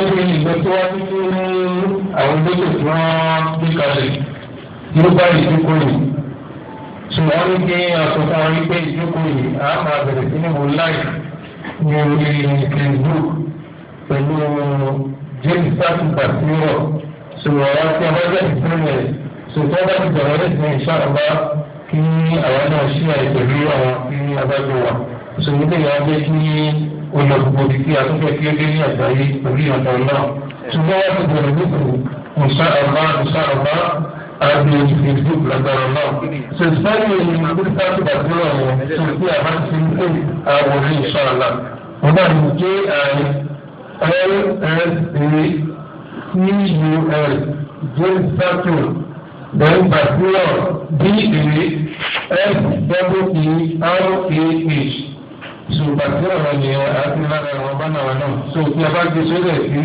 ẹgbẹ́ ìgbésíwájú tí àwọn gbèsè tí wọ́n gbé kalẹ̀ yóò bá ìjókòó yìí ṣùgbọ́n ní kí àtúntà wọn gbé ìjókòó yìí a máa bẹ̀rẹ̀ sí ní wò láì ní orí facebook pẹ̀lú james sáàkì bàtírọ̀ ṣùgbọ́n àwọn tí a bá jẹ́ ìpínlẹ̀ ṣùgbọ́n bá ti bẹ̀rẹ̀ ní ìsìn ìṣàkóbá kí àwọn náà ṣí àìpẹ̀lú àwọn tí a bá jọ wà ṣùgbọ́n ní ìyá olùkọ́ ti kí àtúntò kí ó dé ní àgbáyé orí ọ̀dọ̀ náà ṣùgbọ́n wọ́n ti bọ̀rọ̀ lóko musa ọba musa ọba àbí ojú facebook lágbára náà ṣe sáré èyí lórí sáàtì bàtúrà wọn tó kí àbá ti ń pè àwọn orí ìṣọ́ọ̀la wọ́n bá mi jẹ́ lsa uh, cul jẹ́ sátò lẹ́yìn bàtúrà ba s w e r a h ṣùgbọ́n tí ọ̀rọ̀ yẹn àti lára àwọn bá náà náà tó tí a bá gbé sórí sí tí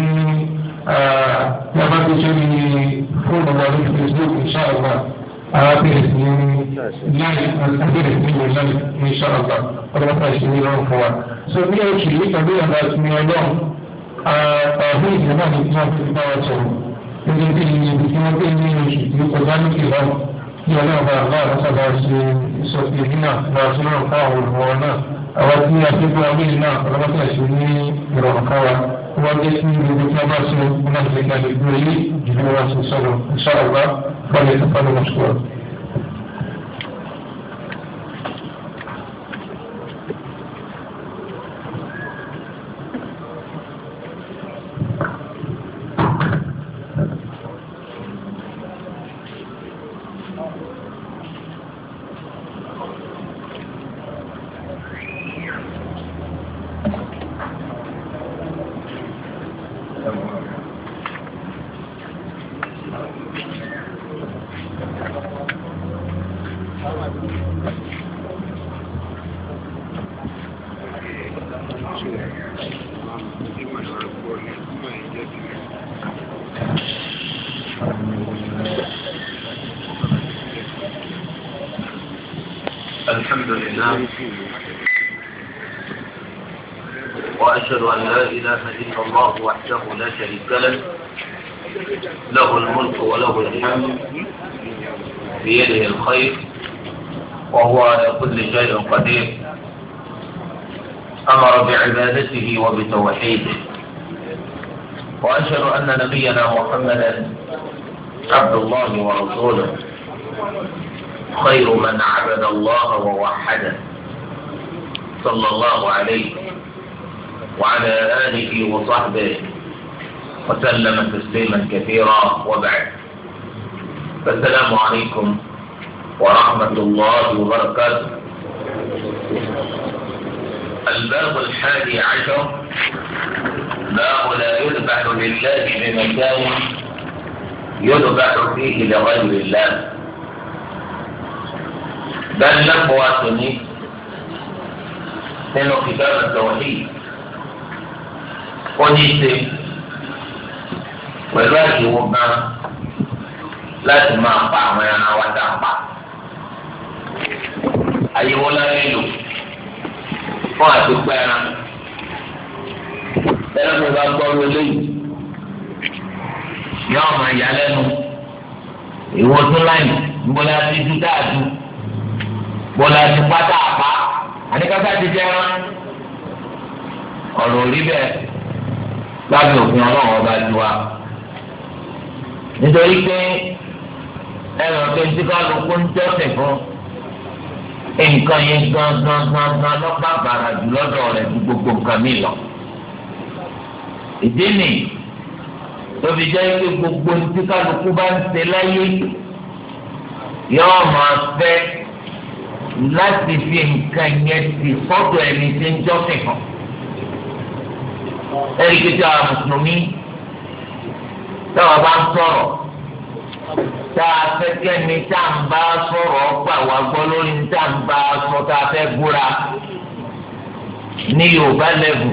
a bá gbé sórí fóònù wa lórí Facebook inṣàlá arábìnrin sí láì arábìnrin sí ìlú láì inṣàlá ọlọ́pàá tá ní lọ́rùn fún wa. so bí ẹ kì í tàbí ọ̀dà ìsinmi ọlọ́run àwọn ìṣẹ̀lẹ̀ náà ni tí wọ́n fi bá wa sọ̀rọ̀ nítorí bí ibi tí wọ́n gbé ní oṣù tí kò bá ní kìlọ̀ ní ọlọ́run bá àgbà àlọ́sàbà ṣe ìsọ̀tì àwọn tí a ti fún wa wíyìn náà ọlọ́mọdé àti ní ìrọ̀rùn káwa wọ́n dé sí gbogbo tí wọ́n bá sọ wọn náà ti gbàgbé gbé yìí ìdílé wọn sọ sọ̀rọ̀ sọ̀rọ̀ wa wọ́n lè tẹ̀fọ́ lọ́mọ وحده لا شريك له له الملك وله الحمد بيده الخير وهو على كل شيء قدير أمر بعبادته وبتوحيده وأشهد أن نبينا محمدا عبد الله ورسوله خير من عبد الله ووحده صلى الله عليه وعلى آله وصحبه وسلم تسليما كثيرا وبعد فالسلام عليكم ورحمة الله وبركاته الباب الحادي عشر باب لا يذبح لله بمكان يذبح فيه لغير الله بل نقوى سني من كتاب التوحيد ونيسي pẹ̀lú àdìwọ́ gan láti máa pa àwọn ẹran wa dá pa. àyẹ̀wò láyé lò fún àdúgbò ẹran. ẹran mi bá gbọ́ wọlé yìí yọ ọmọ ìyá lẹ́nu ìwọ tó láyìn bọ́lá ti dú dáadu bọ́lá ti pátá àpá àníkàtà ti jẹ́ wọn ọ̀rọ̀ orí bẹ́ẹ̀ lábẹ́ òfin ọlọ́run ọba ti wá nítorí pé ẹ̀rọ kejì kálukú ń jọ́sìn fún nǹkan yẹn gangan gangan lọ́pàá bàrà jù lọ́dọ̀ rẹ̀ ju gbogbo nǹkan mi lọ. ìdí nìyí tóbi jẹ́ pé gbogbo tí kálukú bá ń ṣe láyé yóò máa fẹ́ láti fi nǹkan yẹn ti fọ́tò ẹni tí ń jọ́sìn kan. ẹ̀rí kejì mùsùlùmí táwọn bá ń sọ̀rọ̀ tá a fẹ́ kẹ́ni tá à ń bá sọ̀rọ̀ gbà wá gbọ́ lórí ní tá à ń bá sọ tá a fẹ́ búra ní Yorùbá lẹ́bù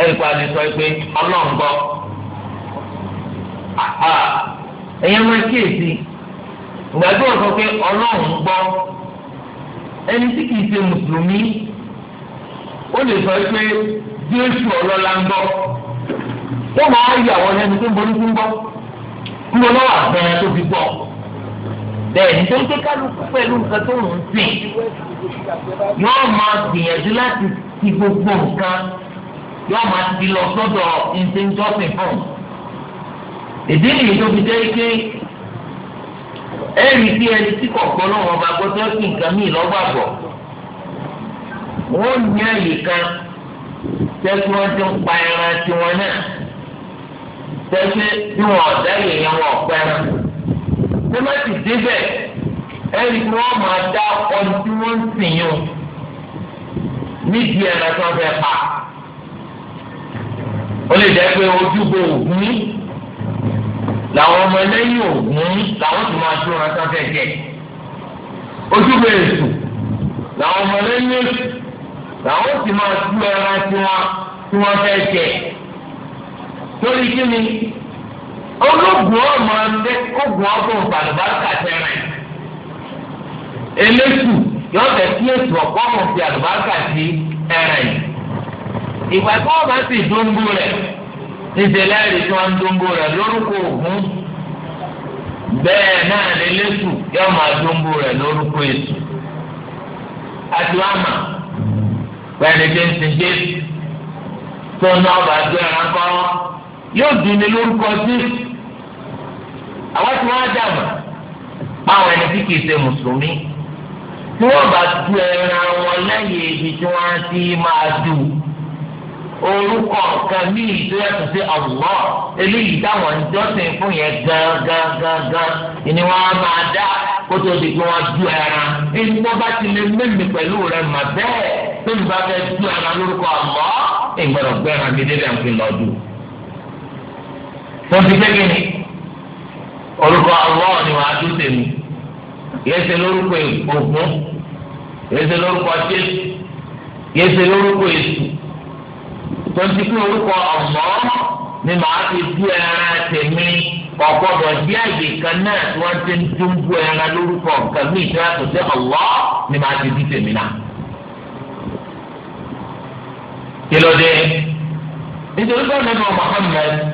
ẹ̀rí pa ni sọ pé ọlọ́run gbọ́ ẹ̀yẹ́ máa kíyèsí ìgbàgbọ́ sọ pé ọlọ́run gbọ́ ẹni tí kìí ṣe mùsùlùmí ó lè sọ pé Jésù ọlọ́lá ń gbọ́ wọ́n máa yà wọ́n lẹ́nu tó ń bolú fún gbọ́ mo lọ wà fún ẹ tó fi bọ̀ bẹ́ẹ̀ nítorí pé kálukú pẹ̀lú nǹkan tó ń sìn yóò máa gbìyànjú láti ti gbogbo nǹkan yóò máa ti lọ sọ́dọ̀ ìṣèjọsìn fún un ìdí nìyí tó fi jẹ́ pé ẹ̀rí bí ẹni tí kọ̀ọ̀kan náà wọn bá gbọ́dọ̀ sí nǹkan míì lọ́gbàgbọ́ wọ́n ní àyè kan tẹ́kí wọ́n ti ń pa ẹran tiwọn náà tẹ́sí bí wọn ọ̀dá yẹn wọn ọ̀pẹ́ rẹ̀. bí wọ́n ti débẹ̀ ẹni tí wọ́n máa dá ọdún tí wọ́n ń sìn yún nídìí ẹ̀rọ tí wọ́n fẹ́ pa. ó lè jẹ́ pé ojúbọ ògún làwọn ọmọ ẹlẹ́yìn ògún làwọn tó máa dúró rántá fẹ́ jẹ. ojúbọ èṣù làwọn ọmọ ẹlẹ́yìn èṣù làwọn tó máa dúró rántí wọn fẹ́ jẹ. torí kí ni ológun ọmọ ẹgbẹ ogun ọgbọn balùbáríkà tẹrẹ eléṣù yóò fẹ́ kí ètò ọkọ ọmọ fi àlùbáríkà sí ẹrẹ ìgbà tí wọn bá sì dóńgbò rẹ ìṣẹ̀lẹ̀ rí tí wọn dóńgbò rẹ lórúkọ ògún bẹ́ẹ̀ náà ní lẹsù máa rẹ lórúkọ ètò ń tó náà bá yóò dùn ní lórúkọ sí àwọn tí wọ́n á dàmà báwọn ẹni tí kìí ṣe mùsùlùmí tí wọ́n bá du ẹran wọn lẹ́yìn ibi tí wọ́n á ti máa du orúkọ kan míì tó yàtọ̀ sí ọ̀wọ́ eléyìí táwọn ń jọ́sìn fún yẹn gangan gangan ni wọ́n á máa dá kótó di pé wọ́n du ẹran ẹni wọ́n bá ti lè mímì pẹ̀lú rẹ̀ mà bẹ́ẹ̀ tó ní bá fẹ́ du ẹran lórúkọ ọ̀wọ́ ìgbọ̀dọ̀ mi débẹ̀ ń fi lọ́ọ́ mo fi ṣe kíni orúkọ Allah ni wàá tún tèmi yẹsẹ lórúkọ ògún yẹsẹ lórúkọ jésù yẹsẹ lórúkọ èṣù tó ń ti kú orúkọ Allah ni màá fi dú ẹran tèmi ọ̀gbọ́dọ̀ bí àyè kan náà tí wọ́n ti ń dún bú ẹran lórúkọ nǹkan mí ìtura tó ṣe Allah ni màá fi dú tèmi náà. kí ló dé nítorí bá nínú Muhammad.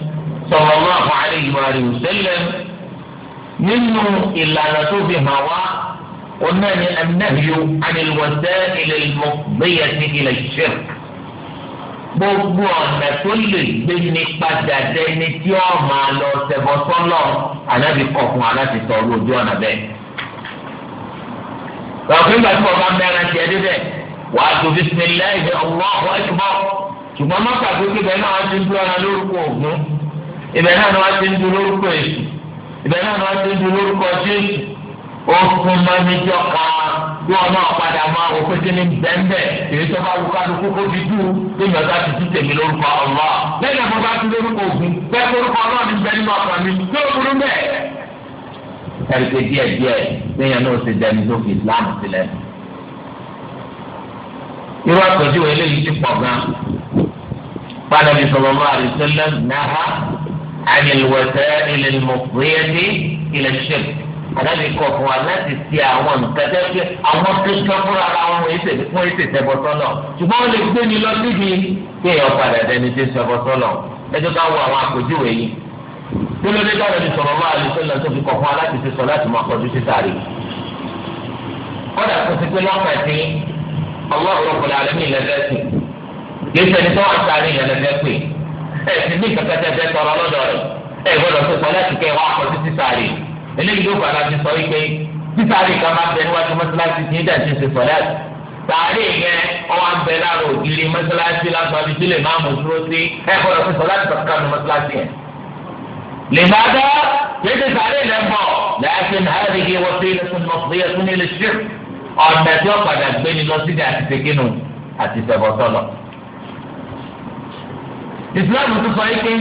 صلى الله عليه وآله وسلم منه إلا نتوبه hàn wá onáni anáhìó anilwọ̀sẹ́ ilẹ̀ إلى sí ilẹ̀ ìṣẹ́ gbogbo ọ̀nà tó lè gbé ní padà dẹni tí ó máa lọ ṣẹbọ sọ́lọ̀ ànábì kọ̀ fún wa láti sọ̀rọ̀ ojú ọ̀nà bẹ́ẹ̀. Bàbá ìgbà tí ọba mẹ́rin ti ẹdí wà á tó bisimilayi ọ̀wọ́ ọ̀wọ́ ẹ̀ṣùgbọ́n ṣùgbọ́n mọ́tàkùn ti bẹ́ẹ̀ náà ti ń bí ọ̀nà lórúkọ ògún ibẹ̀ náà ni wọ́n ti ń du lórúkọ èsù ibẹ̀ náà ni wọ́n ti ń du lórúkọ jésù òkun mọ́míjọ kan bí wọn náà padà máa òkú tí ní bẹ́ńbẹ́ èyí tó bá lukaluku kó fi dùn lẹ́yìn ọ̀dà ti ti tèmi lórúkọ ọ̀lọ́ lẹ́yìn ọ̀dà bá ti lórúkọ ògùn bẹ́ẹ̀ lórúkọ ọlọ́ọ̀ ní bẹ́ẹ̀ nínú ọkàn mi yóò burú bẹ́ẹ̀. ẹ̀ríkẹ́ díẹ̀ díẹ̀ lẹ́yìn náà ṣe dẹni ló fi sílẹ̀. irú àtọ́jú eléyìí ti pọ̀ gan pàdánù ìsọ̀rọ̀ máa náà عن الوسائل المفضية إلى الشرك àdáni kọ fún wa láti ti àwọn nǹkan tẹ́ pé àwọn kankan fúnra ara wọn èsè fún èsè sẹ́bọ̀tọ́ náà ṣùgbọ́n wọ́n lè gbé mi lọ síbi kí èèyàn padà dẹni tí sẹ́bọ̀tọ́ náà ẹjọ́ ká wo àwọn àpèjúwe yìí tó ló dé dára ní sọ̀rọ̀ máa lè sọ́nà tó fi kọ̀ fún wa láti ti sọ láti máa kọjú sí sáré. kọ́dà kò sí pé lọ́kàn sí ọlọ́run ọ̀pọ̀lọpọ̀ àlẹ́ mi lẹ́fẹ̀ẹ́ sí kì í sẹ́ni tó wà sáré yẹn lẹ́fẹ̀ẹ́ pè é ẹ sì ní kankan tẹ fẹ́ tọrọ lọ́dọ̀ rẹ̀ ẹ gbọ́dọ̀ tó pọ̀ láti kẹ́ wá kọ́ sí sísáré eléyìí ló bàrà ti sọ wípé sísáré kan máa bẹ níwájú mọ́sálásí tí nígbà tí ń ṣe sọ̀lá sàárè yẹn ọwọ́ ń bẹ láàrọ̀ ògiri mọ́sálásí lágbàbí tí lè máa mú dúró sí ẹ gbọ́dọ̀ tó sọ̀lá ti kàkànnù mọ́sálásí yẹn. لماذا؟ يجب عليه الأنباء لكن هذه وسيلة مفضية إلى الشرك ọ̀nà tí ọ̀padà gbé ni lọ sí ìsìláàmù tó sọ yìí pé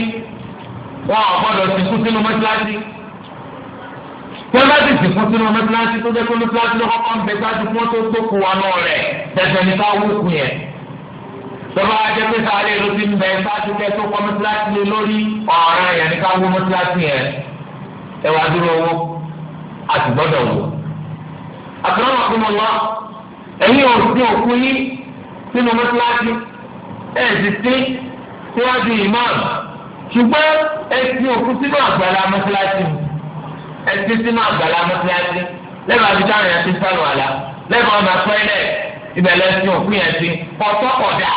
wọn ò gbọdọ̀ sìnkú sínú mọ́tíláṣí tẹ́ bá ti sìnkú sínú mọ́tíláṣí tó dé kólú kíláṣí ló kọ́kọ́ ń bẹ gbájú fún tó tókù wa náà rẹ̀ tẹ̀sẹ̀ ní káwó kù yẹn tọ́ba ajẹ́ pé sáré ló ti ń bẹ sáájú kẹ́ tó kọ́ mọ́tíláṣí lé lórí ọ̀ràn yẹn ní káwó mọ́tíláṣí yẹn ẹ dúró owó a sì gbọ́dọ̀ wò. àkàràmọ̀kùnmọ̀lá ẹ̀yin ò òkú yín sínú mọ́tíláṣí ẹ̀ síwájú imam ṣùgbọ́n ẹtì òkú sínú àgbàlá mọ́sálásí ẹtì sínú àgbàlá mọ́sálásí lẹ́nu àbíjá rẹ̀ ti sálọ àlá lẹ́nu ọ̀nà tọ́ilẹ̀ ìbẹ̀lẹ̀ ẹtì òkú yẹn ti pọ̀tọ́ ọ̀dà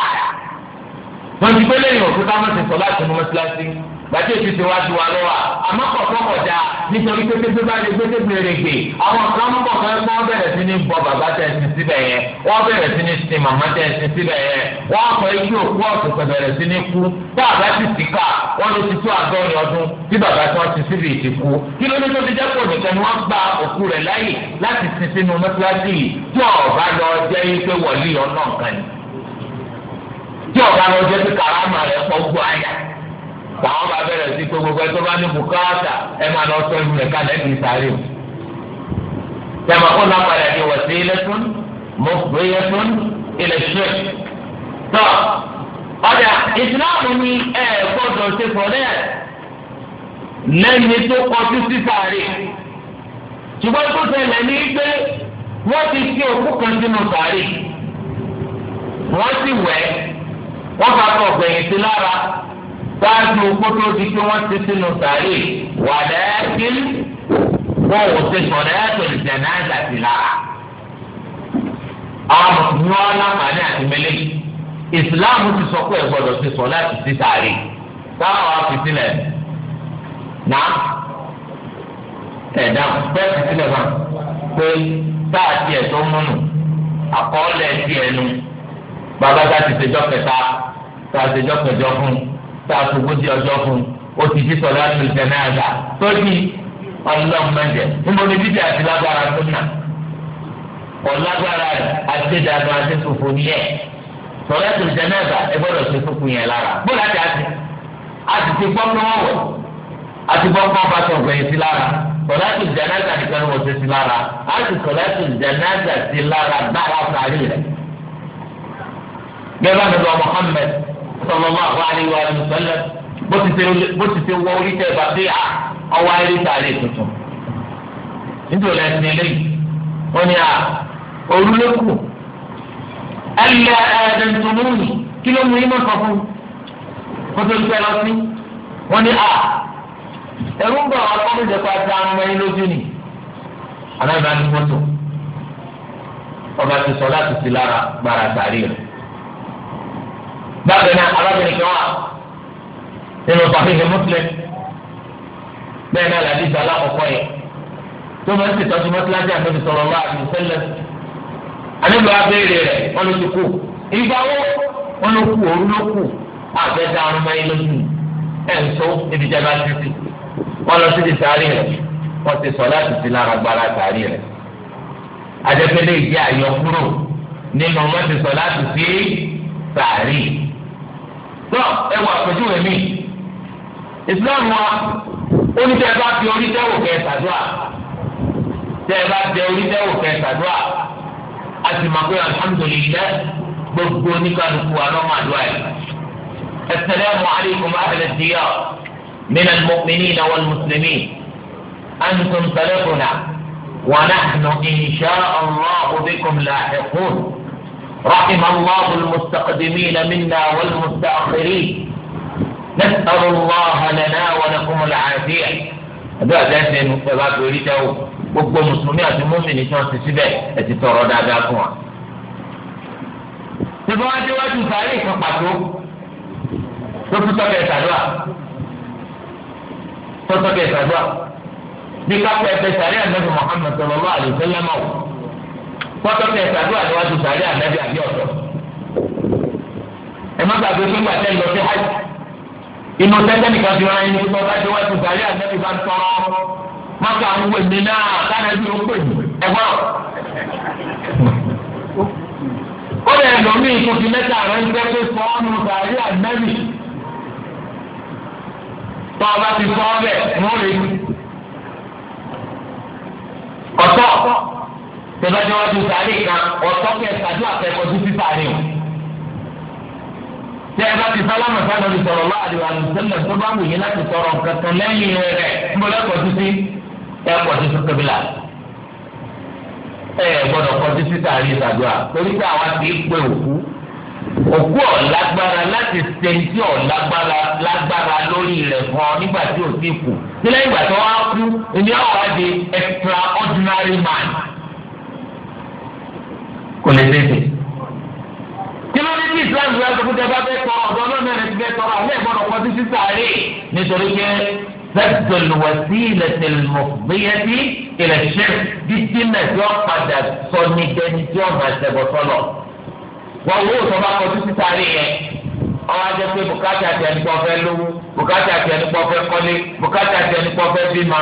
wọ́n ti gbé lẹ́yìn òkú táwọn ti sọ láti mọ́sálásí gbàtí o ti wá ju wa lọ́wọ́ àmọ́ kọ̀ọ̀kan kọjá nítorí pété bá lè pété gbèrègbè àwọn kan ń bọ̀ fẹ́ kọ́ bẹ̀rẹ̀ sí ní bọ bàbá tẹ̀ sí síbẹ̀ yẹn wọ́n bẹ̀rẹ̀ sí ní sin màmá tẹ̀ sí síbẹ̀ yẹn wọ́n fọ ikú òkú ọ̀sùn bẹ̀rẹ̀ sí ní kú bá àbá ti sì ká wọ́n ló ti tó àgọ́rin ọdún tí bàbá tí wọ́n ti síbi ìsì kú kí ló ní tó ti jẹ́ pò nìkan ni wọ́n gba òkú rẹ̀ láyè láti sin sínú mọ́tíláṣí yìí tí ọ̀bá lọ jẹ́ pé wọ̀lí ọ̀nà kan ni tí ọ̀bá lọ jẹ́ pé kàrámà rẹ̀ làwọn bá bẹ̀rẹ̀ sí pé gbogbo ẹ tó bá ní bùkátà ẹ máa lọ sọ ìrìn ẹ̀ka lẹ́bi sáré o. Tẹ̀mọ̀ kó náà padà di wọ̀sí ilé tún mo gbé yẹ tún ilé ṣe. Tọ́ ọ̀dà ìsìláàmù ni ẹ gbọ́dọ̀ ṣe pọ̀ náà lẹ́ni tó kọjú sí sáré. Ṣùgbọ́n tó ṣẹlẹ̀ ní pé wọ́n ti fi òkú kan sínú sáré. Wọ́n sì wẹ̀ wọ́n bá tọ̀ gbẹ̀yìn sí lára ṣáájú kótó di pé wọ́n ti sínú sàárè wà lẹ́ẹ̀kí wọ́n ò ti sọ̀rọ̀ ẹ̀sùn ìjànà àgàtì lára. àwọn mùsùlùmí wọn láǹfààní àti mẹlẹ́ ìsìláàmù ti sọ pé ẹ̀gbọ́dọ̀ ti sọ láti sí sàárè táwọn wá fi sílẹ̀ náà ẹ̀dá bẹ́ẹ̀ fi pé táà tiẹ̀ múnú àkọọ́lẹ̀ tiẹ̀ nu bàbá ti ṣèjọ́ kẹta tá a ṣèjọ́ kẹjọ fún un tá a fògójì ọjọ́ fún ó ti fi sọ̀rọ̀ àti ìjẹ̀nà àgbà tó di ọlọ́mọdé níbo ni bíbí àti lágbára tó nà ọ̀lágbára àti dàgbà àti fòfò níyẹ̀ sọ̀rọ̀ àti ìjẹ̀nà àgbà ẹ gbọ́dọ̀ ṣe fúnfún yẹn lára bóyá àti àti àti ti gbọ́ pé wọ́n wọ̀ àti gbọ́ pé wọ́n bá sọ̀rọ̀ gbẹ̀yìn sí lára sọ̀rọ̀ àti ìjẹ̀nà àgbà nìkan ni wọ́n ṣe sí lára sallallahu alaihi wa sallam bó ti ṣe wọ orí tẹ bàtí à ọwọ́ ayé sáré tuntun nítorí ẹsìn eléyìí wọ́n ní à ah, orúlẹ́kù ẹlẹ́ ẹ̀ẹ́dẹ̀ntùmùnì kí ló mú iná kan fún kótó ìfẹ́ lọ sí wọ́n ní à ah, ẹ̀rú ń bọ̀ akọ́mọdé pa ta mẹ́rin lójú ni aláìbá ní ọba ti sọ láti sí lára gbára sáré rẹ̀ bákan náà arábìnrin kan wà nínú pàṣẹ muslim bẹ́ẹ̀ náà làdí ìgbà alákọ̀ọ́kọ́ yẹn tó máa ń ṣètọ́jú mọ́tíláṣí àtọ́jú sọ̀rọ̀ wá àbí sẹ́lẹ̀ àníbi wá béèrè rẹ̀ wọ́n ló ti kú ìgbà wo wọ́n ló kú òru ló kú àbẹ́dá ọ̀run máa ń lójú ẹ̀ ń tó níbi jẹ́ bá ti ti wọ́n lọ sí ti sáré rẹ̀ wọ́n ti sọ láti ti lára gbára sáré rẹ̀ àjẹpẹ́lẹ́ ìdí àyọkúrò nínú wọ́n ti sọ láti fi sáré rẹ̀ tọ́ ẹ wọ àpèjúwe mi Islam wa ó ní tẹ́ ẹ bá fi orí tẹ́wò kẹ́ ẹ sàdúrà tẹ́ ẹ bá tẹ orí tẹ́wò kẹ́ ẹ a sì máa pé alhamdulillah gbogbo oníkàlùkù wa lọ́mọ àdúrà yìí. السلام عليكم أهل الديار من المؤمنين والمسلمين أنتم سلفنا ونحن إن شاء الله بكم لاحقون رحم الله المستقدمين منا والمستأخرين نسأل الله لنا ولكم العافية هذا جالس المتبات يريده وقو مسلمين في مؤمن يشان تسبه التي ترى داداكوا تبواجه واجه تاريخ فقطو تبواجه تبواجه تبواجه تبواجه تبواجه تبواجه تبواجه تبواجه تبواجه تبواجه تبواجه kọ́tọ́ tẹ̀ ṣàdúrà níwájú sàárẹ̀ ànábì àbí ọ̀dọ́. ẹ má gbàgbé pé gbàtẹ́ lọ sí hajj inú tẹ́tẹ́ nìkan fi rán ẹni tó bá dé wájú ànábì bá ń tọrọ mi náà pè mí ó lè lò mí ń gbẹ́ pé tẹ́lá tí wọ́n ti sáré kan ọ̀tọ́ kẹ́ sàdúrà fẹ́ kọ́ sí sísáré o. tẹ́ ẹ bá ti sálámù sábà ti sọ̀rọ̀ lọ́wọ́ àdìwà àlùsẹ́lẹ̀ tó bá wù yín láti sọ̀rọ̀ kankan lẹ́yìn rẹ̀ ń bọ́ lẹ́kọ̀ọ́ títí ẹ kọ̀ sí sọ́kẹ́bílà. ẹ gbọ́dọ̀ kọ́ sí sísáré sàdúrà torí pé àwa ti pé òkú òkú ọ̀lágbára láti ṣe tí lágbára lórí rẹ̀ gan nígbà tí ò ti kù sílẹ̀ ìgbà tó wá kú ìní àwọn àdé extraordinary man kò lè tètè. kí ló dé tí islam ìwé àtọ́kùtà bá bẹ́ẹ̀ tọ́ ọ̀dọ́ ọlọ́run rẹ̀ ti bẹ́ẹ̀ tọ́ra ilé ìgbọ́dọ̀ kọ́ sí sísá rè nítorí pé sẹ́tùl wàsílẹ̀tìl mọ̀fìyẹ́tì ilẹ̀ ṣẹ́ dídí náà tí wọ́n padà sọ ní dẹni tí wọ́n máa wọ́n wó sọ́ba kọ́ sí sísá rè yẹn ọwọ́ ajẹ́ pé bùkátà tẹ̀ nípa ọ̀fẹ́ lówó bùkátà tẹ̀ nípa ọ̀fẹ́ kọ́lé bùkátà tẹ̀ nípa ọ̀fẹ́ bímọ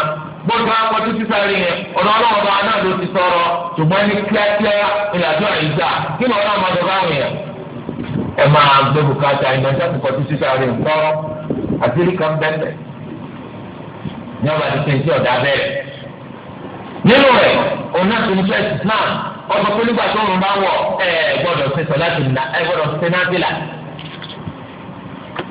bọ́dọ̀ akọ́tù sísáré yẹn ọ̀dọ̀ ọlọ́wọ́ bá náà ló ti sọ̀rọ̀ ṣùgbọ́n ní kíákíá ìlàjọ àyíká kí ni ọlọ́wọ́ máa dọ̀bá wọn yẹn. ẹ máa gbé bùkátà ẹ̀ náà sẹ́kù kọ́tù sísáré ńkọ́ àtìrí kan bẹ́ẹ̀ ní ọba ti ṣe iṣẹ́ ọ̀dà bẹ́ẹ̀. nínú rẹ̀ òun náà ti ní fẹ́ Islam ọ̀sọ̀ pé nígbà tó ń bá wọ̀ ẹ gbọ́dọ̀ ṣe sọ láti nà ẹ gbọ́dọ̀ ṣe nábìlà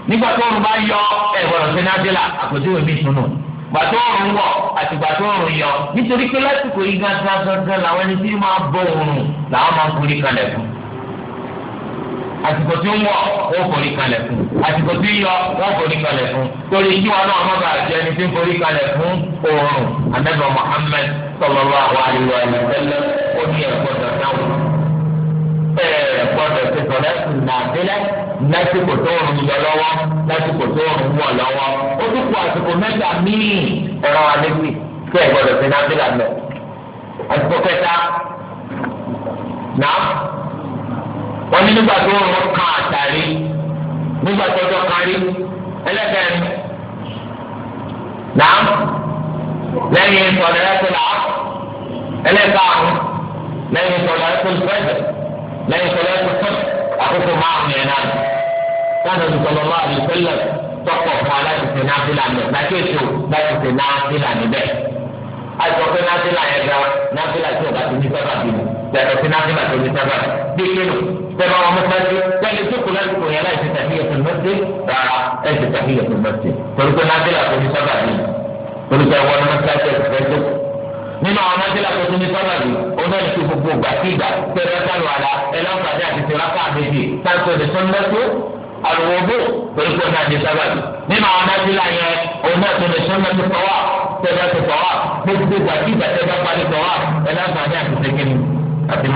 nígbà tó ń bá yọ ẹ gbọ́dọ̀ ṣe nábìlà àpèjúwe mi tunu gbàtó òrùn wọ̀ àti gbàtó òrùn yọ nítorí pé lásìkò yìí gángan gángan làwọn ẹni tí máa bọ òrùn làwọn máa ń forí kalẹ̀ fún àsìkò tí ń wọ̀ wọ́n forí kalẹ̀ fún àsìkò tí ń yọ wọ́n forí kalẹ̀ fún torí kí wọn náà má bàa jẹ ẹni tí ń forí kalẹ̀ fún òrùn anábẹ́ Muhammad sallallahu alaihi wa sallam ó ní ẹ̀kọ́ tàbí àwọn bẹ́ẹ̀ gbọ́dọ̀ ti sọ̀rọ̀ ẹ̀sìn nàbílẹ̀ lásìkò tó ń yọ lọ́wọ́ lásìkò tó ń wọ̀ lọ́wọ́ ó tún kù àsìkò mẹ́ta míì ọ̀rọ̀ wa létí bẹ́ẹ̀ gbọ́dọ̀ ti nàbílẹ̀ mẹ́. àsìkò kẹta náà wọ́n ní nígbà tó ń kan àtàrí nígbà tó jọ kárí ẹlẹ́kẹ̀ẹ́ náà lẹ́yìn sọ̀rọ̀ ẹ̀sìn náà ẹlẹ́kẹ̀ẹ́ lẹ́yìn sọ̀rọ̀ ẹ̀sìn fẹ́ẹ̀fẹ́ lẹ́yìn sọlá tó tán àkókò márùn yẹn náà sáà ní sọlọ lọ àbí sẹlẹ tọkọ fún aláti ṣe náà fi lànà lákètò láti ṣe náà fi lànà bẹ́ẹ̀ àìsàn pé náà fi lànà yẹn gan náà fi lànà tí o bá ti ní sábà bí mi yàtọ̀ sí náà fi lànà tó ní sábà bí kéwòn sẹba wọn mọ sáájú lẹ́yìn tó kù láti kò yẹn láì ṣe tàbíyẹ tó mẹsẹ rárá ẹ ṣe tàbíyẹ tó mẹsẹ torí pé náà fi lànà tó ní sábà bí mi torí pé wọn mọ sáájú ẹ nínú àwọn ọmọdé làkó tó ní sọ́nà yìí ọ̀nà ìṣe gbogbo ìgbà sí ìgbà pẹ̀lú ẹ̀ka lọ́la ẹlẹ́wọ̀nkadì àti tìrákà méjì táǹtò ní sọ́nàtò àlùwòbó pẹ̀lú ọ̀nà àti sábàbí nínú àwọn ọmọdé là yẹn ọ̀nà tó ní sọ́nàtò tọ́wà tẹ̀lé tó tọ́wà gbogbo ìgbà sí ìgbà tẹ̀lé parí tọ́wà ẹlẹ́wọ̀nkadì àti sẹ́kẹ́ni àti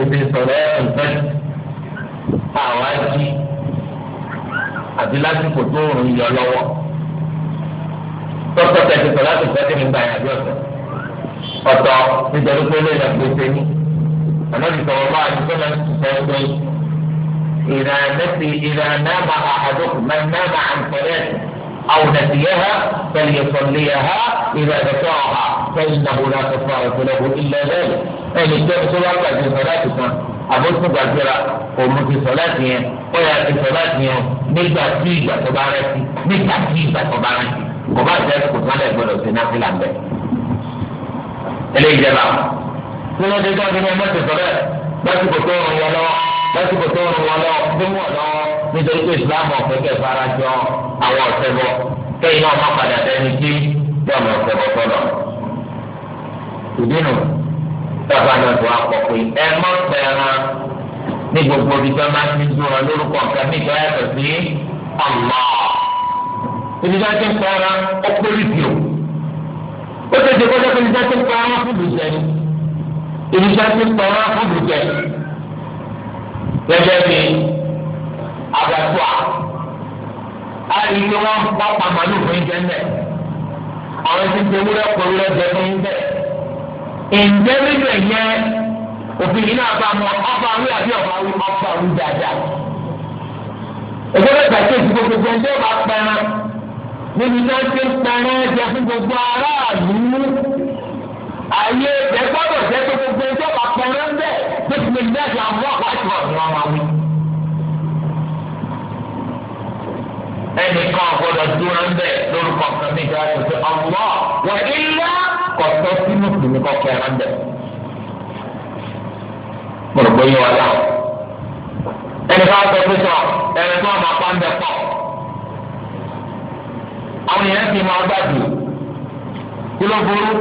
mọ́nàtì làràkà àwa jí àti lásìkò tó rùn yọ lọ́wọ́ tọ́tọ́ tẹ̀sí sọ láti fẹ́ kí mi gbà yàrá ọ̀sẹ̀ ọ̀tọ̀ nítorí pé lè lọ gbèsè ní ànábi sọ̀rọ̀ bá àti sọ́nà sọ̀rọ̀ pé ìrànlẹ́sì ìrànlẹ́mà àdókù mẹ́mẹ́mà àǹtẹ̀rẹ́ àwọn ẹ̀sìyẹ́hà pẹ̀lú ìsọ̀lẹ́yẹ̀hà ìrànlẹ́sọ̀ọ̀hà pẹ̀lú ìnáwó àbótú gbàgbéra òun ti sọ láti yẹn ó yà ti sọ láti yẹn nígbà tí ìgbà tó bá rẹ sí nígbà tí ìgbà tó bá rẹ sí kò bá jẹ kò sálẹ̀ gbọdọ̀ sí náà fílà bẹ́ẹ̀. eléyìí jẹba tí wọ́n ti dá ọdún yẹn mẹ́tò sọ́dẹ̀ lásìkò tó rùn wọn lọ́wọ́ lásìkò tó rùn wọn lọ́wọ́ tó wọn lọ́wọ́ nítorí pé Islam ọ̀fẹ́ kẹ́ fara jọ àwọn ọ̀sẹ̀ bọ̀ kẹ́yìn náà má padà dẹni tí yọ̀ọ̀mọ̀ ọ̀sẹ̀ bọ̀ sọ́dọ̀ tọ́ba náà tó wá pọ̀ pé ẹ mọ́ pẹ̀ràn ní gbogbo ibi tó máa ti dùn ọ lórúkọ nǹkan ní ìjọba yàtọ̀ sí ọ̀nà. ibi tó ti ń pẹ̀ràn ó pé rìbìò ó ti di kọjá pé ibi tó ti ń pẹ̀ràn fún ìbùjẹ́ ibi tó ti ń pẹ̀ràn fún ìbùjẹ́ gẹ́gẹ́ bí àgbàtúà a rí i pé wọ́n pa màlúù fún ìjẹ́ àwọn ti ń pe wúrẹ́ pọ̀ wúrẹ́ jẹ fún ìjẹ́ ǹjẹ́ nínú ẹ̀yẹ òfin yìí náà bá mọ ọba awí àbí ọba awí ọba awí dáadáa. ìgbẹ́rẹ́ ìgbàgbé ìdìbò gbogbo ẹ̀jẹ̀ bá pẹ́ran níbi náà ti ń pẹ́ran ẹ̀jẹ̀ fún gbogbo aráàlú. ayé ẹ̀jẹ̀ gbọ́dọ̀ jẹ́ pé gbogbo ẹ̀jẹ̀ bá pẹ́ran bẹ́ẹ̀ tó ti lè ní ẹ̀jẹ̀ àwọn ọ̀pá ìtọ́ ọ̀dùn ọmọ wí. ẹnìkan gbọ́dọ̀ dúró ń bẹ lórúkọ kan ní ìjọba tó ṣe ọmọ wọn ilá kọtọ sí mùsùlùmí kọkẹ ẹran bẹ. mo rò bóyá wà láwọn ẹnìkan sọ pé sọ ẹnì kan máa pa ń bẹ pọ àwọn èèyàn ti máa gbàdúrà kí ló burú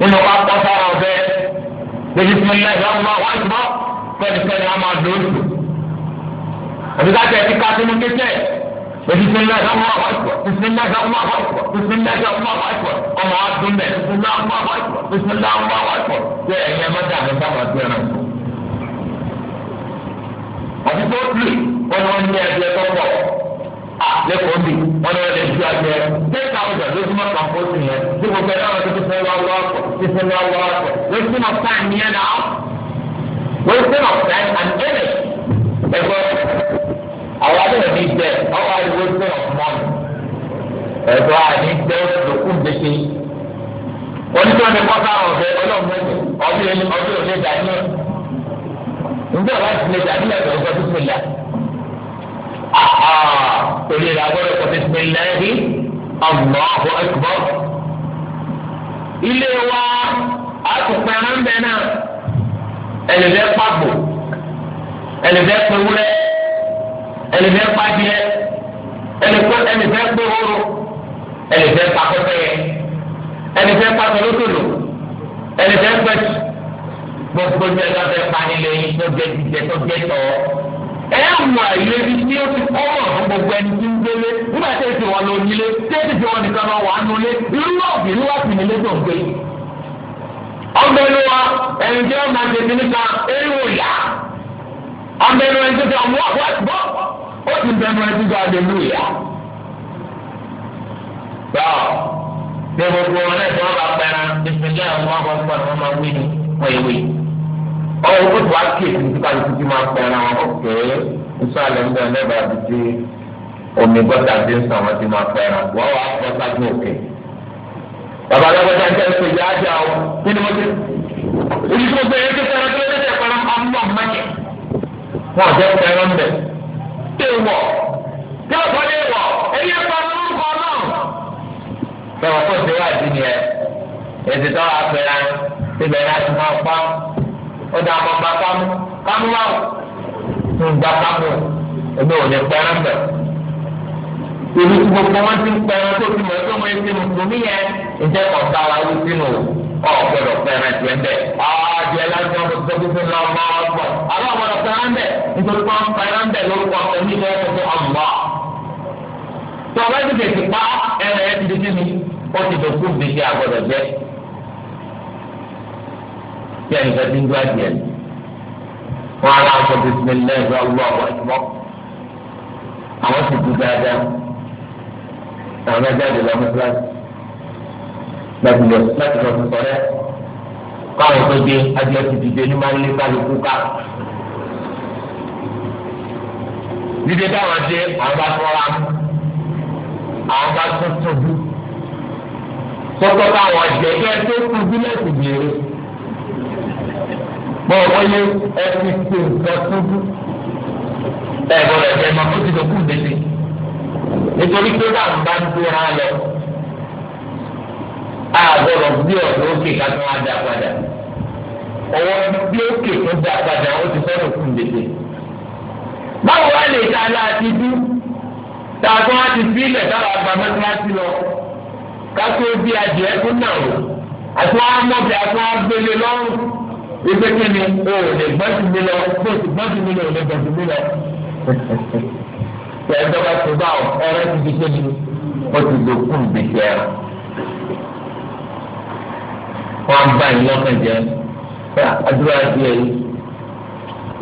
nínú wa sára ọ̀bẹ lójú fún ilé wa ń bọ́ pẹ́ẹ́nì pẹ́ẹ́nì á àbíká tẹ̀ ẹ́ ti ká sínú kékeré. بسم الله الله اكبر بسم الله الله اكبر بسم الله الله اكبر ọmọ wa dún bẹ بسم الله الله اكبر بسم الله الله اكبر ṣé ẹ̀yin ẹ má dà mí sábà tó ẹran tó. àti tó tì ọmọ ní ẹgbẹ́ tó pọ̀ lẹ́kọ̀ọ́ bì wọ́n ní wọ́n lè ju àgbẹ̀ ten thousand ló túmọ̀ kan fún sí yẹn tí gbogbo ẹ̀rọ àwọn tuntun fẹ́ wá wá ọ̀pọ̀ tuntun fẹ́ wá wá ọ̀pọ̀ wasting of time yẹn náà wasting of time and energy ẹ̀gbọ́n àwọn abẹ́rẹ́ mi bẹ̀ ọwọ́ ariwo tẹ̀ ọ̀ mọ́ mi ẹ̀dọ́ àní bẹ́ lókù gbèsè onídọ́ ni kọ́sá ọ̀bẹ ọlọ́mọdé ọbẹ̀ ọbẹ̀ òde dání ǹjẹ́ ọ̀la ti lè dání ẹ̀dọ̀ ọ̀gbọ́n tó fi là àhà torí ìlà gbọ́dọ̀ kọ́ ti fi lẹ́rí ọ̀nà ọ̀bọ̀ ẹ̀kọ́ ilé wa àtùpẹ̀ ẹ̀rọ ń bẹ náà ẹ̀lẹ́dẹ́ pàgbò ẹ̀lẹ́dẹ́ pẹ̀wúrẹ́ ẹni fẹ́ pàdé ẹni kó ẹni fẹ́ gbóhóró ẹni fẹ́ pàkọ́tẹ́ yẹ ẹni fẹ́ pàtọ́lótòló ẹni fẹ́ pẹ̀tù gbogbo ní ẹgbẹ́ fẹ́ panilé yín tó jẹ jíjẹ tó jẹ tọ́ ẹ wà ilé bí tí ó ti kọ́ mọ̀ fún gbogbo ẹni tí ń gbélé nígbà tí èsì wọn lò nílé tí èsì tí wọn nìkan lọ wà á nulẹ̀ irú náà bí irú wà sí nílé ń gbé ọgbẹ́ni wa ẹni tí wọ́n máa ń tètè nípa eriwo yá abẹnú ẹni tó ti ọmọ ọgbà gbọ́ ó ti bẹnu ẹni tó adéluya. báwo ní gbogbo wọn náà tí wọn bá pẹ́ra ìpínlẹ̀ àwọn ọmọ ọgbà wọn máa wí ni wọ́n yẹ wí. ọ̀hún ó ti wá kéèkì ní kíkà lóṣù tí máa pẹ́ra wọn òkè nsọ àlẹ́ ń bẹ lẹ́bàá ti ti omi gbọ́dọ̀ àti nsọ wọn ti máa pẹ́ra wọ́n wá bọ́ sáájú òkè. bàbá alágbèjà ń tẹ́ ẹ̀sọ́ ìyá àjà o kí ni mo ti. ìdí tó gbé yẹn kékeré tó lé wọn jẹ́ tẹ̀rán bẹ̀. Téèwọ̀ tí ọ̀pọ̀ lè wọ̀ ẹ̀yẹ pa lórúkọ náà. Bẹ̀rẹ̀ kó ṣe wá sí nìyẹn. Èsì tó wà pẹ̀lá ibẹ̀ láti máa pa ó dá ọmọ bá kámú kámú wà ń gba kámú ẹgbẹ́ òní pẹ̀rán bẹ̀. Ìlú gbogbo wọn ti ń pẹ̀rán tó ti mọ̀ ẹ́ tó mọ̀ ẹ́ sínú kùmí yẹn ìjẹ́kọ̀ọ́ ọ̀gbọ́dọ̀ pẹ̀rẹ̀ tiẹ̀ ń bẹ̀. Àjẹ lásán ló tó kí fún ọmọ ọgbọ̀. Àlọ́ ọ̀gbọ́dọ̀ pẹ̀rẹ̀ ń bẹ̀ nítorí pé wọ́n pẹ̀rẹ̀ ń bẹ̀ lórúkọ ẹ̀mí ló ń fún ọmọ. Tó o bá ti tètè pa ẹ̀rẹ̀ ẹ̀ ti di kí mi, ó ti tó kú bìí àgbọ̀dọ̀ jẹ́. Bí ẹnì kan ti ń gbá díẹ̀ ni, wọ́n á láwọn sọ bisimilayi àwọn ti dùn dáadáa àwọn ẹgbẹ́ àdìlọ́ mọ́tíláṣí láti lọ láti lọ sọ rẹ káwọn tó dé adìẹ ti dìde ní máa ń lé kálukú ká dídé táwọn dé àwọn bá tọ́ra àwọn bá tó tóbi tọ́tọ́ táwọn jẹ kẹ́ tó tóbi láti béèrè bọ́ wọlé ẹni tó nǹkan tóbi ẹ̀ ẹ̀jẹ̀ máa tó ti lọ kú dédé nítorí pé báwọn bá ń gbéra lọ àgbọ̀rọ̀ bí ọ̀dọ́ òkè kátó wá dá padà ọwọ́ bí òkè tó dá padà ó ti fẹ́ràn fún bèbè. báwo wá lè ta láti dú tààtọ́ wá ti fi ilẹ̀ táwọn àgbà mọ́tíláṣí lọ kátó bí adìẹ tó nà ó àti wọn á mọ̀ bí àti wọn á gbélé lọ́rùn ìgbé kíni o ò lè gbọ́dù mi lọ o sì gbọ́dù mi lọ ò lè gbọ́dù mi lọ. ẹ̀ẹ́dọ́gba tó bá ọ̀rẹ́ ti di kébi ó ti dòkú ìgbésẹ̀ rẹ̀ wọn bá yín lọ́kàn jẹ́ àdúrà sí ẹ yìí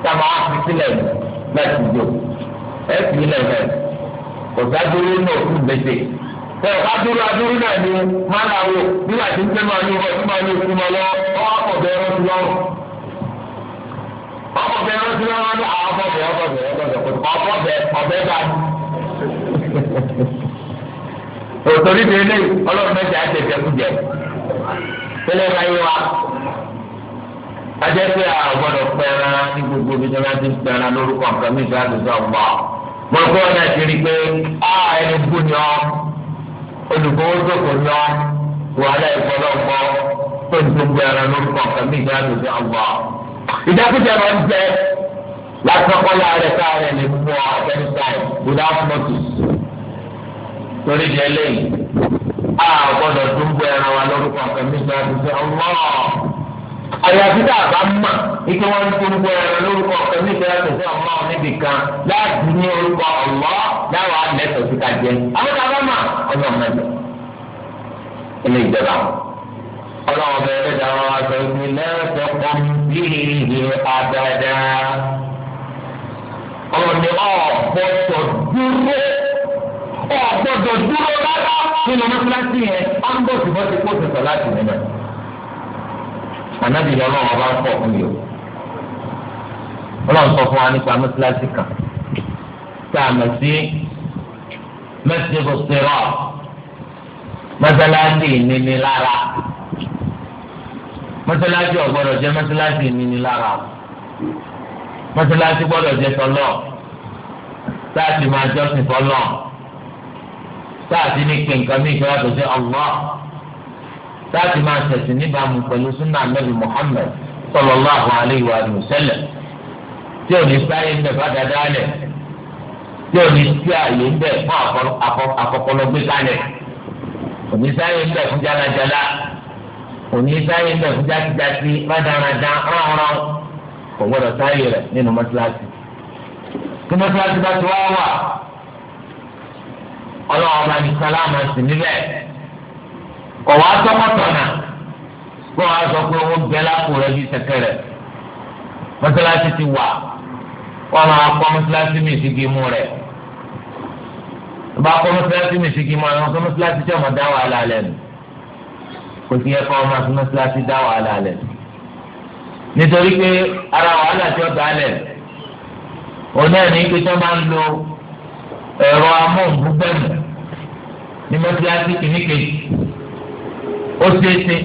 táwọn afi sílẹ̀ láti jò ẹ sì ń lẹ̀fẹ̀ kò sádúró náà kú gbèsè tẹ adúró adúró náà ni máa là wò nígbà tí ń tẹ́ máa ní ọkọ̀ tí máa ní oṣù mọ́ lọ ọwọ́ ọ̀bẹ ẹran ti lọ́rùn ọ̀bẹ ẹran ti lọ́rùn ní àwọn ọ̀bẹ ọ̀bẹ ọ̀bẹ ọ̀bẹ ọ̀bẹ bá òtòrí délé ọlọ́run mẹ́ta á tẹ̀sẹ̀ kú jẹ tẹ́lẹ̀ báyìí wa ajẹ́ pé a gbọ́dọ̀ pẹ́ran ní gbogbo ibi tí wọ́n ti ń pẹ́ran lórúkọ nǹkan mi ìfẹ́ àti sọ̀gbọ́ mo gbọ́ náà ti rí i pé a ẹni bú ni ọ́ olùkówó sòkò ni ọ́ wàhálà ìfọlọ́gbọ́ tó ń tún pẹ́ran lórúkọ nǹkan mi ìfẹ́ àti sọ̀gbọ́ ìdákùjẹ́ máa ń jẹ lásán kọ́lá rẹ̀ lè mú ọ àtẹnusáì without notice torí di ẹlẹ́yìn a gbọ́dọ̀ tó ń gbọ́ ẹran wa lórúkọ kẹmí ìgbà àtúnṣe ọmọ àyàfi tá a bá mà ike wọn tó ń gbọ́ ẹran lórúkọ kẹmí ìgbà àtúnṣe ọmọ níbi kan láti ní orúkọ ọmọ láwọn àmẹtọ sí ká jẹ àwọn tá a bá mà ọmọ mẹjọ ilé ìjọba ọlọ́wọ́ bẹ̀rẹ̀ dáhùn àgbẹ̀ ìpínlẹ̀ ẹ̀fọ́ bí ìhè àdáadáa ọ̀nì ọ̀pọ̀ tó dúró ọ̀gbọ́dọ̀ dúró rárá nínú mọ́sálásí yẹn á ń bọ̀ ṣùgbọ́n ti kó sọ̀tọ̀ láti nínú. ànábì lọ́nà wọn bá ń pọ̀ fún mi o. ọlọ́run sọ fún wa nípa mọ́sálásí kan tá a mọ̀ sí mẹ́sìlẹ́bù sẹ́rọ̀ mọ́sálásí níní lára mọ́sálásí ọ̀gbọ́dọ̀ jẹ́ mọ́sálásí níní lára mọ́sálásí gbọ́dọ̀ jẹ́ tọ́lọ́ láti máa jọ́sìn tọ́lọ́ táàtì ní pé nǹkan mí ìṣòro àtọ̀ sí Allah táàtì máa ṣẹ̀sìn níbàámu pẹ̀lú súnà Ànábì Muhammad sallallahu alayhi wa sallam tí ò ní sáyé ń bẹ̀ bá dáadáa lẹ̀ tí ò ní sí àyè ń bẹ̀ fún àkọ́kọ́lọ́ gbé kalẹ̀ ò ní sáyé ń bẹ̀ fún jalajala ò ní sáyé ń bẹ̀ fún jatijati rádaràdà ránran kò gbọdọ̀ sáyé rẹ̀ nínú mọ́tíláṣí tí mọ́tíláṣí bá ti wá wà ọlọ́wọ́ ọba nìkan láàmà sí níbẹ̀ kọ̀ wá tọkọtọ̀nà kó wá sọ pé owó bẹ́ẹ̀ lápò rẹ bíi sẹ̀kẹ̀rẹ̀ mọ́sálásí ti wà wọ́n máa kọ́ mọ́sálásí mi sí gímú rẹ̀ ìbá kọ́ mọ́sálásí mi sí gímú rẹ̀ wọ́n kọ́ mọ́sálásí tí ọmọ dá wàhálà lẹ̀ nù kò sí ẹ̀kọ́ ọmọ sí mọ́sálásí dá wàhálà lẹ̀ nítorí pé ara wàhálà tí ó lo ẹ̀rọ amóhùnbúgbẹ̀mù ní mọ́tíláṣí kìíníkejì ó ṣeéṣe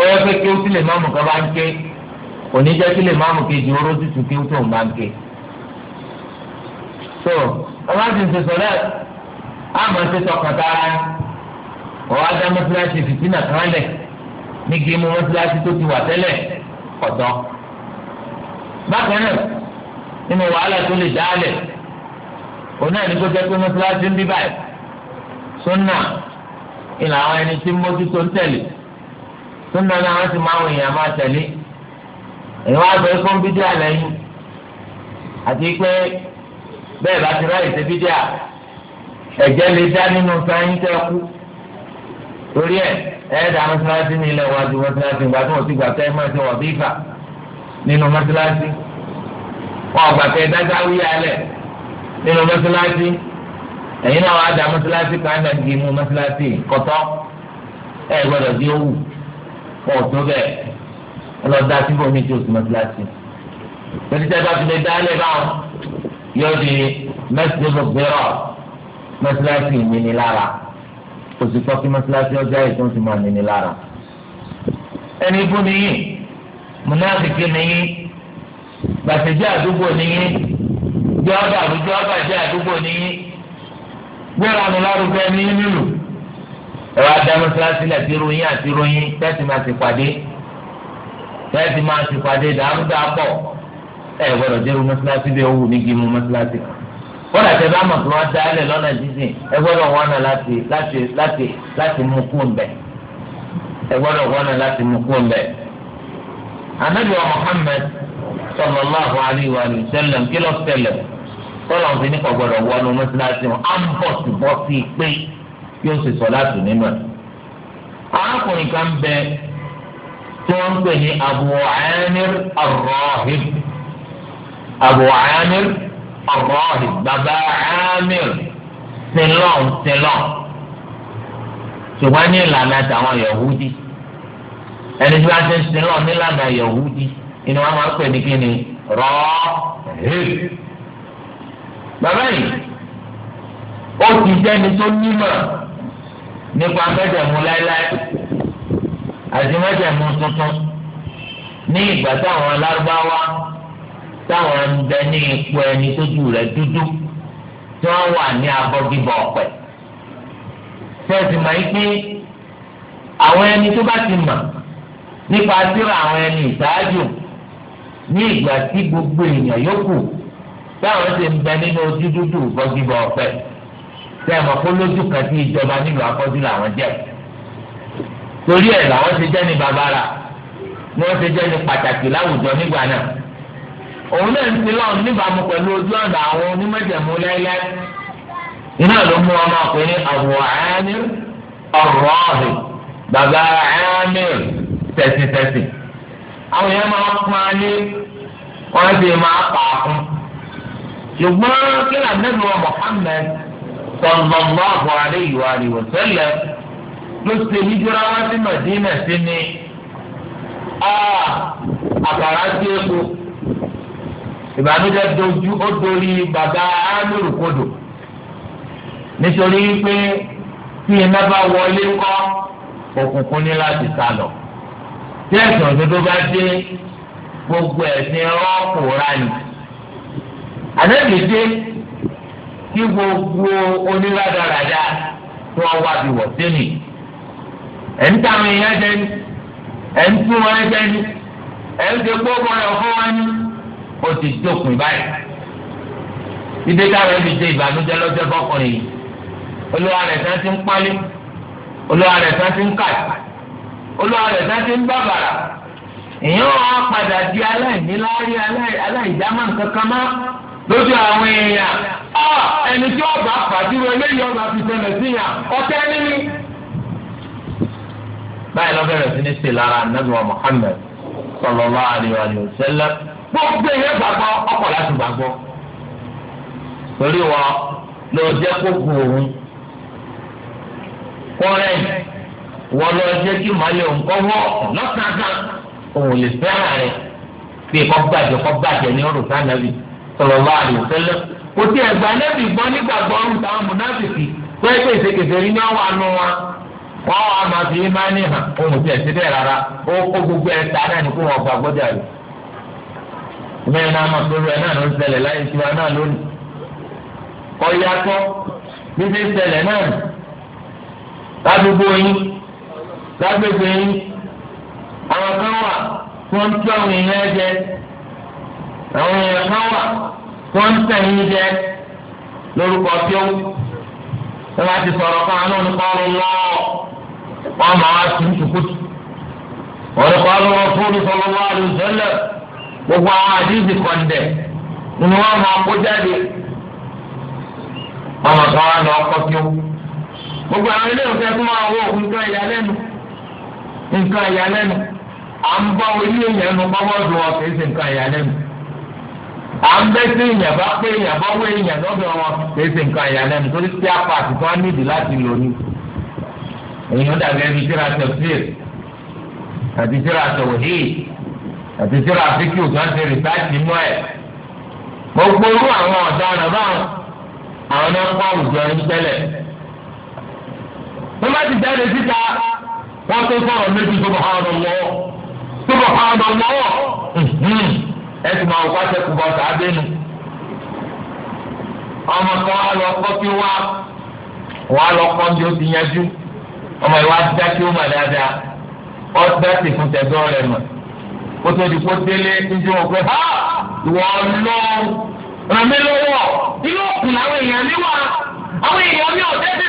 ó yẹ pé kí ó sì lè máàmù kan bá ń ké kò ní jẹ́ kí lè máàmù kejì oró tutù kí ó tó ń bá ń ké. tó ọba ti ń ṣe sọ̀rọ̀ àmọ́ ṣe tọkàntara ọ̀wá dá mọ́tíláṣí fìtínà kan lẹ̀ ní gímú mọ́tíláṣí tó ti wà tẹ́lẹ̀ ọ̀dọ́. bákan náà nínú wàhálà tó lè dá lẹ̀ òun náà ní kó jẹ́ pé mọ́sálásí ń bí báyìí sunna ìlà àwọn ẹni tí mójútó ń tẹ̀lé súnà náà wọ́n ti máa ń èèyàn máa tẹ̀lé èyí wọ́n á sọ fún bídíà lẹ́yìn àti pé bẹ́ẹ̀ bá ti ráyè sí bídíà ẹ̀jẹ̀ lè dá nínú sáyìn tẹ́ kú torí ẹ̀ ẹ̀ẹ́dà mọ́sálásí ní ilẹ̀ wájú mọ́sálásí ìgbà tí wọ́n ti gbà tẹ́ máa ti bí ìfà nínú mọ́sálásí nínú mọ́sálásí ẹ̀yin náà wàá da mọ́sálásí kan náà di inú mọ́sálásí kọ́tọ́ ẹ̀ gbọ́dọ̀ di owó pọ̀ tó bẹ́ẹ̀ ọlọ́dà tí bòmí tó sí mọ́sálásí torí tẹ́ bá fi lè dálé báwọn yóò di mẹ́sìlẹ́sì gbérò mọ́sálásí ìmìnì lára oṣù tó kí mọ́sálásí ọjà yìí tó ń ti máa mìnì lára ẹni bú nìyí múnáfíkì nìyí gbàtẹ́jẹ́ àdúgbò nìyí jẹ́ ọba àbí jẹ́ ọba jẹ́ àdúgbò níyí gbéra mi lárugẹ ní nílù ẹ̀rọ adamu síláṣí lẹ̀ ti ròyìn àti ròyìn tẹ́tì máa ti pàdé tẹ́tì máa ti pàdé dàrúdà pọ̀ ẹ̀ gbọ́dọ̀ jẹ́ ròmọ́ síláṣí bí owó ní gímú mọ́ síláṣí kan wọ́n àti ẹ̀dá mọ̀ tí wọ́n dá ẹlẹ̀ lọ́nà jíjìn ẹ gbọ́dọ̀ wọ́nà láti láti láti láti mú kú mbẹ́ ẹ gbọ́dọ̀ wọ́nà láti mú kú mbẹ́. anabi wa Muhammad sallallahu alayhi wa sallam kí ló ṣẹlẹ̀ kọ́lọ̀ ń fi nípa gbọ́dọ̀ wọnú mọ́sálásí wọn á ń bọ̀ sí bọ́ sí i pé yóò sì sọ láti nínú ẹ̀. arákùnrin kan bẹ tí wọ́n ń pè ní Abu Amir Ar-Rahib Abu Amir ar bàbá Amir tilọ̀n tilọ̀n ṣùgbọ́n ní ìlànà àtàwọn Yahudi ẹni tí wọ́n ti ń tilọ̀n nílànà Yahudi ni wọ́n máa ń pè ní kíni Rahib bàbá yìí ó ti jẹ́ni tó nímọ̀ nípa mẹ́jẹ̀mú láéláé àti mẹ́jẹ̀mú tuntun ní ìgbà táwọn alárúbáwá táwọn ń bẹ ní ipò ẹni tójú rẹ̀ dúdú tí wọ́n wà ní abọ́gibọ̀ ọ̀pẹ̀ tẹ́sí máa ń pé àwọn ẹni tó bá ti mọ̀ nípa síra àwọn ẹni ìṣáájú ní ìgbà tí gbogbo èèyàn yókù. báwọn ti ń bẹ nínú ojú dúdú bọ́gìbọ̀ ọ̀fẹ́ tẹ́ ẹ̀ kan tí ìjọba nílùú afọ́jú làwọn jẹ́ torí ẹ̀ làwọn ti jẹ́ ní babara ni wọ́n ti jẹ́ ní pàtàkì láwùjọ nígbà náà òun náà ń ti lọ́ọ̀ níbàámu pẹ̀lú ojú ọ̀nà àwọn onímọ̀jẹ̀mú lẹ́lẹ́ iná ló mú ọ̀rọ̀ ọ̀hìn bàbá àwọn yẹn máa wọ́n ti máa ṣùgbọ́n kí ànábì wa Muhammad sallallahu alayhi wa alihi wa sallam ló ṣe hijira wá sí Madina sí ni àbàrà sí epo ìbànújẹ́ dojú ó dorí bàbá amúrù kodò nítorí pé tí iná bá wọlé kọ́ òkùnkùn ní láti sá lọ tí ẹ̀sìn òdodo bá dé gbogbo ẹ̀sìn rọ́ọ̀kù rání ànábì dé kí gbogbo onílàdàràdà tó wá bí wọ́n dé nì. ẹ̀ ń tàwọn èèyàn jẹ ní ẹ̀ ń tún wọn jẹ ní ẹ̀ ń ṣe gbogbo rẹ̀ fún wọn ní ó ti dópin báyìí. ìdè táwọn ẹbí dé ìbànújẹ́ lọ́jọ́ bọ́kùnrin yìí olúwa rẹ̀ sá ti ń pálí olúwa rẹ̀ sá ti ń kà olúwa rẹ̀ sá ti ń bàbàrà èèyàn wá padà di aláìníláárí aláìdámọ̀ nǹkan kan máa lójú àwọn èèyàn ah, ẹni tí ọba àpàdúró eléyìí ọba fi tẹ̀lé sí yàn ọtẹ nínú. báyìí lọ́ọ́ bẹ̀rẹ̀ sí ní ṣe lára anabi wa Muhammad sallallahu alaihi wa sallam gbogbo èèyàn gbàgbọ́ ọkọ̀ láti gbàgbọ́. torí wọn lọ jẹ́ kó gu òun kọ́rẹ́ wọn lọ jẹ́ kí màálẹ̀ òun kọ́ wọ́ lọ́sàn-án òun lè fẹ́ràn rẹ̀ bí kọ́ gbàjẹ́ kọ́ gbàjẹ́ ní ọ̀rùn sànàbì. sallallahu alaihi wasallam kò tí ẹgbà nẹ́bí gbọ́ nígbàgbọ́ ọ̀rùn táwọn mùnáfìkì wọ́n pè é kèfèrí ní ọ̀wọ́ àánú wa wọ́n wà á máa fi ìmánì hàn ohun tí ẹ̀ ti bẹ́ẹ̀ rárá ó kó gbogbo ẹ̀ ta náà ní wọn gbàgbọ́ náà tó náà ló ń láyé náà lónìí bíbí náà àwọn èèyàn kan wà tí wọ́n ń tẹ̀yìn jẹ lórúkọ tí ó wọ́n bá ti sọ̀rọ̀ kan àánú nípa ọ̀rọ̀ lọ́ọ̀ wọ́n máa wá sí ìtukùtù wọ́n ní kọ́ lọ́wọ́ fún ìfọwọ́wọ́ àlùsọ́lẹ̀ gbogbo àwọn àdìsí kọ̀ǹdẹ̀ ni wọ́n máa kó jáde wọ́n máa sọ̀rọ̀ àná ọkọ̀ tí gbogbo àwọn ilé ìfẹ́ tó máa wọ nǹkan ìyàlẹ́nu nǹkan ìyàlẹ́nu à ń bá orí èèyàn nu bọ́bọ́ọ̀dù ọ̀fẹ́ sí nǹkan ìyàlẹ́nu. à ń bẹ́ sí èèyàn bá pé èèyàn bá wé èèyàn lọ́dọ̀ wọn kìí ṣe nǹkan ìyàlẹ́ mi torí pé apá àtìkọ́ níbi láti lò ní. èèyàn dàbí ẹni síra tẹ̀ fíìl àti síra tẹ̀ wòlíì àti síra fíkì ògbọ́n ṣe rìsáàtì inú ẹ̀. gbogbo irú àwọn ọ̀daràn báwọn àwọn àwùjọ ń tẹ́lẹ̀. wọ́n bá ti jáde síta wọ́n tó sọ̀rọ̀ méjì tó bọ̀ ẹtù máa wọ́pọ̀ àtẹ̀kù bọ̀ sàbẹ̀nu ọmọ kan wà lọ kọ́ kí wá wọ́n lọ kọ́ bí ó ti yanjú ọmọ ìwà dá kí ó mà dáadáa ó dá fún tẹ̀gbọ́n rẹ̀ mọ̀ kó tó di kó délé níjú wọn pé ha ìwọ lọ ràn mí lọ́wọ́ ilé òkùn làwọn èèyàn mi wà àwọn èèyàn mi ò tẹ́tẹ́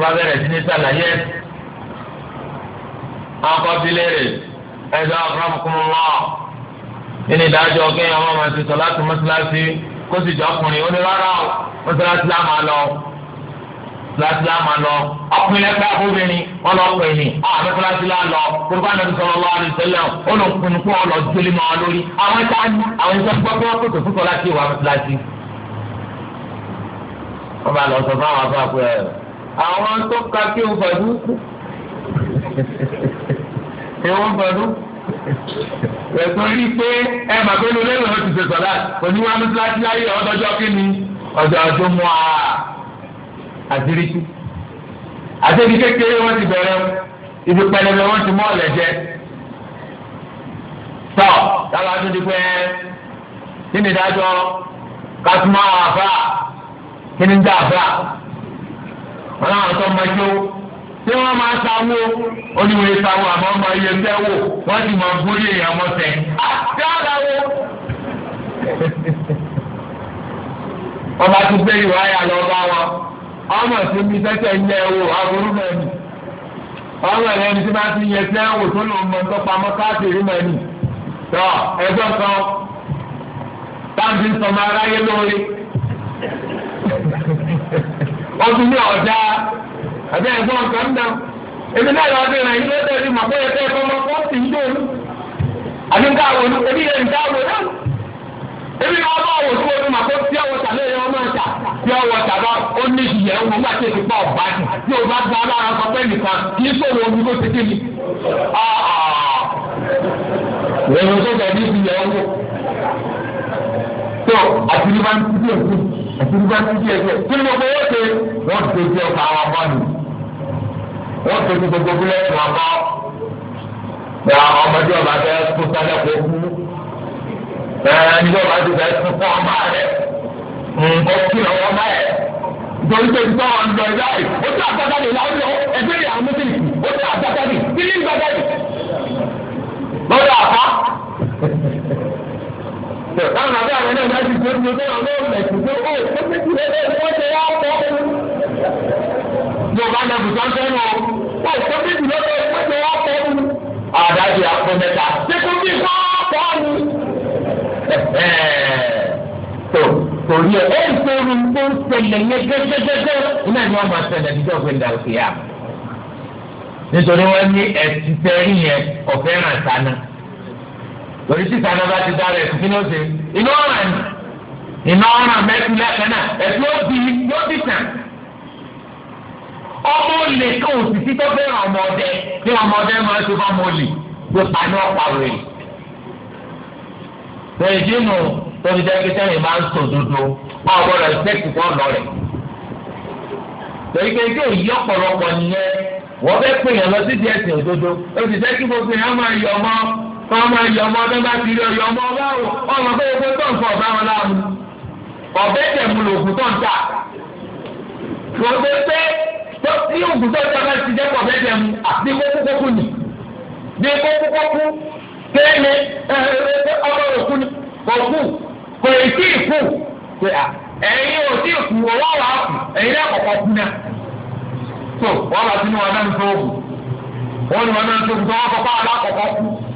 wọn bá bẹ̀rẹ̀ sí ní sàlàyé akọbílẹ̀rẹ̀ ẹ̀dọ́ afúnfúnmọ́ nínú ìdájọ́ kéèyàn wọn máa ti sọ láti mọ́sálásí kó sì jọ ọkùnrin ó mọ́sálásí á lọ mọ́sálásí á lọ ọkùnrin lẹ́gbẹ́ àbúbìnrin wọn lọ pè ní ah, mọ́sálásí á lọ kórópá náà sọ̀rọ̀ lọ́wọ́ ó lọ àwọn tó ka kí o fàdú ẹ̀wọ̀n fàdú ẹ̀sùn rí pé ẹ mà pé lórí ẹ̀rọ ti ṣe sọ̀dá oníwà mọ́tíláṣí láyé ọ̀dọ́jọ́ kí ni ọ̀dọ̀ ọdún mọ́ a àdírísí àtẹ̀bí kékeré wọ́n ti bẹ̀rẹ̀ ibi pẹlẹbẹ wọ́n ti mọ́ ọ̀lẹ́jẹ́ tọ́ dábàá tó di pé kí ni dájọ́ kásùmọ́ àwọn àfà kí ni dá àfà wọn làwọn tó máa jó tí wọn máa sáwó oníwèé sáwó àmọ́ máa yẹ fẹ́ wò wọ́n sì máa gbórí èèyàn mọ́tẹ́ àti àdáwó. wọ́n bá tún gbé ìwà yà lọ bá wọn ọmọ sí mi tẹ́tẹ̀ ń yẹ wò aburú náà nì ọmọ rẹ̀ tí bá ti yẹ fẹ́ wò tó lòun mọ̀ tó pamọ́ káàkiri náà nì tọ́ ẹgbẹ́ kan táǹtì sọmọ aráyé lórí. ọdún ní ọ̀dà àbí ẹ̀gbọ́n nǹkan dá èmi náà lọ́ọ́ bẹ̀rẹ̀ yìí lọ́dọ̀ rí màá bẹ́ẹ̀ bẹ́ẹ̀ kọ́ máa fọ́ọ̀tì ń dòun àbí ń dáwọ̀ ní ebi yẹn ń ebi náà bá wò omi màá fọ́ọ̀tì ọwọ́ ọmọ tí ọwọ́ bá ó ní ìyẹ̀ ń wọ́n gbàtí tí o bá gba alára sọ pé nìkan kì í sọ̀rọ̀ omi ló ti dé mi. tó àtìrí bá ń tí díẹ̀ sí àtìrí bá ń tí díẹ̀ sí kí ni gbogbo wọ́n ṣe wọ́n ṣe tí ọkọ̀ àwọn ọmọ nù wọ́n ṣe ti gbogbo bílẹ̀ tí wọ́n kọ́ ní àwọn ọmọdé ọba fẹ́ kó sálẹ̀ kó kú ẹ̀ẹ́n ní ọba ti fẹ́ kó fún ọmọ rẹ̀ nǹkan kí ọwọ́ ọmọ rẹ̀ nítorí pé ti sọ́wọ́n ń lọ ẹ̀dá yìí ó ti àgbàkadì láwùjọ ẹgbẹ́ ìyàwó méjèèjì ó ti àgbàkadì kílí ìgbàkadì lọ́dọ̀ àpá tọ̀ táwọn àbẹ́ àwọn náà láti tó ní ọjọ́ àwọn ọmọ ẹ̀sìn tó ó ó ti ti lẹ́lẹ́ wọ́n ti wá pọ̀ ó. mo bá na bùtọ́ sẹ́nu o ó tó ti ti lẹ́lẹ́ wọ́n ti wá pọ̀ ó. àdájọ àpò mẹ́ta ṣé kó bí wá pọ̀ ó ni. tó torí ẹ ẹ ìṣòro tó ń ṣẹlẹ̀ yẹn gẹ́gẹ́gẹ́gẹ́ iná ni wọ́n máa ṣẹlẹ̀ níjọ́ gbẹ̀dà òkè àmọ́ nítorí wọ́n ní ẹ̀sìn fẹ́rí yẹn ọ̀fẹ́ ràn sánà torí tí sáré bá ti dára ẹ̀sìn kíni ó ṣe iná ọ̀ràn ni iná ọ̀ràn mẹ́tì lẹ́kẹ́ náà ẹ̀sìn ó di yóò di tàn. ọmọ olè kan ò sì sí tó fẹ́ràn ọmọ ọdẹ ní ọmọ ọdẹ máa ń ṣe fún ọmọ olè tó pa ní ọ̀pá rẹ̀. bẹ́ẹ̀ dínú tóbi jẹ́ kí sẹ́yìn máa ń sọ òdodo ọ̀gbọ́n rẹ̀ sẹ́kì fún ọ̀nà rẹ̀. torí pé tí èyí ọ̀pọ̀lọpọ̀ nìyẹn wọ́n fẹ́ pè yàn lọ sí díẹ̀ sí òdodo ó sì fẹ́ kí gbogbo yàn máa yọ ọmọ wọn máa ọmọ ọdún bá ti rí ọyọ ọmọ ọba o ọmọ bẹ́ẹ̀ pé tó ń fọ ọba wọn láàmú ọbẹ̀ tẹ̀mú lòògùn tó ń tà wọ́n pé tí òògùn tó ń tà bá ti àti kókókókó kókókókó ọmọ òkú ni òkú kò tí ì kú ò tí ì kú owó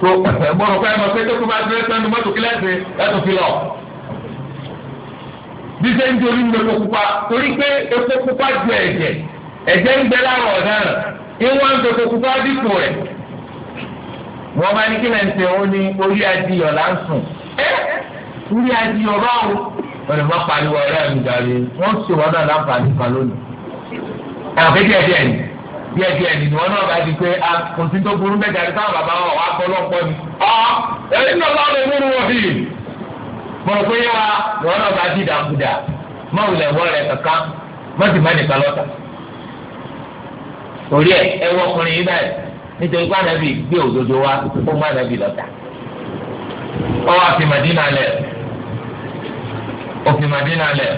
tó gbọ́dọ̀ pé ẹ̀mọ́ pé tó kó bá dúró sẹ́nu mọ́tò kílẹ̀sì ẹ̀tún fi lọ. bí ṣe ń torí epo pupa torí pé epo pupa ju ẹ̀jẹ̀ ẹ̀jẹ̀ ń gbẹ láwọ̀ ọ̀daràn ìwọ̀n ń tètè pupa dípò rẹ̀. wọ́n bá ní kílẹ̀ ń tẹ̀ ó ní orí adìyọ̀ là ń sùn. orí adìyọ̀ báwo wọ́n lè má pariwo ọ̀rẹ́ mi dàrí wọ́n ṣèwọ́n náà láǹfààní kan lónìí. àwọn kékeré díẹ̀ ni díẹ̀ díẹ̀ nínú wọn náà bá di pé a ah, kò sí tó burú bẹ́ẹ̀ jáde táwọn bàbá wọn wà kọ́ lọ́pọ̀ ni. ọ ah, èyí náà bá lè múru wọn bì. mo rò pé yẹwa wọn náà bá di dàkúdà má wulẹ̀ wọ́ rẹ̀ kankan má sì má nìkan lọ́ta. torí ẹ ẹ wọ ọkùnrin yìí báyìí nítorí pé ànábì gbé òdodo wa ó má ànábì lọ́ta. ọwọ́ àfi màdínà lẹ̀ òfin màdínà lẹ̀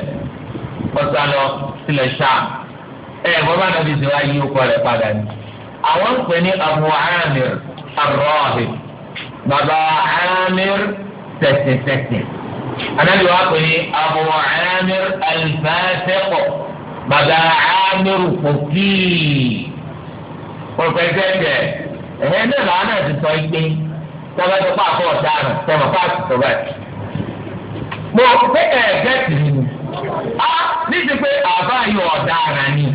ọ̀sán lọ sílẹ̀ ṣáà ẹ bọ́ bá nàbí ṣe wá yí ọkọ rẹ̀ padà ní. àwọn ń pè ní Abu Amir Ar-Rahib bàbá Amir tẹ̀sìtẹ̀sì. anábì wa pè ní Abu Amir Al-Fasiq bàbá Amir Kòkí. pòfẹ́sẹ̀tẹ̀ ẹ̀hẹ́ náà làwọn náà ti sọ igbe tọ́ba tó pàfọ́ ọ̀daràn tẹ̀mọ̀ fáàtì tó báyìí. mo fẹ́ ẹ̀ gẹ́tì a ní ti pé àbáyọ ọ̀daràn ni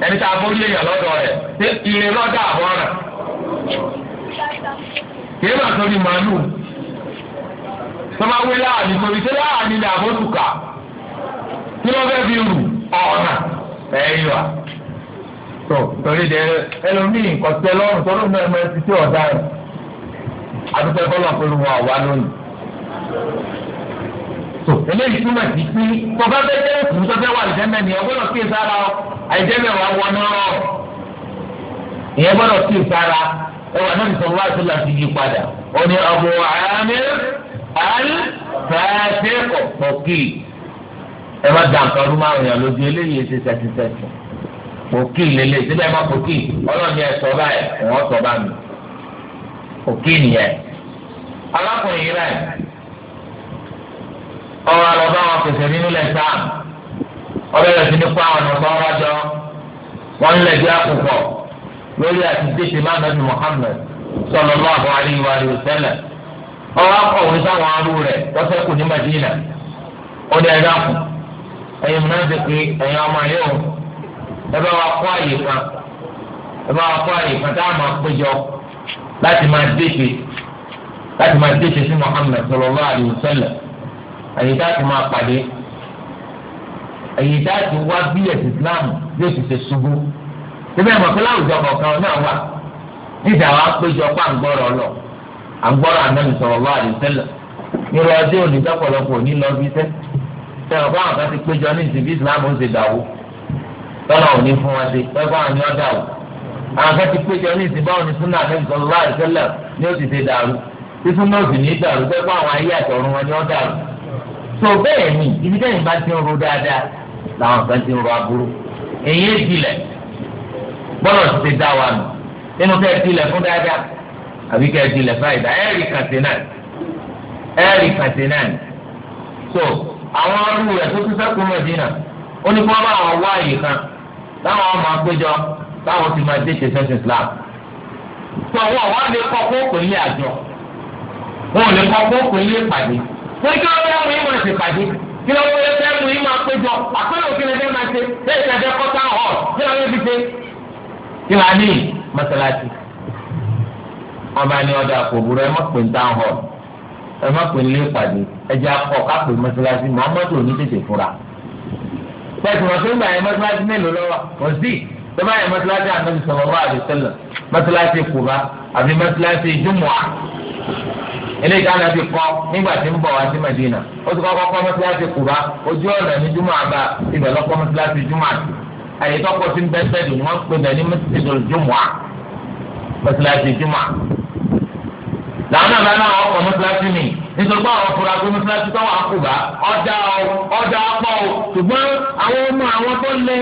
ẹni tá a borí èèyàn lọ́dọ̀ rẹ̀ ṣé ire lọ́dà àbọ̀ràn kìí máa sọ ní màálù sọmáwé láàánú kò ní ṣe láàánú ní àbótùkà kí ló fẹ́ fi rù ọ̀nà ẹ̀yìn wa tó torí de ẹlòmíì ọ̀sẹ̀ lọ́rùn tó ló mọ ẹ̀mọ ẹtì tí ọ̀dà rẹ̀ àtúntẹ̀ bọ́lá pẹ̀lú wọn àwa lónìí tó eléyìí túmọ̀ sí pé bàbá bẹ́ẹ̀ jẹ́ òkú tó fẹ́ wà àlùjẹ́mẹ̀ ni ẹ gbọ́dọ̀ kí sára ọ àlùjẹ́mẹ̀ wà wọ náà ìyẹn gbọ́dọ̀ kí sára ẹ wà náà sọ wá sí láti yí padà ó ní Abu Amir al-Fatiq òkè ẹ má dà nǹkan ọdún márùn yàn lójú eléyìí ṣe tẹ̀sítẹ̀sì òkè lélẹ̀ síbẹ̀ má òkè ọlọ́ọ̀ni ẹ̀ ọ̀rọ̀ àlọ́ bá wọn pèsè nínú lẹ́sà ọbẹ̀rẹ̀ sí ní kó àwọn ọ̀nà kan wájọ wọn lẹ̀ bí àkùkọ lórí àti dèjì mánàbí Muhammad sallallahu alaihi wa sallam ọwọ́ akọ̀wé sáwọn arú rẹ̀ lọ́sẹ̀kù ní Madina ó ní ẹ̀dá kù ẹ̀yin mùnàfíkì ẹ̀yin ọmọ yóò ẹ bá wa kó àyè kan ẹ bá kó àyè kan tá a máa péjọ láti máa dèjì láti máa dèjì sí Muhammad sallallahu alaihi wa sallam àyè tá a ti máa pàdé àyè tá a ti wá bí ẹ̀sìn Islam yóò ti ṣe ṣubú síbẹ̀ mọ̀ pé láwùjọ kọ̀ọ̀kan náà wà níta wa péjọ pa àǹgbọ́rọ̀ lọ àǹgbọ́rọ̀ ànábì sallallahu alaihi wasallam nírọ̀ ọdẹ òní tọ́pọ̀lọpọ̀ òní lọ bí sẹ́ sẹ́wọ̀n fáwọn kan ti péjọ ní ìsìnkú Islam ó ṣe dàwó tọ́lá òní fún wa ṣe pẹ́ fáwọn ni wọ́n àwọn kan ti péjọ ní ìsìnkú báwọn ní súnà ànábì sallallahu alaihi wasallam ni ó ti ṣe dàrú sísún náà ní dàrú pẹ́ fáwọn ayé àtọ̀run wọn ni wọ́n dàrú tó bẹ́ẹ̀ ni ibi tẹ́yìn bá ti ń ro dáadáa làwọn kan ti ń ro aburú èyí ń tilẹ̀ bọ́lọ̀ ti dá wa nù nínú kẹ́ ẹ tilẹ̀ fún dáadáa àbí kẹ́ ẹ tilẹ̀ fáyidà ẹ̀rì kàtí náà ẹ̀rì kàtí náà so àwọn ọdún rẹ̀ tó tún sẹ́kùn mẹ́dínà ó ní kí wọ́n bá wọn wá àyè kan láwọn ọmọ àpéjọ táwọn ti máa dé tẹ̀sán Islam tó wọn wá lè kọ́ kó kò ní àjọ wọn lè kọ́ kó kò ní ìpàdé wọ́n kí wọ́n mú ìmọ̀ ìṣèpàdé kí wọ́n wọlé fẹ́ mú ìmọ̀ àpéjọ àpérò kí lè fẹ́ máa ṣe bẹ́ẹ̀ ṣe àjẹ kọ́tà hall kí wọ́n fi ṣe. kí wọ́n á ní mọ́sálásí ọba ní ọ̀dà àkòbúrò ẹ má pè ń tán hall ẹ má pè ń lé ìpàdé ẹ jẹ́ akọ kápẹ́ mọ́sálásí mọ́mọ́tò ní tètè fura. pẹ̀sì wọn tó ń gbà yẹn mọ́sálásí mélòó lọ́wọ́ kò sí tọ́ba eléyìí káàdà ti kọ́ nígbà tí ń bọ̀ wá sí Madina ó ti kọ́kọ́ kọ́ mọ́síláṣí kùbá ojú ọ̀nà ní júmọ̀ àbá ibẹ̀ lọ́kọ́ mọ́síláṣí júmọ̀ àti àyè tọ́kọ̀ sí bẹ́sẹ̀ dùn wọ́n pè bẹ̀ ní mọ́síláṣí júmọ̀ à mọ́síláṣí júmọ̀ à. làwọn náà bá náà ọkọ̀ mọ́síláṣí mi nítorí pé àwọn fúra pé tó wà kùbá ọjà ọjà ṣùgbọ́n àwọn ọmọ àwọn tó lé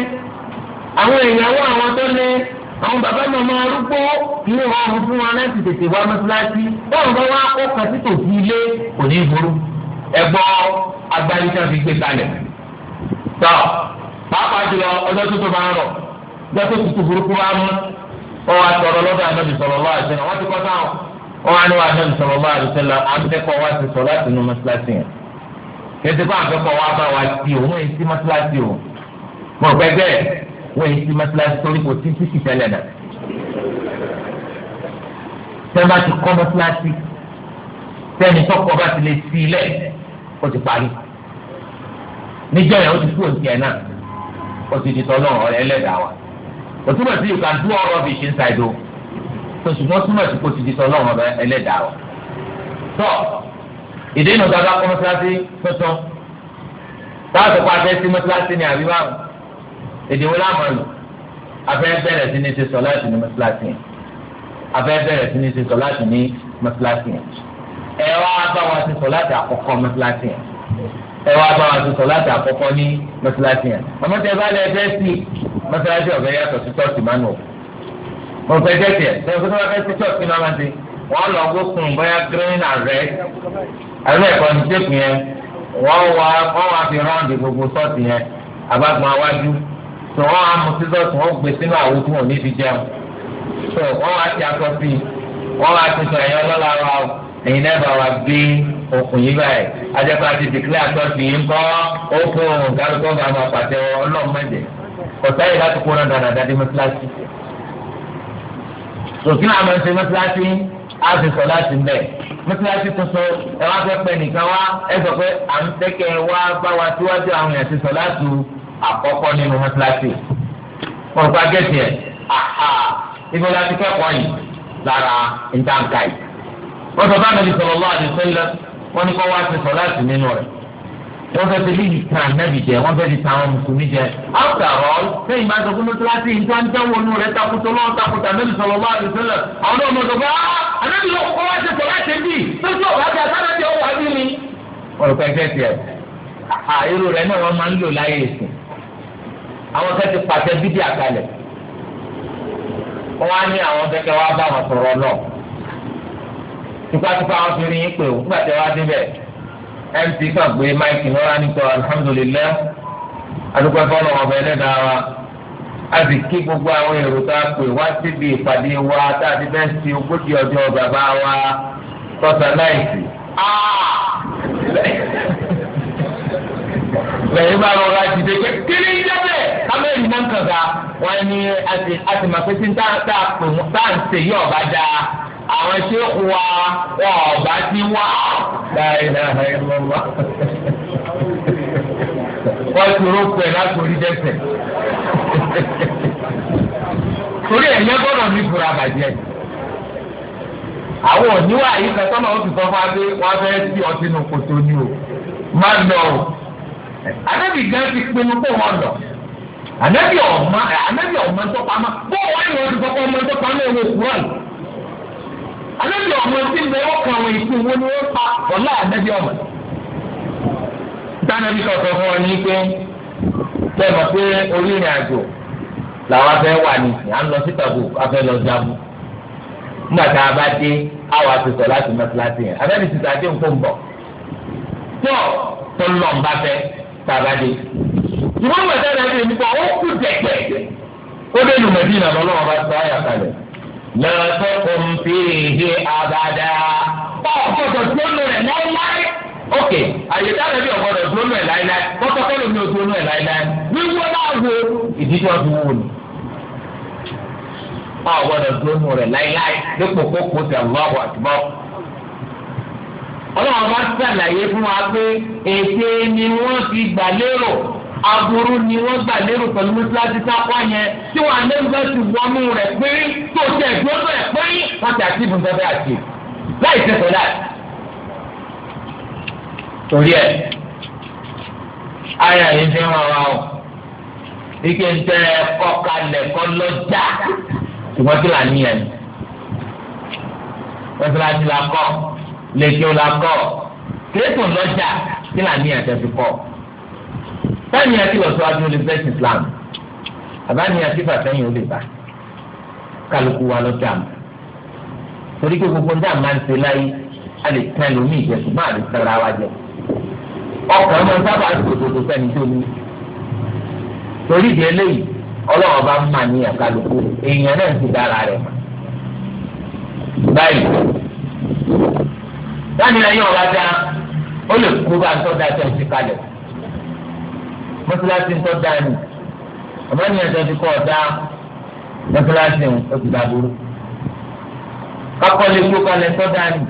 àwọn èèyàn àwọn bàbá màmá arúgbó ilé ọrùn fún wọn láti tètè wá mọ́sálásí báwọn bá wá kó kan sí tòsí ilé kò ní burú ẹgbọ́ agbáríta fi gbé kalẹ̀ tọ́ pàápàá jùlọ ọjọ́ tuntun máa ń rọ̀ ọjọ́ tó tutù burúkú máa mú ọwọ́ àtọ̀rọ̀ lọ́dọ̀ ànábì sọ̀rọ̀ lọ́wọ́ àti wọ́n ti kọ́ sáwọn ọwọ́ àníwọ̀ ànábì sọ̀rọ̀ lọ́wọ́ àti sẹ́lẹ̀ àbẹ́kọ̀ wá ti sọ láti nu mọ́sálásí yẹn kẹ́tẹ́kọ̀ àbẹ́kọ̀ wá bá wa ti òun èyí sí mọ́sálásí o mọ̀ pẹ́ bẹ́ẹ̀ wọ́n yìí sí mọ́tíláṣí torí kò sí títì tẹ́lẹ̀ náà. tẹ́lẹ̀ bá ti kọ́ mọ́tíláṣí tẹ́ni tọ́kọ bá ti lè sí ilẹ̀ ó ti parí. níjọ́ yẹn ó ti kú òsì ẹ̀ náà ó ti di tọ́lọ́ ọ̀rẹ́ ẹlẹ́dàá wa. kò túmọ̀ sí you can do all rubbish inside o. kò ṣùgbọ́n túmọ̀ sí kò ti di tọ́lọ́ ọ̀rẹ́ ẹlẹ́dàá wa. tọ́ ìdí ìnù dáadáa kọ́ mọ́tíláṣí tuntun táà tó pa abẹ́ sí mọ́tíláṣí èdè wo láàmú lò afẹ́ bẹ̀rẹ̀ sí ní ṣe sọ láti ní mọ́sálásí yẹn afẹ́ bẹ̀rẹ̀ sí ní ṣe sọ láti ní mọ́sálásí yẹn ẹ wá bá wa ṣe sọ láti àkọ́kọ́ mọ́sálásí yẹn ẹ wá bá wa ṣe sọ láti àkọ́kọ́ ní mọ́sálásí yẹn àmọ́ tẹ bá lẹ fẹ́ sí mọ́sálásí ọ̀fẹ́ yàtọ̀ sí tọ́sí mánu mo fẹ́ jẹ́ tiẹ̀ tó ń fẹ́ sí tọ́sí mánu wọ́n lọ gbókun bóyá green and red ẹ̀rọ ẹ̀kọ́ ní tẹ́kù yẹn wọ́n wá wọ́n wá fi tó wọn á mú sísọọsì wọn gbé sínú àwo tí wọn níbi jẹun tó wọn wá ti aṣọ sí i wọn wá ti sọ ẹyọ lọlá wa o ẹyin náà bá wa gbé okùn yìí báyìí ajẹpẹ àti dìklẹ àtọsí yìí ń kọ okùn kálukọ bá máa pàṣẹ ọlọmọdé kọtà yìí láti kó náà dáadáa dé mọ́tíláṣí òkè náà máa ń ṣe mọ́tíláṣí á sọ wa síwájú àkọ́kọ́ nínú mọ́tíláṣí wọn gba gẹ́tì ẹ̀ aha ibi láti kẹ́kọ̀ọ́ yìí lára ìtànkà yìí wọ́n sọ báyìí nàbì sallallahu alaihi wasallam wọ́n ní kó wá sí sọ láti nínú rẹ̀ wọ́n fẹ́ fi léyìí tàn nàbì jẹ wọ́n fẹ́ fi tàn àwọn mùsùlùmí jẹ after all sẹ́yìn máa sọ fún mọ́tíláṣí ìtànkà wọnú rẹ̀ takuto lọ́wọ́ takuta nàbì sallallahu alaihi wasallam àwọn náà mọ̀ sọ pé ah ànábì lọ́kọ̀ kó wá sí sọ láti bì tó tó ọ̀gá àti àná ọ̀rùkọ ẹgbẹ́ tiẹ̀. irú rẹ̀ náà wọ́n máa ń lò láyé ìsìn àwọn kan ti pàṣẹ bídíà kalẹ̀ wọ́n á ní àwọn kẹ́kẹ́ wá bá wọn sọ̀rọ̀ náà tipátipá wọn fi rí yín pé òun gbàtẹ́ wá débẹ̀ mp kan gbé máìkì náà wá nípa alhamdulilayi adúgbò fọlọ́ ọ̀bẹ ẹlẹ́dàá wa a sì kí gbogbo àwọn èrò tá a pè wá síbi ìpàdé wa tá a ti fẹ́ ṣe ogójì ọjọ́ bàbá wa tọ́sán láìsí. Ah! lẹ́yìn bá rọra dìde pé kiri ń jẹ́bẹ̀ kámẹ́rì náà kànga wọ́n ní àti màpẹ́sí tá a pè mú tá à ń sè yí ọ̀bá dá àwọn ṣéèkù wa wọn ọ̀bá ti wá láìláì lọ́wọ́ wọ́n ti rọ́pẹ́ láti orí dẹ́sẹ̀ torí ẹ̀yẹ́ gbọ́dọ̀ ní ìfura bàjẹ́ àwọn òníwà yìí kan sọ́nà ó ti sọ fún wa pé wọ́n fẹ́ sí ọtí nù kòtò ni o má lọ o anabi gan ti pinnu kó wọn lọ anabi ọmọ anabi ọmọ ntọpamọ bó wọn yọ ọdún kọkọ ọmọ ntọpamọ ọmọ òkúrọ yìí anabi ọmọ ti bẹ ọkàn wọn ìkú wọn ni wọn pa ọlá anabi ọmọ tánàbí sọsọ fún ọ ní pé tẹ ẹ mọ pé orí ìrìn àjò làwọn afẹ wà ní à ń lọ sí tàbú afẹ lọ jábù nígbà tá a bá dé àwọn àtúntò láti mọ síláṣí yẹn abẹ́ni sísá dé nǹkan bọ̀ tó tó lọ́nba fẹ́ tàbádé ìwọ́n mọ̀ sẹ́yìn àti èmi kan ó kú dẹ̀kẹ̀ ó dé lùmẹ̀bí ìlànà ọlọ́run bá sọ àyà kalẹ̀ lọ́sẹ̀ kòmpìrìhì àbàdà ọ̀gbọ́dọ̀ tó lò rẹ̀ láíláí ok àyè táwọn ẹbí ọ̀gbọ́dọ̀ tó lò rẹ̀ láíláí kọ́tọ́ kọ́ lómi ò tó lò rẹ̀ láíláí wíwọ́ náà wo ìdíjọ́ tó wù ní ọ̀gbọ́dọ̀ tó lò rẹ̀ láíláí dípò kókó tẹ̀ lọ́wọ́ àtúbọ̀ ọlọ́run bá ṣàlàyé fún wa pé ète ni wọ́n fi gbà lérò aburú ni wọ́n gbà lérò pẹ̀lú mọ́sálásí sápá yẹn tí wọ́n anẹ́gbẹ́ ti wọnú rẹ̀ péré tó tẹ̀ gbọ́dọ̀ rẹ̀ péré wọ́n ti àti ìbùn fẹ́fẹ́ àti láì tẹ̀sẹ̀ láì. torí ẹ ayé àyè fi hàn wá o ike ń tẹ kọkalẹ̀ kọ lọ́jà ṣùgbọ́n kí là ń yẹn mọ́sálásí la kọ́ lẹ́kìn la kọ́ kéétò lọ́jà kí là ní àtẹ̀sí kọ́ táyì àti lọ́sọ́wájú lè fẹ́ Islam àbáni àti fàtẹ́yìn ó lè bá kálukú wa lọ́jà mọ́ torí pé gbogbo ní àmà ń ṣe láyé a lè tẹ́ lómi ìjẹ̀sùn máa lè tẹ́ra wa jẹ ọkàn máa ń sábà tòtòtò sẹ́ni tó ní torí ìdí eléyìí ọlọ́wọ́n bá ń mà ní àkàlùkù èèyàn náà ti dára rẹ̀ mọ́ báyìí láti lẹ́yìn ọba dá ó lè kú bá tọ́da tó ti kalẹ̀ mọ́tíláṣí tọ́da ni ọba ní ẹ̀jẹ̀ ti kọ́ ọ̀dá mọ́tíláṣí ó ti dà dúró kakọ́ lè gbó kalẹ̀ tọ́da ni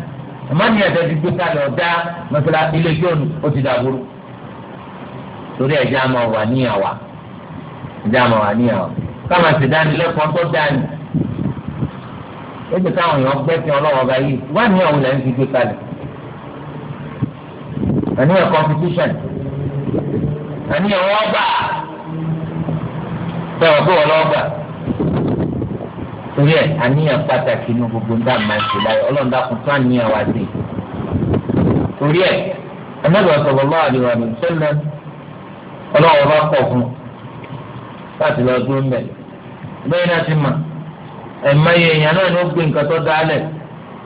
ọba ní ẹ̀jẹ̀ ti gbó kalẹ̀ ọ̀dá mọ́tíláṣí ilé gbóònù ó ti dà dúró torí ẹ̀jẹ̀ àmọ́ wà níyàwó ẹ̀jẹ̀ àmọ́ wà níyàwó káwọn ti dání lẹ́kọ̀ọ́ tọ́da ni ó ti káwọn èèyàn gbẹ́sìn ọlọ́wọ́ báyìí wá níyàwó àníyàn competition àníyàn wọ́n gbà bẹ́ẹ̀ bó wọ́n lọ́ọ́ gbà torí ẹ̀ àníyàn pàtàkì inú gbogbo ń dá màá ṣe láyé ọlọ́run dákun tó àníyàn wá sí torí ẹ̀ ẹ̀mẹ́bà sọ̀rọ̀ lọ́wọ́ àdìwà ní sẹ́lẹ̀ ọlọ́run bá pọ̀ fún láti lọ dúró mbẹ̀ bẹ́ẹ̀ náà ti mà ẹ̀mẹ́yẹ èèyàn náà ló gbé nǹkan tó dálẹ̀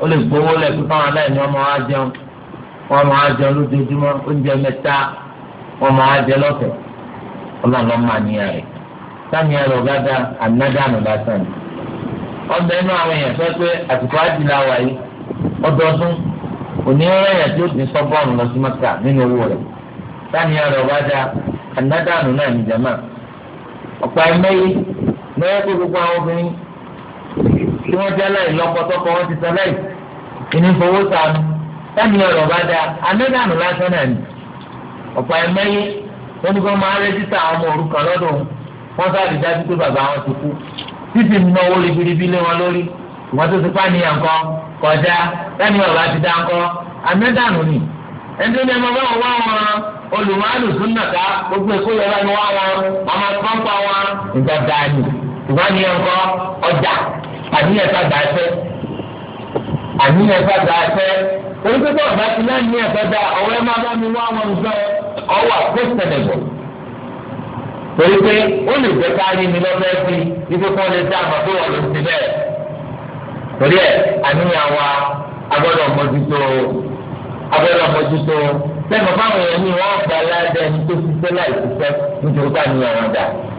ó lè gbowó lẹ̀ pípa wọn aláìní ọmọ wa jẹun. wọn máa jẹ lójoojúmọ́ oúnjẹ mẹ́ta wọn máa jẹ lọ́tọ̀ ọlọ́run máa níyà rẹ̀ sáni ẹ̀rọ gádà ànádànù lásán ni ọbẹ̀ inú àwọn èèyàn fẹ́ pé àtìkọ́ àdìlà wà ọdọọdún òní ẹ̀yà tí ó dín sọ́gbọ́n lọ sí mọ́tà nínú owó rẹ̀ sáni ẹ̀rọ gádà ànádànù náà ní jẹ̀mà ọ̀pá ẹ̀mẹ́yì lọ́yẹ́ pé gbogbo àwọn obìnrin tí tẹ́mi ọ̀rọ̀ bá da anẹ́dànù lásán náà ni ọ̀pọ̀ ẹ̀mẹ́yé wọ́n ní kí wọ́n máa rẹ́jísítà ọmọ òrukàn lọ́dọ̀ wọn sáàbì dájú pé bàbá wọn ti kú títí ń náwó ribiribi lé wọn lórí ìwọ́n tó ti pa ní kọjá bá ti dá ni ẹni ní ẹmọ báwọn wá wọn gbogbo èkó àníyàn bá da fẹ́ orí pé bọ́ọ̀ bá ti náà ní ẹ̀fẹ́ da ọ̀rẹ́ máa bá mi wá wọn fẹ́ ọwọ́ àpòsẹ̀lẹ̀bọ̀ torí pé ó lè jẹ́ ká rí mi lọ́fẹ́ sí ibi kan lè dá àmọ́ tó wọ̀ ló ti bẹ́ẹ̀ torí ẹ̀ àníyàn wa agbọ́dọ̀ mójútó agbọ́dọ̀ mójútó sẹ́nu fáwọn èèyàn ní wọ́n gbà ládẹ́ni tó ṣiṣẹ́ láì ṣiṣẹ́ nítorí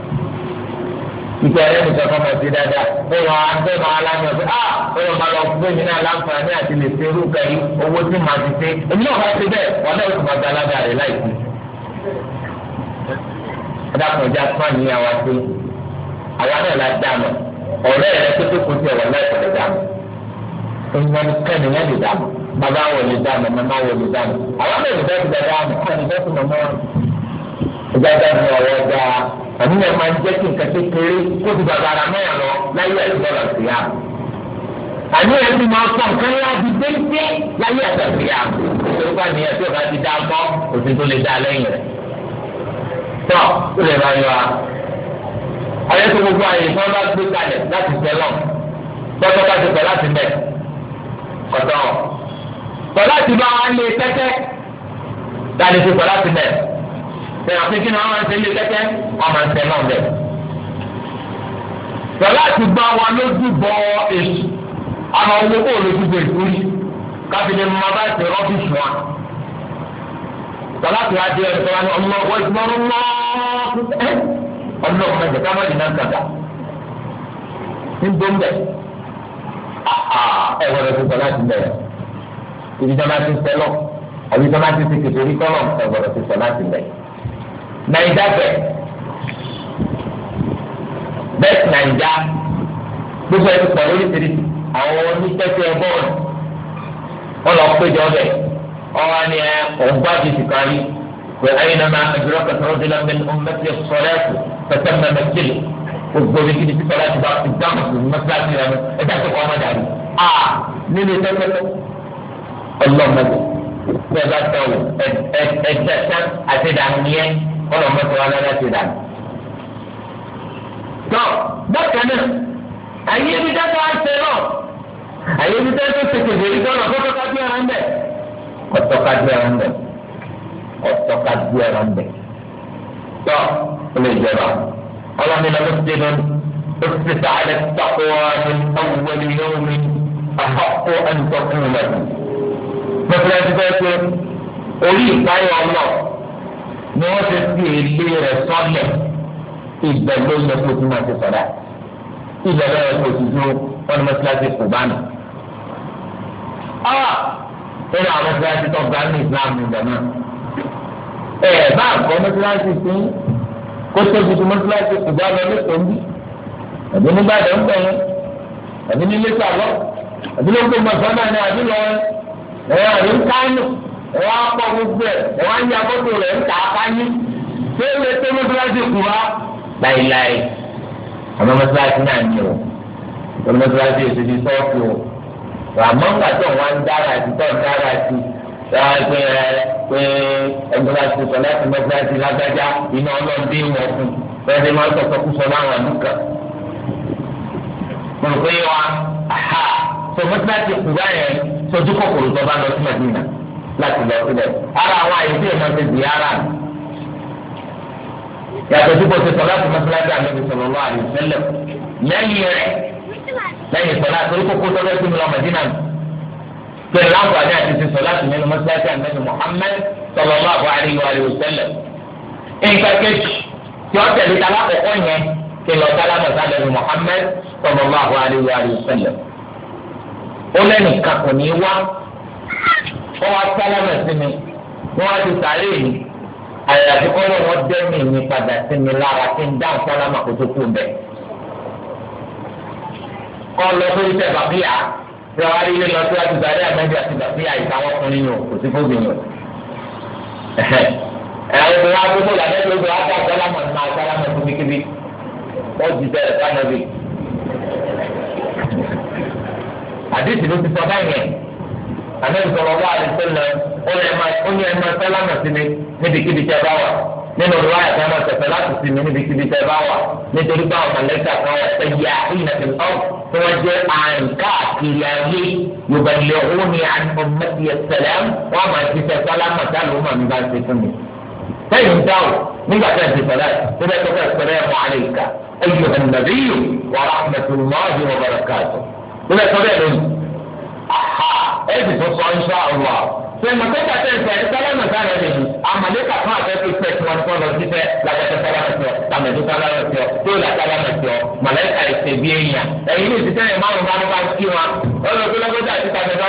ìgbà yẹn nìkan kọ́ máa ti dáadáa bẹ́ẹ̀ máa bẹ́ẹ̀ máa lánàá pé ah bẹ́ẹ̀ máa lọ fún mi náà láǹfààní àti lè ṣe irú kan yìí owó tí màá ti ṣe èmi náà bá ṣe bẹ́ẹ̀ wọn náà tún máa gba alága rẹ̀ láìpẹ́. adákùnrin já fún àyè àwa sí àwa náà la dá mọ̀ ọ̀rẹ́ rẹ̀ tó tó kún sí ẹ̀wọ̀n láìpẹ́ lè dá mọ̀ èèyàn kẹ́ni yẹn lè dá mọ̀ bàbá wọn lè dá mọ̀ màmá wọn lè dá mọ̀ àwọn náà lè dá ẹjọ́ dáhùn ọ̀rọ̀ ọ̀gá àníyàn máa ń jẹ́ kí nǹkan kékeré kó ti bàbá ara mẹ́rin lọ láyé àtijọ́ sí yá. àníyàn ti máa sọ nǹkan ńlá di déńdé láyé àtijọ́ sí yá. nítorí pé àníyàn tí ọba ti dá mọ́ òsì tó lè dá lẹ́yìn rẹ̀. tọ́ ó lè máa yọ wa. ayé tó gbogbo àyè tí wọ́n bá gbé kalẹ̀ láti tẹ̀ lọ tọ́tọ́ bá ti tẹ̀ láti mẹ́ kọ̀tọ́. pọ̀ láti bá wa lé tẹ́tẹ́ bẹ̀rẹ̀ àti kí ni wọ́n máa ń ṣe ilé kẹ́kẹ́ wọ́n máa ń ṣe náà bẹ̀. Bẹ̀rẹ̀ láti gbá wa lójú bọ èṣù àwọn owó kò lójú bọ èṣù rí káfíńdé máa bá ṣe rọ́bìṣì wa. Bẹ̀rẹ̀ láti wá di ẹ̀rọ wa ni ọmọ ọwọ́ ìgbọ́rún mọ́ ọlọ́run ẹ̀jẹ̀ ká má di náà kàkà. Ń gbóngbẹ̀ ẹ̀wọ̀n rẹ̀ fún sọ́láàtì bẹ̀rẹ̀ ibi tí wọ́n bá ti ń sẹ́lọ̀ àbí tí wọ́n bá ti ti kìtìrí kọ́lọ̀ ẹ̀wọ̀n rẹ̀ fún sọ́láàtì bẹ̀rẹ̀ naija bẹ bẹt naija gbogbo ẹni pọ̀ lóríṣiríṣi àwọn oníṣẹṣẹ bọ́ọ̀lù ọlọpẹjọ bẹ ọwọ ni ẹ ọgbà bìtì kan rí pé ayinama adúlọkọ sọlọdúnlá mi ọmọdé sọlẹẹkù pẹtẹ mẹmẹtìlì gbogbo mi kìí ti sọlá ti bá ti dáhùn sí mẹsàlásì rẹ mi ẹ dàgbé kọ ọmọdé àrí a nínú tẹtẹtẹ ọlọmọdé bẹ́ẹ̀ bá tọwọ ẹ ẹ ẹ dẹsẹ àti dàmíẹ kọlọ mọtò wa lọ́dọ̀ ti dànù. tọ bákan náà àyè ibi dáta á ṣe náà àyè ibi dáta ṣe kèfè rí dọ́là kó tọ́ka bí ẹran bẹ̀. ọ̀tọ́ka bí ẹran bẹ̀ ọ̀tọ́ka bí ẹran bẹ̀. tọ ó lè jẹba ọlọ́ni lọ́dọ̀ ti dé lọ́dọ̀ ó ti ta alẹ́ awùwẹ́lì yóò àkọ́kọ́ ẹnìkan kúrò lẹ́nu. mọ̀tò láti orí ìkáyọ̀ ọlọ́ọ̀ ni wọ́n ti fi èlé rẹ̀ sọ́lẹ̀ ìgbẹ́ ló yẹ kó tí máa ti sọ̀dá ìgbẹ́ ló yẹ kó tí dúró wọ́n ní mọ́tíláṣí kò bá nù. ẹ̀rọ ah! àwọn mọ́tíláṣí tó ga ní Islam nìgbà náà ẹ̀ bá àgọ́ mọ́tíláṣí sí kó tó ti mọ́tíláṣí kò bá lọ lẹ́sọ̀ọ́ bí ẹ̀bí nígbàdàn ń bẹ̀ yẹn ẹ̀bí nílé sàlọ́ ẹ̀bí ló ń gbé mọ́tíláṣí náà ní àdúrà ẹ̀ ẹ wá pọ̀ gbogbo ẹ̀ ẹ wá ń ya fọ́tò rẹ̀ ń tà á káyé ṣé ilé tó ní fúláṣí kù wá. láìláì àmọ́ mọ́sálásí náà ni o àmọ́ mọ́sálásí èso ti sọ́ọ̀kì o àmọ́ ńgbà tó wọ́n ń dára sí tó ń dára sí láàpẹ pé ẹgbẹ́láṣí sọ láti mọ́sálásí lágbájá iná ọlọ́ọ̀dé wọn fún bẹ́ẹ̀ ni wọ́n sọ̀tọ̀ kú sọ láwọn ọdún kan. mo rò pé wa aha sọ mọ́sálásí kù báyẹn sojú láti lọ sílẹ̀ ara àwọn àyèsí ìmọ̀ ti di ara yàtọ̀ tí kò ti sọ láti mọ́sálásí àmì sọ̀rọ̀ lọ́wọ́ àdìsẹ́lẹ̀ lẹ́yìn rẹ̀ lẹ́yìn sọ̀rọ̀ àti oríkókó tó lẹ́sìn mi lọ mẹ́dínà pẹ̀lú láǹfààní àti ti sọ̀rọ̀ láti mẹ́nu mọ́sálásí àmì Muhammad sọ̀rọ̀ lọ́wọ́ àdìsẹ́lẹ̀ nǹkan kejì tí ó tẹ̀lé ta lákòókò yẹn wọ́n wá sálámà sí mi wọ́n wá ti sàárè mi àyàfi kọ́ ló wọ́n dẹ́mi mi padà sí mi lára kí n dáhùn sálámà kó tó kú kọ́ lọ sórí bàbíyà wá ilé lọ sí àti àti bàbíyà kò sí ẹ̀rọ làbẹ́ tó gbé ní máa sálámà fún wọ́n ti ànábì sọ̀rọ̀ wá àdé sẹ́lẹ̀ ó ní ẹ̀ma sálámà sí mi níbikíbi tẹ́ bá wà nínú ìwà àti àwọn ọ̀sẹ̀fẹ̀ láti sí mi níbikíbi tẹ́ bá wà nítorí pé àwọn mọ̀lẹ́kà kan wà pé yà ìyìn àti ọ̀ tí wọ́n jẹ́ àǹká àkiri ayé yorùbá ilẹ̀ owó ni àmọ̀mọ́tì ẹ̀sẹ̀lẹ̀ wọ́n máa ti fẹ́ sálámà dálóò mọ̀ nígbà tí fún mi. kíbi te ba wa ninu iwa ati awon osefe lati si mi nibikibi te dáwọ̀ nígbà tí a ti sọ̀rọ̀ síbẹ̀ tó fẹ́ sọ̀rọ̀ ẹ̀mọ́ àlèkà ẹ̀yọ̀ ẹ̀sì tó sọ iṣẹ́ àwọn wa. ṣe mọ̀tẹ́kà tẹ̀ ṣe sálámà sára rẹ̀ ni àmàlẹ́kà fún àfẹ́fẹ́ fẹ́ tí wọ́n fọ́n lọ síbẹ̀ lábẹ́tẹ̀ sálámà sí ọ tàmẹ̀dú tó là sálámà sí ọ bí èèyàn ẹ̀yin ní ìsìtẹ́ yẹn márùn márùn kí wọn àti àwọn tó tó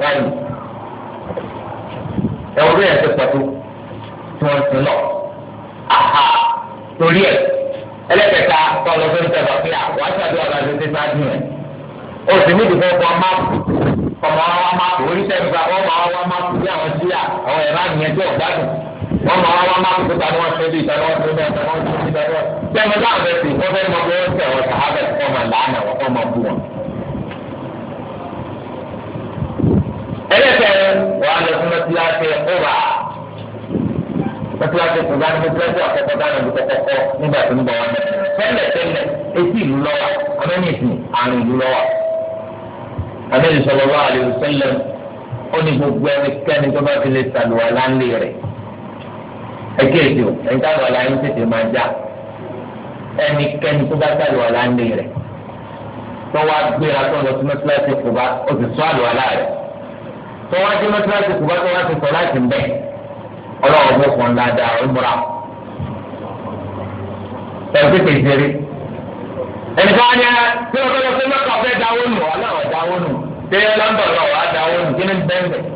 wa ẹ̀wọ̀n bí ẹ̀sẹ̀ pẹ̀tù tí wọ́n ti lọ. Àhà torí ẹ̀ ẹlẹ́kẹ̀ta tó ń tẹ̀ bá fíà wọ́n ṣàdé ọ̀la tó ti sáájú O sì ní ìdìbò ọkọ̀ máàpù ọmọ wa máàpù orí tẹ̀gbà wọ́n máa wá máàpù bí àwọn síyà àwọn ẹ̀rọ àyẹn tó ọ̀gbádùn. Wọ́n máa wá máàpù tó ta ni wọ́n ṣe bí ìta ni wọ́n ṣe bẹ́ẹ̀ ni wọ́n ṣe bí ìta ni wọ́n ṣe bẹ́ẹ̀ wàá lọ sí mọ́tíláṣí ọ̀bà mọ́tíláṣí kùbá ní mọ́tíláṣí àkọ́kọ́ dáná ní kọ́kọ́kọ́ nígbà tó ń bọ̀ wọn tẹ́lẹ̀ tẹ́lẹ̀ etí ìlú lọ́wọ́ amẹ́nìsì àrùn ìlú lọ́wọ́ amẹ́nìsì ọlọ́wọ́ àlèyé sẹ́lẹ̀ ó ní gbogbo ẹnikẹ́ni tó bá fi lè sàlùwà láńlé rẹ̀ ẹ̀kẹ́ẹ̀dì ò ẹ̀ńtà lọ́wọ́ la ń tètè máa já ẹnikẹ́ni tó bá sàlùwà láńlé rẹ̀ tọ́wọ́ agbéra tó lọ sí ó ti sọ àlùwà láàrẹ̀ tó wá dé mọ́tíláṣí kù bá tó wá ti sọ láti ń bẹ̀ ọlọ́wọ́ bó fún ńlá da ọ̀rùnmúra. ẹ̀rọ pípé ìṣeré ẹnìkan ni tí wọ́n fẹ́ lọ sí mọ́tò ọ̀fẹ́ dáwó nù ọlọ́wọ́ dáwó nù dé lọ́ńdọ̀ lọ́wọ́ dáwó nù kí ni bẹ́ẹ̀ bẹ́ẹ̀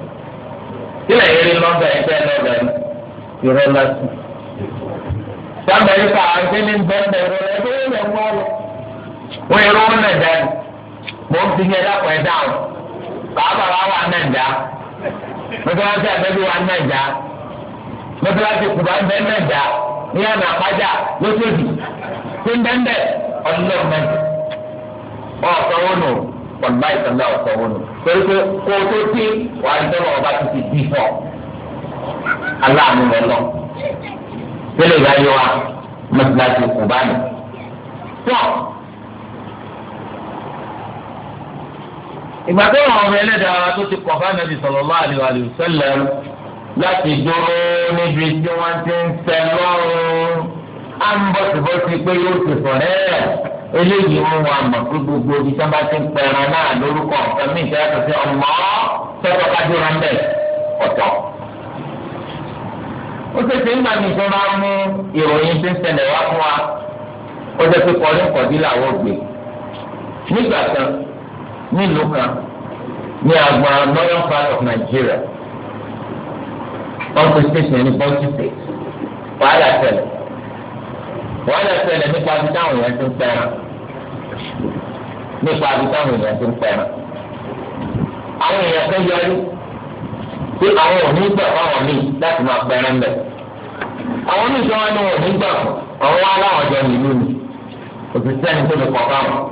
kí lè yẹrí lọ́ńdọ̀ ẹ̀ fẹ́ lọ́ńdọ̀ ẹ̀ yọrọ lásìkò sábà yìí ká àgbélé bẹ́ẹ̀ rẹ ẹgbẹ́ yẹn wọ́n lọ. ẹ̀ dáhùn bàbá wa wà nàìjà mọ́tàlásì àtẹ́bí wa nàìjà mọ́tàlásì kùbà ń bẹ nàìjà ní àná àpájà lọ́sọ̀dì tó ń dẹ́ndẹ́ ọlọ́mọdé ọ̀sọ̀wọ́ nù ọ̀gbá ìsọ̀lá ọ̀sọ̀wọ́ nù torí pé kó o tó tí wàá ń tọ́lọ̀ ọba ti ti bí fọ́ aláàánú rẹ lọ tẹ́lẹ̀ ìgbà wa mọ́tàlásì kùbà nù. ìgbà tó wà ọmọ ẹlẹ́dàá ara tó ti kọ̀ fún anabi sallallahu alaihi wa sallam láti dúró níbi tí wọ́n ti ń tẹ lọ́rùn á ń bọ̀sibọ́sí pé yóò ti sọ̀rẹ́ rẹ̀ eléyìí mú wa mọ̀ pé gbogbo ibi tí wọ́n bá ti ń pẹran náà lórúkọ ọ̀sán mi ìfẹ́ àtúnṣe ọmọ sọ́tọ̀ kájúra ń bẹ̀ ọ̀tọ̀. ó ṣèṣe ń gbà mí tó máa mú ìròyìn tí ń ṣẹlẹ̀ wá fún wa ó jẹ́ pé kọrin kọ̀dí làwọn ògbè nígbà kan nílùú kan ní àgbà northern part of Nigeria wọ́n pe station ní Bauchi state wàhálà ṣẹlẹ̀ wàhálà ṣẹlẹ̀ nípa ibi táwọn èèyàn ti ń pẹ́ràn nípa ibi táwọn èèyàn ti ń pẹ́ràn àwọn èèyàn kan yọrí pé àwọn ò ní gbà fáwọn míì láti máa pẹ́ràn bẹ̀ àwọn oníṣẹ́ wọn ni wọn ò ní gbà fún àwọn aláwọ̀ jọ nílùú ni òṣìṣẹ́ ni tó lè kọ́ fáwọn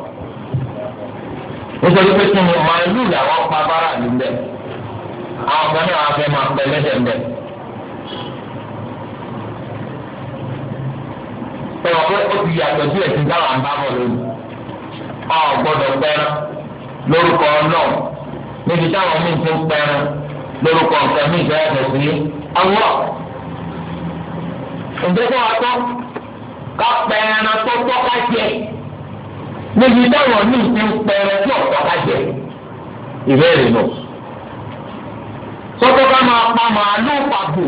nítorí pé kí ni màálù làwọn pa bára lù bẹ àwọn kan náà fẹ́ máa pẹ lẹ́sẹ̀ bẹ. ẹ̀rọ pé ó ti yàtọ̀ sí ẹ̀sìn táwọn àbá bọ̀ lónìí a ò gbọ́dọ̀ pẹ́ran lórúkọ náà níbi táwọn míì ti ń pẹ́ran lórúkọ nǹkan míì fẹ́ yàtọ̀ sí awúrọ̀. ǹjẹ́ kí wọ́n tọ́ ká pẹ́ran tó tọ́ ká jẹ níbi táwọn ní ìpín pẹrẹ tí ọ̀pá bá jẹ ìbéèrè nù. sọ́kọ́ bá máa pa màálù pàbò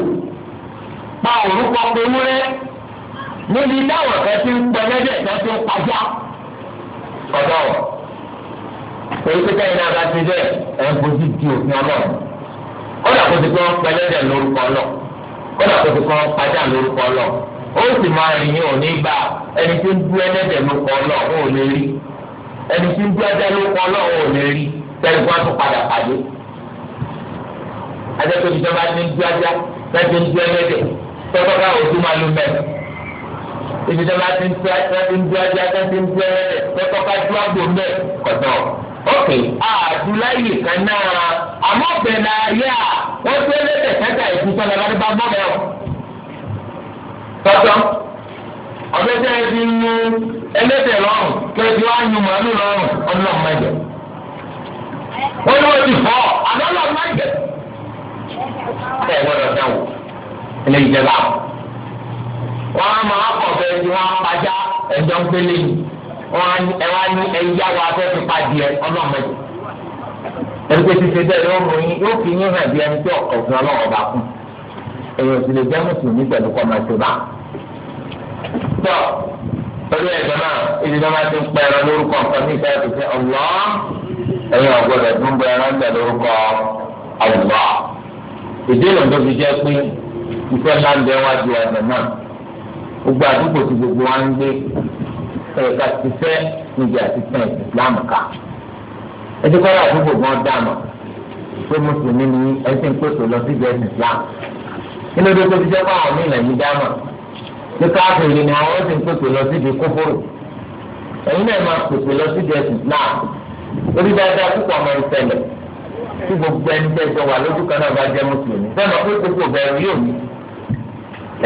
pa òrùkọ ewúrẹ́ níbi táwọn ọ̀fẹ́ ti ń pẹlẹ́dẹ̀ tó ti ń pàjá ọ̀dọ́ wọn. torí pé káyìn náà bá ti bẹ́ẹ̀ ẹ̀ ń bójú di òfin ọlọ́run. kódà kó ti kọ́ pẹlẹ́dẹ̀ lórúkọ ọlọ́run kódà kó ti kọ́ pàjá lórúkọ ọlọ́run. ó sì máa rìn yín òní gbà ẹni tí ń dú ẹlẹ́dẹ̀ ló kọ́ ọlọ́run ò lè rí ẹni tí ń dú ẹlẹ́dẹ̀ ló kọ́ ọlọ́run ò lè rí tẹ́lẹ̀ padà pàdé. adẹ́tò ti ń ajá tẹ́tí ń ẹlẹ́dẹ̀ tọ́tọ́ ká máa lu mẹ́rin. ti ń ajá tẹ́tí ń ok àdúláyè kan náà tọ́tọ́ ọbẹ̀ tẹ́ ẹ ti mú ẹlẹ́dẹ̀ lọ́rùn n'ụlọ wá yún màálù lọ́rùn ọlọ́run má jẹ. wọ́n ní wọ́n ti fọ́ àlọ́lọ́run má jẹ. ẹ gbọ́dọ̀ wọ́n á máa kọ̀ bẹ́ẹ̀ ni wọ́n á pàjá ń pélé yìí. ẹ wá ní wa fẹ́ fi pàdé ti ṣe bẹ́ẹ̀ yóò yín èèyàn sì lè jẹ́ mùsùlùmí pẹ̀lú kọ́ máa ṣe bá. tọ́ torí ẹ̀jọ̀ náà ibi náà máa ti ń pẹ́ ẹran lórúkọ nǹkan ní ìfẹ́ àti ìfẹ́ ọ̀lọ́ ẹ̀yìn ọ̀gbọ́dọ̀ tó ń bẹ ẹran bẹ̀ lórúkọ ọ̀lọ́. ìdí ìlànà tó fi jẹ́ pé ìfẹ́ ńlá ń bẹ wájú ọ̀nà náà gbogbo àdúgbò tí gbogbo wa ń gbé ẹ̀ka ti fẹ́ níbi àti fẹ́ ìsìlámù ká. ẹ ti kọ́ àdúgbò gan dáná pé mùsùlùmí ni ẹ inú ìdókò ti jẹ́ fáwọn ní ìlànà ìdáná ní káfíìnì ni àwọn ti ń pèpè lọ síbi kófóró ẹ̀yin náà máa pèpè lọ síbi ẹ̀sìn náà orí dáadáa púpọ̀ máa ń ṣẹlẹ̀ tí gbogbo ẹni tẹ́jọ wà lójú kan náà bá jẹ́ mùsùlùmí sẹ́nà pé gbogbo bẹ̀rù yóò ní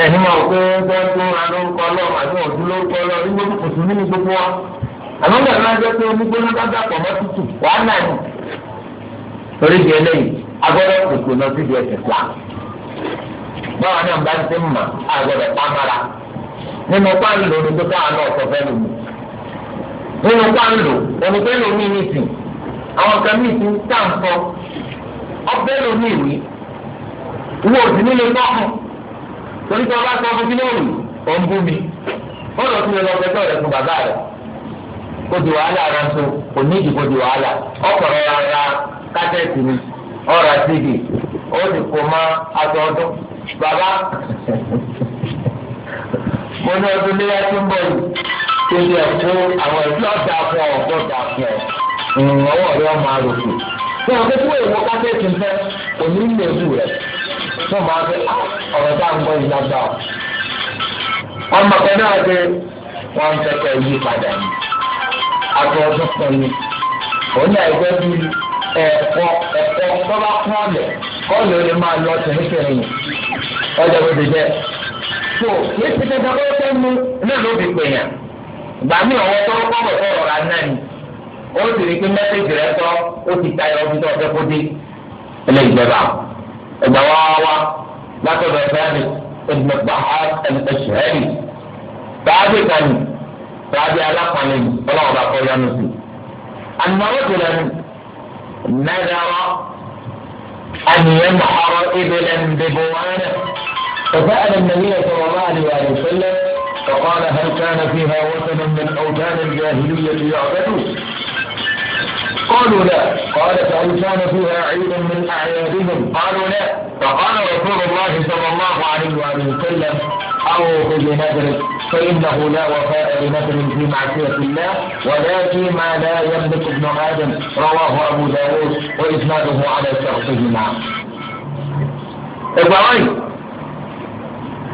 ẹni máa wò pé wọ́n tó ra lórúkọ lọ́wọ́ àti òdú lórúkọ lọ́wọ́ gbogbo wa báwa náà bá ti mma mọ̀ àgbẹ̀dẹ̀ pamara nínú pàǹlò onígbó káwọn náà sọ fẹ́ lòmù nínú pàǹlò onígbó lòmù ní ìsìn àwọn kan lòmù ìwé wo òsì tọ́kùn torí tí wọ́n bá sọ fún kí lóòrù ó ń bú mi ó lọ sí ẹlọ́gbẹ́ tó rẹ̀ fún bàbá rẹ̀ kó di wàhálà rẹ̀ tó kò ní ìdìbò di wàhálà ọkọ̀rọ̀ kásẹ̀tì Baba, mo ní ọdún léyà tó ń bọ̀ yìí tó ti ẹ̀ fún àwọn ẹ̀dí ọ̀dà fún ọ̀ gbọ́dà fún ọ̀ ìrànlọ́wọ́ rẹ̀ ọmọ àròkù tó o kékeré ìwọ káfíńtì ń fẹ́ òní ń lè dù rẹ̀ tó o máa fi ah, ọ̀rọ̀ tá à ń gbọ́ yìí lágbà ọ̀. ọmọ kan náà dé wọn ń fẹ́ kẹ́ yí padà ní àtọ̀ ọdún kan ní òun ní àìgbẹ́ bíi ẹ̀kọ́ ẹ̀kọ́ tó bá kún ọ̀lẹ̀ kọ́ọ̀lù ó lè máa lọ tẹ̀lifẹ̀rin ọjà bó ti jẹ́. tó kí ti ti dábọ́ tó mú náà ló fi pè yàn gbà mí ọ̀wọ́ tó ń kọ́wọ́ tó rọra náà ni ó sì rí pé mẹ́sẹ̀gì rẹ tọ́ ó ti ta ẹ̀rọ fúnjọ́ ọ̀fẹ́ kódé ilé ìjọba ẹgbà wá látọ̀dọ̀ ẹ̀fẹ́ mi ẹgbẹ̀gbà نذر أن ينحر إبلا ببوانه فسأل النبي صلى الله عليه وسلم فقال هل كان فيها وثن من أوثان الجاهلية يعبدون قالوا لا قال فهل كان فيها عيد من أعيادهم قالوا لا فقال رسول الله صلى الله عليه وآله وسلم أوفوا بنذرك فإنه لا وفاء لنذر في معصية الله ولا فيما لا يملك ابن آدم رواه أبو داود وإسناده على شرطه معه الضعيف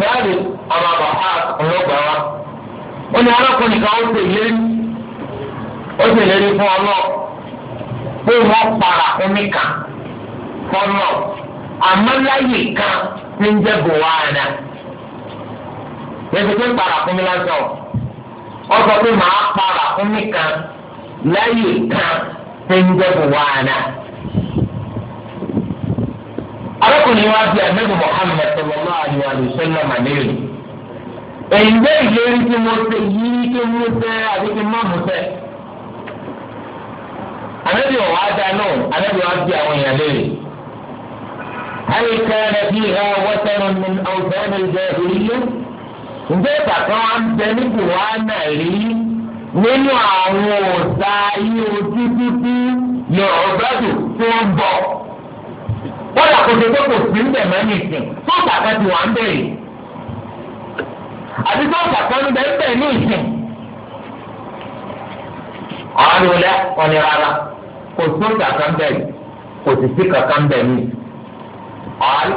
ثالث أما ضحاك الربع ونعرف نكاوة اليه وفي اليه فوالله pé wọ́n para omi kan fọ́nà àmọ́láyè kan ní jẹ́ buwana yẹ́sẹ̀ pé para sọ pé màá para omi kan ka kan ní jẹ́ buwana. arákùnrin wa bí anabi Muhammad sallallahu alayhi wa sallam àlejò èyí bẹ́ẹ̀ ìlérí tí mo ṣe yí kí mo ṣe anabi ọwọ adanu anabi wa bi àwọn èèyàn léèrè hali kana fiha watarun min awtan al-jahiliyya ǹjẹ́ bàtà wa ń bẹ ní buhana rí nínú àwọn ọ̀sà ayé ojú títí ní ọ̀bẹ́dù tó ń bọ̀ wọ́n àkóso tó kò sí ń bẹ̀ mẹ́rin ìsìn tó bàtà ti wà ń àti tó bàtà ń bẹ̀ ń kò sóòtà kan bẹ́ẹ̀ kò sì sí kankan bẹ́ẹ̀ ni. ọ̀hán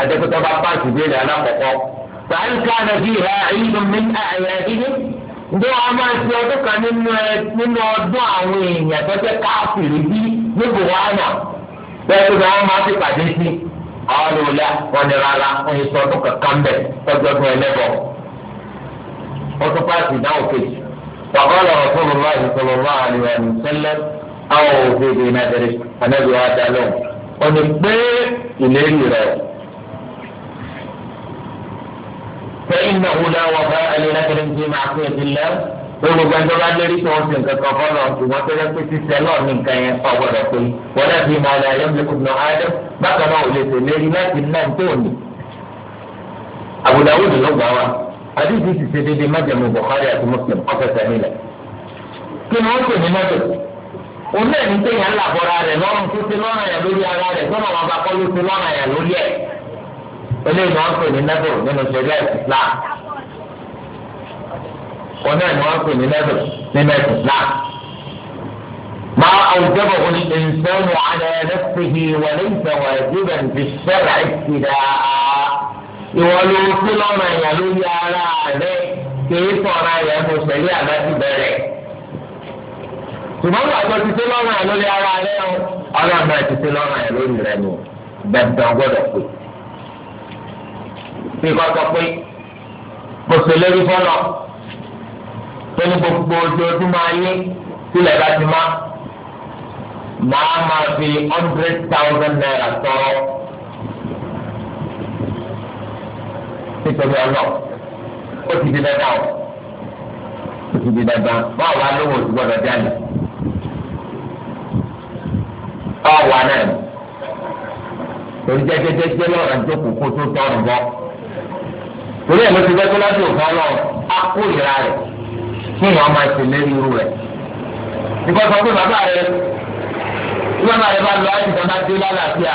àtẹ̀kùtà bá pàṣẹ ìbéèrè alákọ̀ọ́kọ́. sàárì káàdà bíi ha ìlùm mi àyà ìdílé. ǹjẹ́ wàá máa ṣe ọdún kan nínú ọdún àwọn èèyàn tó jẹ́ káàkiri bí níbo wàá nà bẹ́ẹ̀ tó dáa máa ti pàdé sí. àwọn olùlà wọn ni rárá wọn yìí sọ ọdún kankan bẹ́ẹ̀ tọ́jú ọdún ẹlẹ́bọ̀. wọ́n tún àwọn òbí bíi nàìjíríà ànábì wa dá lóhùn òní pé ìlérí rẹ̀ fẹ́yìn náà wúlò àwọn ọba ẹlẹ́dẹ́gbẹ̀rẹ́ ń gbé máa pín ìdí lẹ́ olùgbà tó bá lérí tó ń sin kankan kọ́ lọ ṣùgbọ́n tó yẹ pé sísẹ náà ní nǹkan yẹn kọ́ gbọ́dọ̀ pé wọ́n náà fi máa lọ ayọ́mọlẹ́kùn náà ájọ́ bákan náà ò lè tẹ̀lérí láti náà tó ní. Abu ló gbà wá àdìsí ti ṣe déédéé májèmú Bukhari àti Muslim ọ̀fẹ́ sẹ́yìn lẹ̀. kí ni wọ́n pè ní mọ́tò òun náà ní sẹ́yìn alábọ̀ra rẹ̀ lọ́rùn tó ti lọ́rùn yẹn lórí ara rẹ̀ tó lọ́rùn ọba kọ́ ló ti lọ́rùn yẹn lórí ẹ̀. eléyìí ni wọ́n pè ní nẹ́bùrù nínú ṣẹlẹ̀ Islam òun náà ni wọ́n pè ní nẹ́bùrù nínú Islam. ما أوجبه الإنسان على نفسه وليس واجبا في الشرع ابتداء يولو في لنا يلوي على عليه كيف أنا يمسلي على بره ṣùgbọ́n wà tó ti ṣe lọ́rùn ẹ̀ lórí ara rẹ o ọlọ́run náà ti ṣe lọ́rùn ẹ̀ lórí rẹ ni dandan gbọ́dọ̀ pé. bí kò sọ pé mo ṣe lórí fọlọ tó ní gbogbo ojoojúmọ́ ayé sílẹ̀ bá ti má màá máa fi hundred thousand naira tọrọ nítorí ọlọ́ ó ti di dandan ó ti di dandan báwo wá lówó ti gbọ́dọ̀ jáde ọ̀wà náà ni torí jẹ́jẹ́jẹ́jẹ́ lọ́rọ̀ jókòó kó tó tọrùn bọ́ torí ẹ̀ ló ti dẹ́kun láti òfin ọlọ́run á kó ìra rẹ̀ kí èèyàn máa ṣe lérí irú rẹ̀ nígbà tó ń pè bàbá rẹ̀ bí bàbá rẹ̀ bá lọ ayé ìtàn bá dé lálàáfíà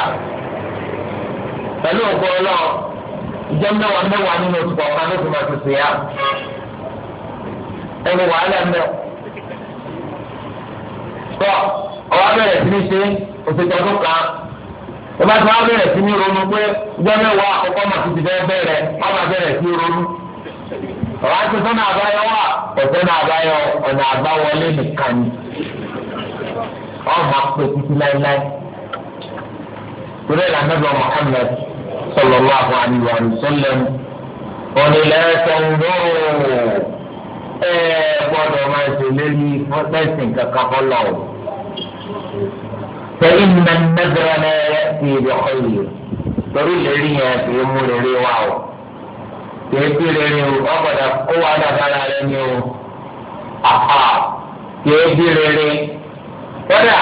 pẹ̀lú òkú ọlọ́run ìjọ mẹ́wàá mẹ́wàá nínú oṣù kọ̀ọ̀kan ló ti máa ti sèyá ẹ̀rù wàhálà mẹ́wàá tọ́ ọ wá bẹ̀rẹ̀ sí ní ṣe é òṣèlú ọdún kan ó bá ti wá bẹ̀rẹ̀ sí ní ronú pé ọjọ́ mẹ́wàá àkọ́kọ́ máa ti ti fẹ́ bẹ̀rẹ̀ wọ́n máa bẹ̀rẹ̀ sí ronú. ọ̀rá ti sọ́nà àbáyọ wà ọ̀sọ́nà àbáyọ ọ̀nà àbáwọlé nìkan ni wọ́n máa pè títí láéláé. ìrẹ́lẹ̀ anábọ̀ Muhammad sallallahu alaihi wa sallam onílẹ̀ sọ̀ndóró ẹ̀ gbọ́dọ̀ máa ṣe lérí fọ́tẹ́sìn kankan fọ́lọ́wọ́. فإن النذر لا يأتي بخير torí lérí yẹn kìí mú lérí wa o kìí bí lérí o ọgbọdọ kó wa dàgbára rẹ ni o àpá kìí bí lérí kódà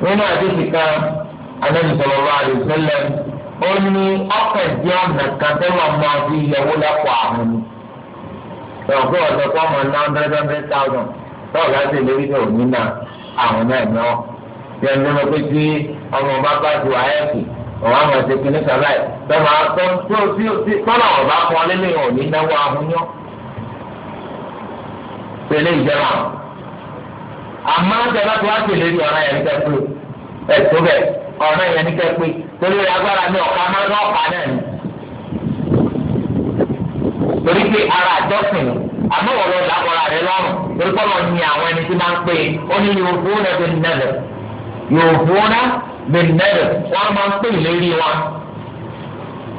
nínú àdéhùn kan anábìsọ̀rọ̀ wa àdìsẹ́lẹ̀ ó ní ọ̀kẹ́dẹ́ ọ̀nà kan tó wà máa fi yẹwò lápò àmì ni ọ̀gbọ́n ọ̀dọ́ kọ́ ọmọ náà hundred hundred thousand tó ọ̀gá sì lérí tó ní náà àwọn náà ní ọ̀kọ́ bí ẹni lọ́mọ pé tí ọmọ ọba bá ti wà ẹ̀ kù ọ̀hún àwọn ẹ̀sẹ̀ kìíní sàlá ẹ̀ tọ́mọ àtọ́ tí tọ́lọ̀ ọba kan lélẹ̀ ò ní náwó ahúnyọ́ pẹ̀lẹ́ ìjẹba àmọ́ ìjẹba tó wá tẹ̀lé rí ọ̀rá yẹn kẹ́kẹ́ ẹ̀ tó bẹ̀ ọ̀rá yẹn kẹ́kẹ́ torí agbára ní ọ̀ka máa ń ọ̀ka náà ni torí pé ara àjọsìn àmọ́ wọ́n lọ dàgbọ́ra rẹ lọ́rùn torí pé wọ́n ní àwọn ẹni tí máa ń pè é ó ní yorùbá yòòfúnra bẹ̀rẹ̀ wọn a máa pè lérí wọn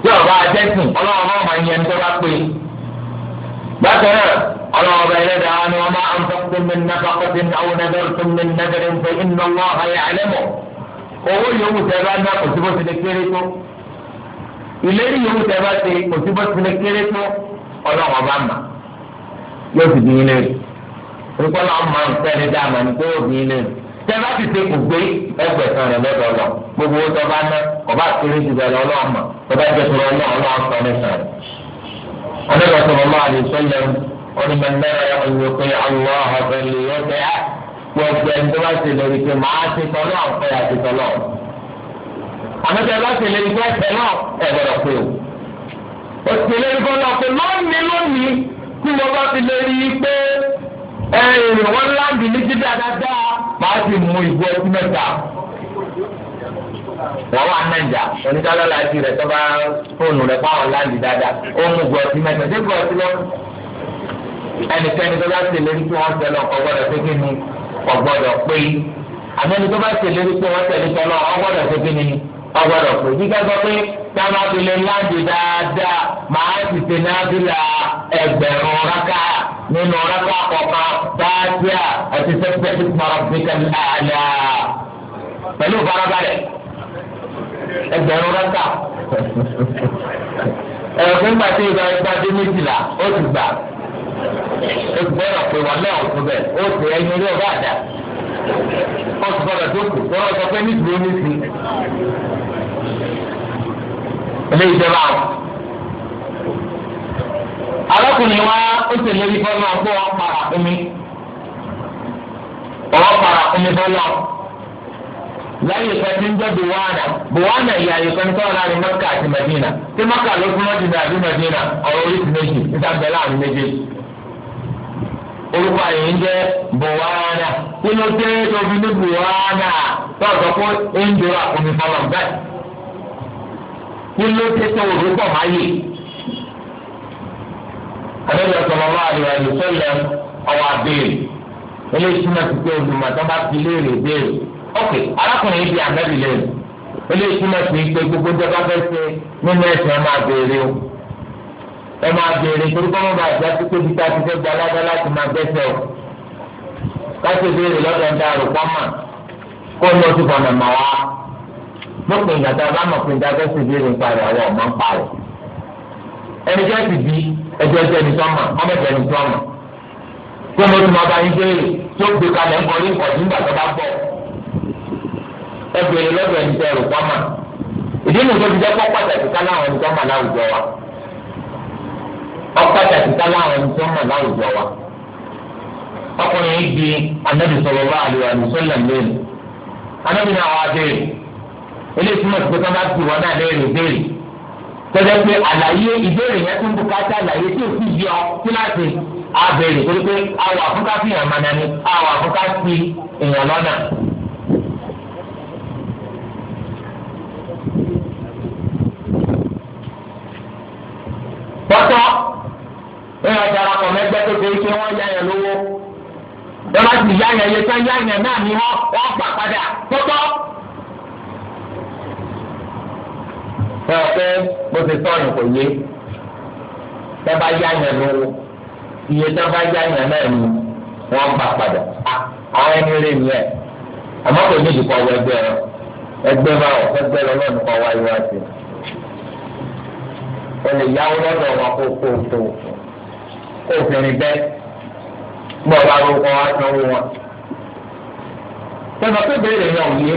tí ọba àjẹsìn ọlọ́run náà máa yẹn tó bá pè bákan náà ọlọ́run ọba ẹlẹ́dàá ni wọn máa ń fọ́kùn mi nàfàkọ́tì àwọn nàdẹ́rùtún mi nàdẹ́rù ń fẹ́ iná wọn àyà àlẹ́mọ̀ owó yòówù tẹ bá ná kò sí bó ti lè kéré tó ìlérí yòówù tẹ bá ti kò sí bó kéré tó ọlọ́run ọba mà yóò sì dín in lérí orúkọ náà máa ń fẹ́ tẹ́lá ti ṣe kò gbé ẹgbẹ̀sán rẹ̀ lọ́dọ̀ lọ gbogbo owó tọ́ba ná ọba àkéré ti bẹ̀rẹ̀ ọlọ́ọ̀mọ̀ tọ́ba ìjẹsọ̀rọ̀ ọlọ́ọ̀lọ́ọ̀ sọ mẹ́sàn rẹ̀. ọlọ́dọ̀ sọ̀rọ̀ máa lè sọ́yẹ̀ onímọ̀ náírà ọ̀yọ́ pé àwọn ọ̀bẹ lè yọ bẹ́ á gbogbo ẹni tó bá ṣe lórí pé màá ti tọ́lọ́ ọ̀pẹ́ àti tọ́lọ́ àmọ́ tẹ́ bá ṣe lórí pé ẹ̀fẹ́ náà ẹ̀ gbọ́dọ̀ pé o. òṣèlérí kọ́ lọ pé lónìí lónìí tí mo bá fi lórí pé ẹ̀yìn wọn láǹdì ní jíjà dáadáa máa ti mú ìgò ọtí mẹ́ta. wọ́n wà nàìjà oníkálọ́ láti rẹ̀ tọ́ba fóònù rẹ̀ fáwọn láǹdì dáadáa ó mú ìgò ọtí mẹ́ta dé ìgò ọtí lọ. ẹnikẹ́ni tó bá ṣèlérí pé wọ́n tẹ̀lé ọkọ̀ gbọ́dọ̀ pé kí ni ọ̀gbọ́dọ̀ pé àmẹ́ni tó bá ṣèlérí pé wọ́n tẹ̀lé tọ́lọ́ ọgbọ́dọ̀ pé kí ni ọgbọ́dọ̀ pé gíga sọ pé táwọn abilé láǹdì dáadáa máa sì ṣe nábìlà ẹgbẹ̀rún rákà nínú rákà kọ̀ọ̀kan dáadáa àti sẹ́pẹ́tì pàrọ̀bìkan àlà pẹ̀lú farabalẹ̀ ẹgbẹ̀rún rákà ẹ̀rọ̀fún gbàtí ìgbà ìgbà dé méjìlá ó ti gbà ó ti gbọ́dọ̀ pé wọn náà tó bẹ̀ ó ti ẹyin ilé ọba àdá ó ti gbọ́dọ̀ tó kù tó ọ̀sọ̀ pé nítorí ní sí. eléyìí tẹ́ bá wọn. arákùnrin wa ó sì lérí fọlọ́ pé wọ́n para fún mi para láyé ń buwana buwana ìyá kan tó ní maka àti madina tí maka ló fún madina àti madina ọ̀rọ̀ oríṣi méjì níta bẹ́ẹ̀ láàrin méjì orúkọ àyè ń buwana kí ló dé tóbi ní buwana tó ọ̀sọ̀ fún ẹ̀ńdọ́rà omi fọlọ́ bẹ́ẹ̀. kí ló ti tó òru pọ̀ máyè. àdéhùn ọ̀sán ọmọ àríwá ìlú sọ́lẹ̀ ọwọ́ àbẹ́rẹ́ eléyìí túmọ̀ sí pé olùmọ̀tán bá fi léèrè béèrè ọ̀kẹ́ arákùnrin yìí di àbẹ́bí léèrè eléyìí túmọ̀ sí pé gbogbo jọba fẹ́ ṣe nínú ẹ̀sìn ẹ̀ máa béèrè o ẹ máa béèrè torí kọ́ mọ́ bá àjà tó tóbi ti fẹ́ gba aládá láti máa gbẹ́sẹ̀ o káṣí béèrè lọ́dọ̀ ń darò pọ́nmà kó lọ́ọ́ tó fọ̀nà màwá. lópin ìgbà tá a bá mọ̀ pé nígbà tó ṣe béèrè nípa rẹ̀ àwọn ọ̀mọ́ ń pa ẹni jẹ́ ti di ẹjọ́ ẹjọ́ ẹni sọ́mà ọmọ ẹ̀jẹ̀ ẹni sọ́mà. tí wọ́n ti mọ ọba yín béèrè tí ó gbé kalẹ̀ ń bọ̀ ní ìkọ̀jú nígbà tó bá bọ̀. ẹ lọ́dọ̀ ẹni tẹ́ sọ́mà. ìdí ti jẹ́ pàtàkì ẹni sọ́mà láwùjọ wa. eléyìí túmọ̀ sí pé kí wọ́n bá ti wọ́n náà léèrè ìbéèrè tọ́jà pé àlàyé ìbéèrè yẹn tó ń bùkátà àlàyé tí òfin yọ kíláàsì àbẹ̀rẹ̀ torí pé àwọn àfúnká fi hàn mọ́nà ni àwọn àfúnká fi èèyàn lọ́nà. pọ́tọ́ ẹ̀rọ darapọ̀ mẹ́gbẹ́ tó ṣe wọ́n yáyàn lówó. bọ́lá ti yáyàn yẹn tán yáyàn náà ni wọ́n wọ́n gbà pọ́tọ́. wọn pé mo ti tọ́nù kò yé tẹ́ bá yá yẹn lówó iye tẹ́ bá yá yẹn náà ni wọ́n gbà padà àwọn ẹni rè mí ẹ̀ àmọ́ kò ní ìdìkọ̀ wọ ẹgbẹ́ rẹ ẹgbẹ́ bá wọ ẹgbẹ́ lọ lọ́nà kan wáyé wá sí o lè yáwó lọ́dọ̀ wọn kó kó tó kó fìrì bẹ́ẹ̀ gbọ́ bá rúkọ wá sanwó wọn. tẹ́lẹ̀ pé bẹ́ẹ̀ lè yàn òye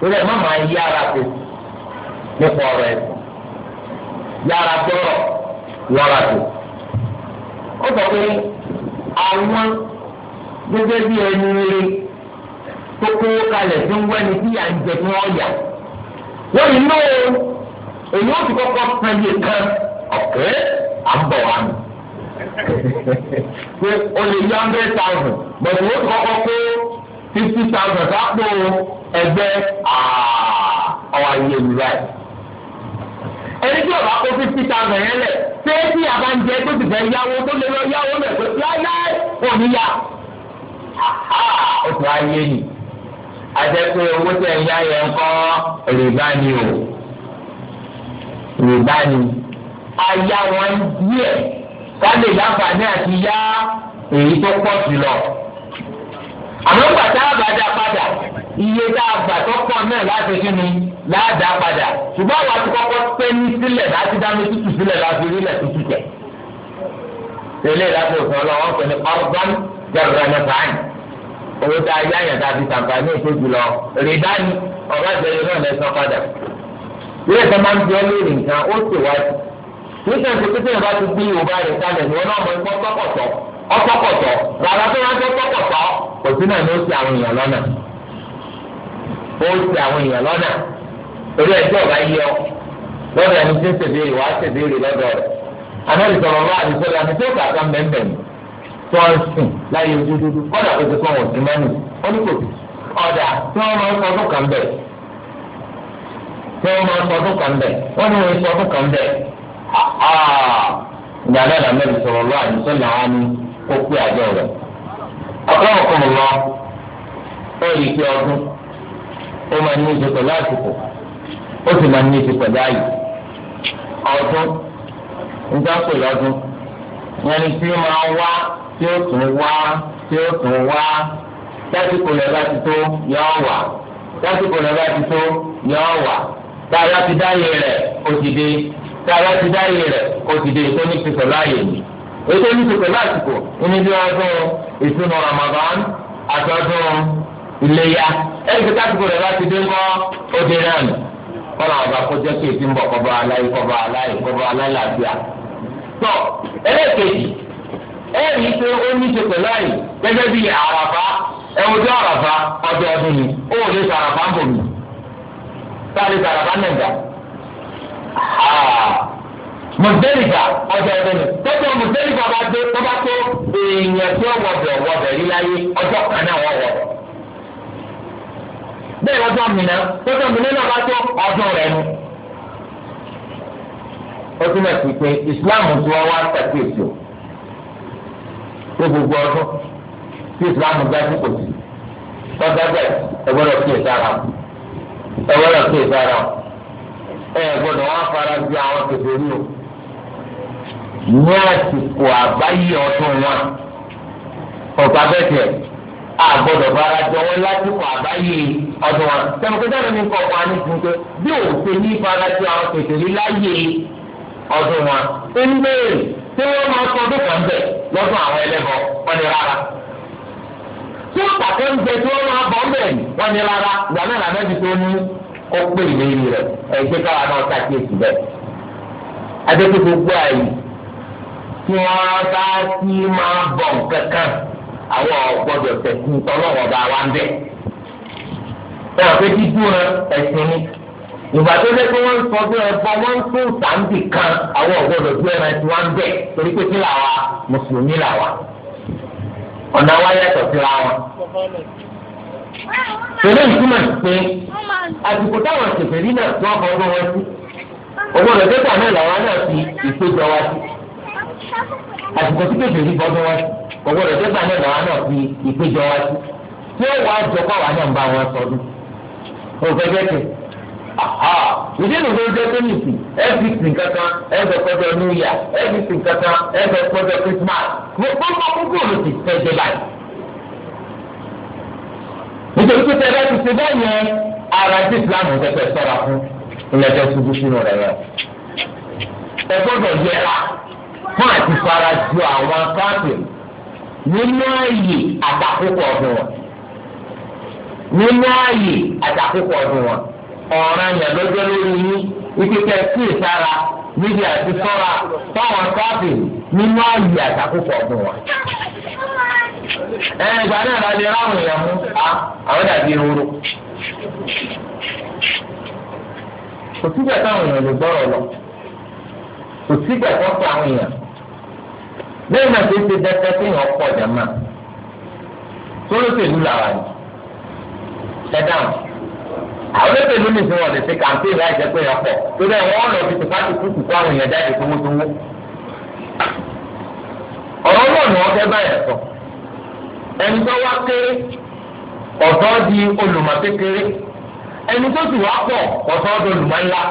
torí ẹ̀ má máa yí ara kò sí nípa ọ̀rọ̀ ẹ̀ yára gbọ́rọ̀ lọ́ra tó. ó sọ pé àwọn gẹ́gẹ́ bí ẹni rere tó kó kalẹ̀ tó ń wẹ́ni tí à ń jẹ fún ọ̀yà. wọ́n yìí ló èyí ó ti kọ́kọ́ pẹ́yì kan ọ̀kẹ́ àbọ̀ wa nù. pé o lè yá hundred thousand bọ̀dù ó ti kọ́kọ́ kó fifty thousand sápò ẹgbẹ́ ọ̀wá iye mi báyìí ẹni tí ọba kó fífi tààmù yẹn lẹ̀ ṣé tí àbá ń jẹ tó ti fẹ́ yáwó tó lè lọ yáwó lẹ̀ pé láíláí kò ní yá. oṣù ayé ni àjẹpẹ́ owó tẹ̀ ń yá yẹn kọ́ rìbá ni o rìbá ni ayá wọn díẹ̀ ká lè láǹfààní àti yá èyí tó pọ̀ jù lọ àmọ́ gbà tá a bá dá padà iye tá a gbà tó pọ̀ náà láti fi ni láàdá padà ṣùgbọ́n àwọn àti kọ́kọ́ pé ní sílẹ̀ láti dá mi tútù sílẹ̀ láti rí ilẹ̀ tútù tẹ̀. tẹ̀lé láti òfin ọlọ́wọ́ pé ní ọgbọ́n jẹ̀rọ ẹni fàáyì owó tá a yá yàn tá a fi sàǹfààní ìtòjú lọ rí dání ọba ìbẹ̀rẹ̀ náà lẹ́sàn padà. ilé ìtàn máa ń jẹ́ lórí nǹkan ó ṣèwádìí. nígbà tó ọkọkọtọ bàbá tó wọn tó kọkọtọ kò sí náà ní ó ti àwọn èèyàn lọ́nà ó ti àwọn èèyàn lọ́nà torí ẹjọ́ ọba yí ọ lọ́dọ̀ ẹni tí ń ṣèbéèrè wàá ṣèbéèrè lọ́dọ̀ rẹ̀ anáàlì sọ̀rọ̀ bá àdìsọ́lá ní tó kàkà mẹ́mẹ́mẹ́ tó ń sìn láyé dúdú kọ́dà kó ti sọ̀rọ̀ sí mẹ́nu ó ní tí wọ́n máa ń sọ ọdún kan bẹ̀ tí wọ́n máa ń sọ ọdún kan bẹ̀ wọ́n ní wọ́n sọ ọdún kan bẹ̀ ah, ah. ìgbà náà làmẹ́rì sọ̀rọ̀ lọ́ àdìsọ́lá wa ni kó pé àjọ rẹ̀. ọ̀pọ̀lọpọ̀ kò lọ ó rí i pé ọdún ó máa ní ìṣe pẹ̀lú àsìkò ó sì máa ní ìṣe pẹ̀lú àyè. ọdún nígbà pè lọ́dún ìyẹn ni tí ó máa wá tí ó tún wá tí ó tún wá lásìkò rẹ̀ bá tó yọ wà lásìkò rẹ̀ bá tó yọ wà tá a bá ti dáyé rẹ̀ ó ti dé tá a bá ti dáyé rẹ̀ ó ti dé tó ní ti pẹ̀lú àyè nìyí ètò ìlú pẹ̀lú àsìkò ní bí ọdún ìsúná Ramadan àtọ́dún iléyà ẹ̀rí kásìkò rẹ̀ bá ti dé ńkọ́ ó dé náà nù kọ́nà ọba kó jẹ́ kí èsì ń bọ̀ kọ́ba aláì kọ́ba aláì kọ́ba aláìláàbíà. tó ẹlẹ́ẹ̀kejì ẹ̀rí pé ó ní ṣe pẹ̀lú àyè gẹ́gẹ́ bí àràfà ẹ̀wọ̀dún àràfà ọjọ́ ọdún ni ó lè sàràfà ń bò mí. sáà lè sàràfà nàìjà mọ̀tẹ́lìfà ọjọ́ ọdún ni tọ́jú mọ̀tẹ́lìfà bá dé tó bá tó èèyàn tí ó wọ̀bẹ̀ wọ̀bẹ̀ rí láyé ọjọ́ kan náà wọ́n wọ̀. bẹ́ẹ̀ lọ́jọ́ mìíràn tọ́jú mìíràn náà bá tó ọdún rẹ̀ nu. ó túmọ̀ sí pé ìsìláàmù tí wọ́n wá ṣàkíyèsí o tó gbogbo ọdún tí ìsìláàmù gbá sí kò sí tọ́jú bẹ́ẹ̀ ẹ gbọ́dọ̀ ara ẹ gbọ́dọ̀ kíyèsí ara ẹ gbọ́dọ̀ wá fara bí àwọn kékeré o ní àsìkò àbáyé ọdún wọn ọ̀pá bẹ́tẹ̀ àgbọ̀dọ̀ bára jọ wọn lásìkò àbáyé ọdún wọn. sẹ́mukẹ́tà ló ní kọ̀ọ̀kan ní tuntun bí òkè ní ìfarajọ àwọn pèsèrè láyé ọdún wọn. ó ń béèrè tí wọ́n máa sọ ọdún kan bẹ̀ lọ́dún àwọn ẹlẹ́bọ̀ wọ́n ní rárá. tí wọ́n pàtẹ́ ń bẹ tí wọ́n máa bọ̀ ń bẹ̀ wọ́n ní rárá ìgbà náà tí wọ́n bá ti máa bọ̀ kankan àwọn ọ̀gbọ́dọ̀ tẹ̀sìn tọ́lọ́wọ́ bá wa ń bẹ̀. ẹ ò pé dídú ẹ ẹ̀sìn ni ìgbà tó dé pé wọ́n ń sọ pé ẹ̀fọ́ wọ́n ń tún sàǹdì kan àwọn ọ̀gbọ́dọ̀ tó ẹ̀rọ ẹ̀sìn wa ń bẹ̀ torí pé kí làwa mùsùlùmí làwa ọ̀nà wa yàtọ̀ síra wọn. Tẹ̀lé ìtumọ̀ pé àsìkò táwọn ṣèfèrí náà tó ọkọ̀ ọgbọ́n wọn sí. Ògbọ́dọ̀ àsìkò tí kékeré gbọ́dọ̀ wá gbọ́dọ̀ tó gbà náà làwọn náà fi ìpéjọ wá sí tí ó wà á jọ kọ́ wà náà ń bá wọn sọdún òfé jẹ́kẹ̀ ìdí ìlú tó ń jẹ́ tẹ́nìsì ẹ fi sìn kankan ẹ fẹ́ new year ẹ fi sìn kankan ẹ fẹ́ kọjọ christmas gbogbo gbogbo ló ti fẹ́ jẹ báyìí. nítorí pé tẹ́lẹ̀ ti ṣe báyìí yẹn ara ti islam ń fẹ́ sọ́ra fún ilé ẹjọ́ ṣubú sínú rẹ̀ yẹn. ẹ gbọ́dọ̀ yẹra fún àti fara ju àwọn káàpìn nínú ààyè àtàkùkọ ọdún wọn nínú ààyè àtàkùkọ ọdún wọn ọ̀ràn yẹn lọ́jọ́ lórí yín ìpínlẹ̀ sí ìsára níbi àti sọ́ra fáwọn káàpìn nínú ààyè àtàkùkọ ọdún wọn ẹ ìgbà náà la lè ráhùn yẹn mú àwọn dàbí ehoro òtúbẹ̀ táwọn èèyàn lè gbọ́rọ̀ lọ kò síbẹ̀ kọ́ tó àwọn èèyàn bẹ́ẹ̀ náà tó ṣe dẹ́tẹ́ téèyàn pọ̀ jàmá sólóṣèlú làwà ní ṣẹ́dá àwọn olóṣèlú mi fi wọn lè ṣe kàmpéènì láì jẹ́ pé èèyàn pọ̀ torí àwọn ọ̀nà ti ti pàṣẹ kúkú kó àwọn èèyàn jáde tó wótówó ọ̀rọ̀ náà ni wọ́n fẹ́ báyà sọ ẹni tó wá kéré ọ̀dọ́ di olùmọ̀ kékeré ẹni tó sì wá pọ̀ ọ̀dọ́ di olùmọ̀ ńlá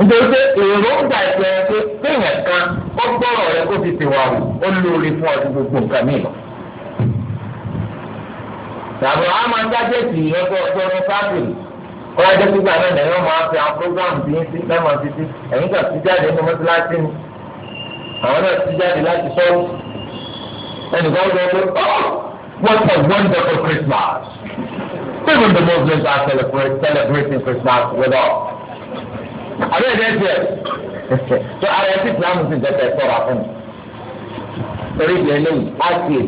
nítorí pé èròǹgbà ìpẹ́ pé kéèyàn kan ó gbọ́rọ̀ rẹ kó fi tìwà wò ó lóore fún ọdún gbogbo nǹkan mi lọ. tàbí wọn á máa ń dájẹ́ sí ẹgbẹ́ ọgbẹ́ ní fábìlì kọ́ ajẹ́ gbígbà náà lẹ́yìn ọmọ àti àwọn program tí ń sí lẹ́mọ̀ títí ẹ̀yìn kan ti jáde ní mọ́tíláṣí ni àwọn náà ti jáde láti sọ́wọ́ ẹnìkan ó lọ pé oh what a wonderful Christmas even the Muslims are celebrating Christmas with us àbẹ́ ẹ̀dẹ́ tiẹ̀ tó ara ẹtí ìsìlámù ti dẹ́tẹ̀ sọ̀rọ̀ fún mi torí ìdí ẹlẹ́yìn á ti è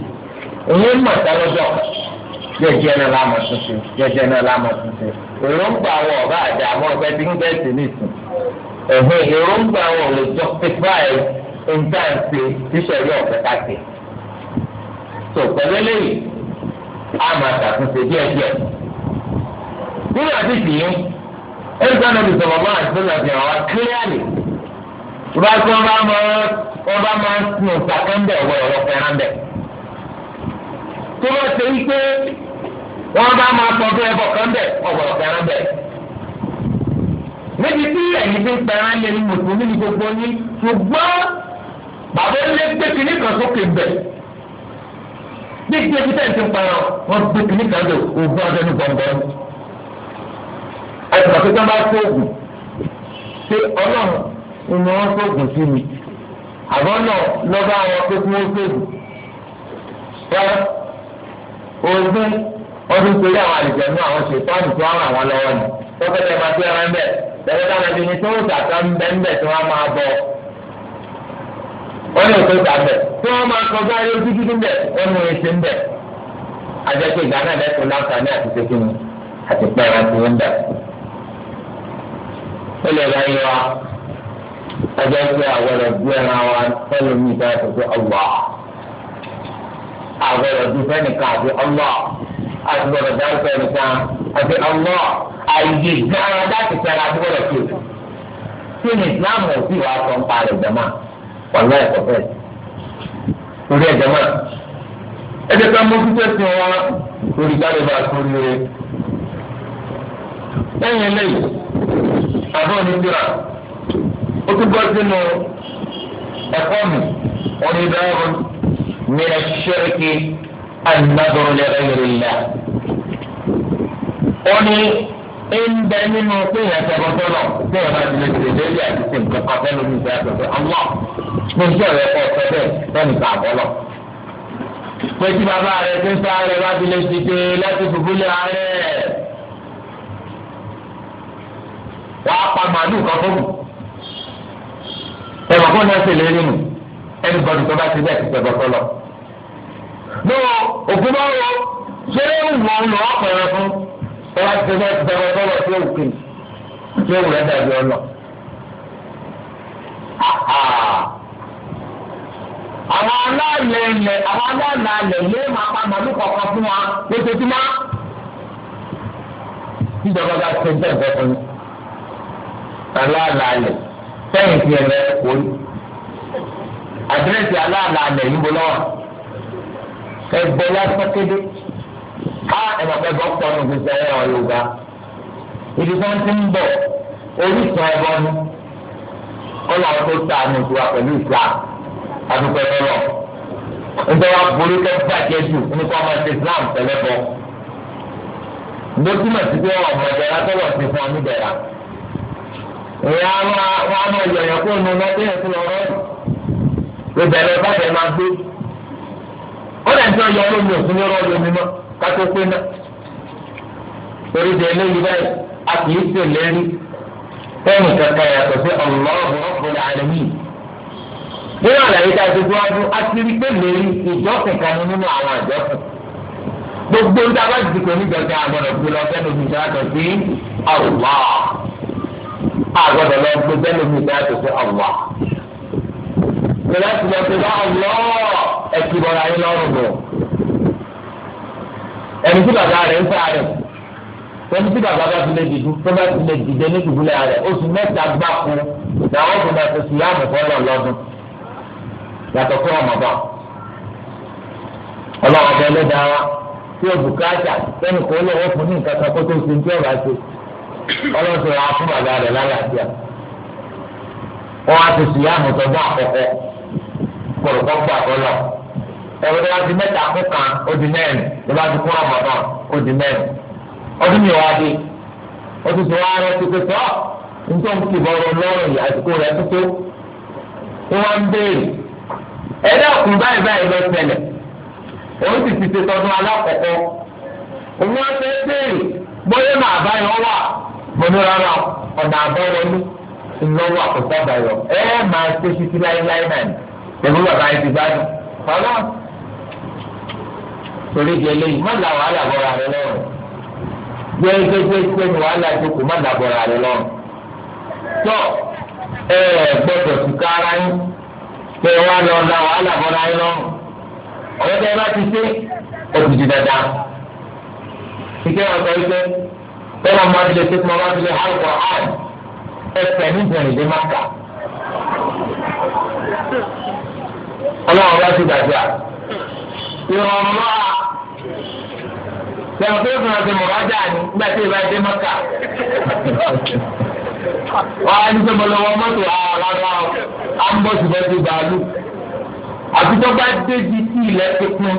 èyí ń mọ̀ sálọ́dọ̀ jẹjẹ náà láàmú tuntun jẹjẹ náà láàmú tuntun èròǹgbà àwọn ọ̀gá àjà àmọ́ ọ̀gá ẹtí ń bẹ́ẹ̀ sí nìsín ẹ̀hìn èròǹgbà àwọn ọ̀rọ̀ justify ntáǹsì tíṣẹ̀lì ọ̀fẹ́ káàkiri tó pẹ̀lú eléyìí á máa ṣàtúnṣe díẹ̀díẹ̀ nínú àti tìyín ẹgbẹ́ náà ti sọ̀rọ̀ máa ṣe lọ sí àwọn kílíàlì ìbá tí wọ́n bá máa wọ́n bá máa ń sùn sàkẹ́ńdẹ̀ wọ ẹ̀rọ fẹ́ràndẹ̀ tí wọ́n ṣe ń pé wọ́n bá máa tọ́ bí ẹbọ kan bẹ̀ ọ̀gbọ̀n fẹ́ràndẹ̀ níbi tí ẹ̀yìn ti ń fẹ́ràn lé ní mùsùlùmí ní gbogbo ní ṣùgbọ́n bàbá ilé gbé kìnnì kan sókè bẹ̀ gbígbé ibi tẹ̀ ń ti ẹgbẹ́ tó tán bá sóògùn ṣé ọlọ́run ni wọ́n sóògùn sí mi àbọ̀ náà lọ́ba àwọn tó kún ó sóògùn rárá òògùn ọdún torí àwọn àlejò ní àwọn ṣètọ́nù tó àwọn àwọn lọ́wọ́ ni tọ́kẹ́tẹ́ máa gbé ẹran bẹ́ẹ̀ tẹ́lẹ̀ táwọn ẹbí ni tó ń tàkà ń bẹ́ ń bẹ̀ tí wọ́n máa bọ̀ wọ́n lè tó tà tí wọ́n máa sọ bá yóò dídí ń bẹ̀ mú èsì ń bẹ̀ ìgbà náà lẹ́tọ̀ọ́ láǹfààní àti tẹ́kínú àti pẹ́ẹ́rẹ́ àti wọ́n dà ó lè ra yín wa ọjọ́ pé àgbọ̀dọ̀ gbé ẹran wa sẹ́nu mi ìta ẹ̀sìn sí ọlọ́ àgbọ̀dọ̀ ju fẹ́nìkan àti ọlọ́ àgbọ̀dọ̀ dáhùn fẹ́nìkan àti ọlọ́ àyè gan láti fẹ́ra àgbọ̀dọ̀ kí o kí ni Islam ò sì wá sọ ń parẹ́ jama wàlá ẹ̀kọ́ fẹ́ torí ẹ̀ jama ẹ jẹ́ ká mójútó sí wọn lórí ìdánilá sórí rẹ̀ lẹ́yìn eléyìí àbọ̀ onídìrà ó tún bọ́ sínú ẹ̀kọ́ mi onídàárọ̀ mìíràn ṣẹ́ríkì ànádọ́rọ̀ lẹ́rẹ́rẹ́lá. ó ní ń bẹ nínú péyàn sọ̀rọ̀tọ̀ náà péyàn bá ti lè tètè lórí àtúntò nǹkan kan fẹ́ lórí ìgbà àtúntò ọlọ́ mo ń sọ̀rọ̀ ẹ̀kọ́ ọ̀sẹ̀ bẹ́ẹ̀ lẹ́nu ìgbà àbọ̀lọ̀. pé tí bàbá rẹ̀ ti ń sáré wọ́n á pa màálù kan fóònù ẹ̀rọ fún náà ṣe lérí nù ẹni bọ́dù tó bá ti bẹ́ẹ̀ ti pẹ̀lú ọ̀tọ́ lọ. ní ògùn bá wọ ṣé ìwọ ń lọ ọ̀pẹ̀rẹ̀ fún tó bá ti bẹ́ẹ̀ ti pẹ̀lú ọ̀tọ́ lọ sí òkè tí òwúrọ̀ ẹ̀ dàbí ọ̀nà. àwọn aláàlẹ̀ ilẹ̀ àwọn aláàlẹ̀ alẹ̀ lé máa pa màálù kọ̀ọ̀kan fún wa lójoojúmọ́. ìjọba bá ti bẹ́ẹ̀ bẹ́ẹ̀ fún yín. aláàlálẹ̀ ala tí ẹ̀rẹ́ kò rí àdírẹ́sì yìí bọ́lá wà ẹgbẹ́ lásán kéde ká ẹ̀mọ̀pẹ́ bọ́ ní gbèsè ẹ̀rọ Yorùbá ibi tí wọ́n ti ń bọ̀ orísun ẹ̀bọ ni ọlọ́run tó ta àmì ìtura nítorí wọn borí nípa ọmọ Islam sí pé ọmọ fún ìyá wọn á máa yọ ẹ̀yàn kó nu mẹ́tẹ́ yẹn fún ọ̀rọ̀ rẹ̀ bẹ̀rẹ̀ bàbẹ̀ máa gbé ó lè jọ yọ lómi òfin ní rọ́ọ̀lù mi kátó pé náà torí de báyìí a kì í ṣe lérí fẹ́ẹ̀mù kankan yàtọ̀ sí ọ̀lọ́ọ̀bù ọ̀gbìn àlẹ́mì nínú àlàyé tá a ti a ti rí pé lérí àgbọ̀dọ̀ lọ gbé bẹ́lómi ní àtúnṣe ọ̀wà. Ìlànà ìjọba ti bá ọ̀lọ́ ẹ̀kí bọ̀rọ̀ ayé lọ́rùn bò. Ẹni tí bàbá rẹ̀ ń sáré, ẹni tí bàbá bá ti lè dìdú, tó bá ti lè dìde ní ìdúlé rẹ̀, oṣù mẹ́ta gbáko làwọn ọ̀sùn náà ti sùn yá àmì fọ́lọ̀ lọ́dún. fún ọmọ bá. Ọlọ́run ọ̀bẹ ló dára tí o bùkátà, sẹ́ni kò lè ní nǹkan kan kó tó ṣe ní tí ọ̀rọ̀ ọlọ́sìn wọn fún bàbá rẹ̀ lálàáfíà wọn á ti sùn yáàmù tọ́jú àkọ́kọ́ kọ̀rọ̀kọ́ gbà kọ́lọ̀ ẹ̀rọ mẹ́ta kó kan ó di mẹ́rin bá kó ọmọdé ó di mẹ́rin ọdún mi wá dé wá rẹ ti pé nítorí àsìkò rẹ tó tó ń béèrè ẹ̀dá báyìí báyìí lọ òun sì ti mo ní rárá ọ̀nà àbọ̀wọlé ìnáwó àkókò àbáyọ ẹ máa ṣe títí láéláé náà ni pẹ̀lú bàbá yìí ti gbádùn ọ̀nà torí di eléyìí má la wàhálà bọ̀ra rẹ lọ́rùn gbẹ́gbẹ́gbẹ́ ni wàhálà ìdókòó má la bọ̀ra rẹ lọ́rùn tọ́ ẹ gbọ́dọ̀ tùkà ara yín pé wàá lọ la wàhálà bọ̀ra rẹ lọ́rùn ọ̀rẹ́dẹ́ bá ti ṣe òkùnkùn dandan ìkẹ́ ọ̀sán ìgbẹ́ bọ́lá máa ti lè ṣe máa máa ti lè hàn kọ́ hàn ẹsẹ̀ nígbàgbọ́ ìdè máa kà. ọlọ́run bá ti dàgbà ìrọ̀mọ́ a tẹ̀wọ́n pé fún ọ̀sẹ̀ mọ̀rájà ni nígbà tí ìbá ìdè máa kà. wọ́n á ní sọ bọ́lá wọn mọ́tò àràrà ah, à ń bọ̀ síbẹ̀ sí bàálù. àtúntò bá dé di tí ilẹ̀ tó kún.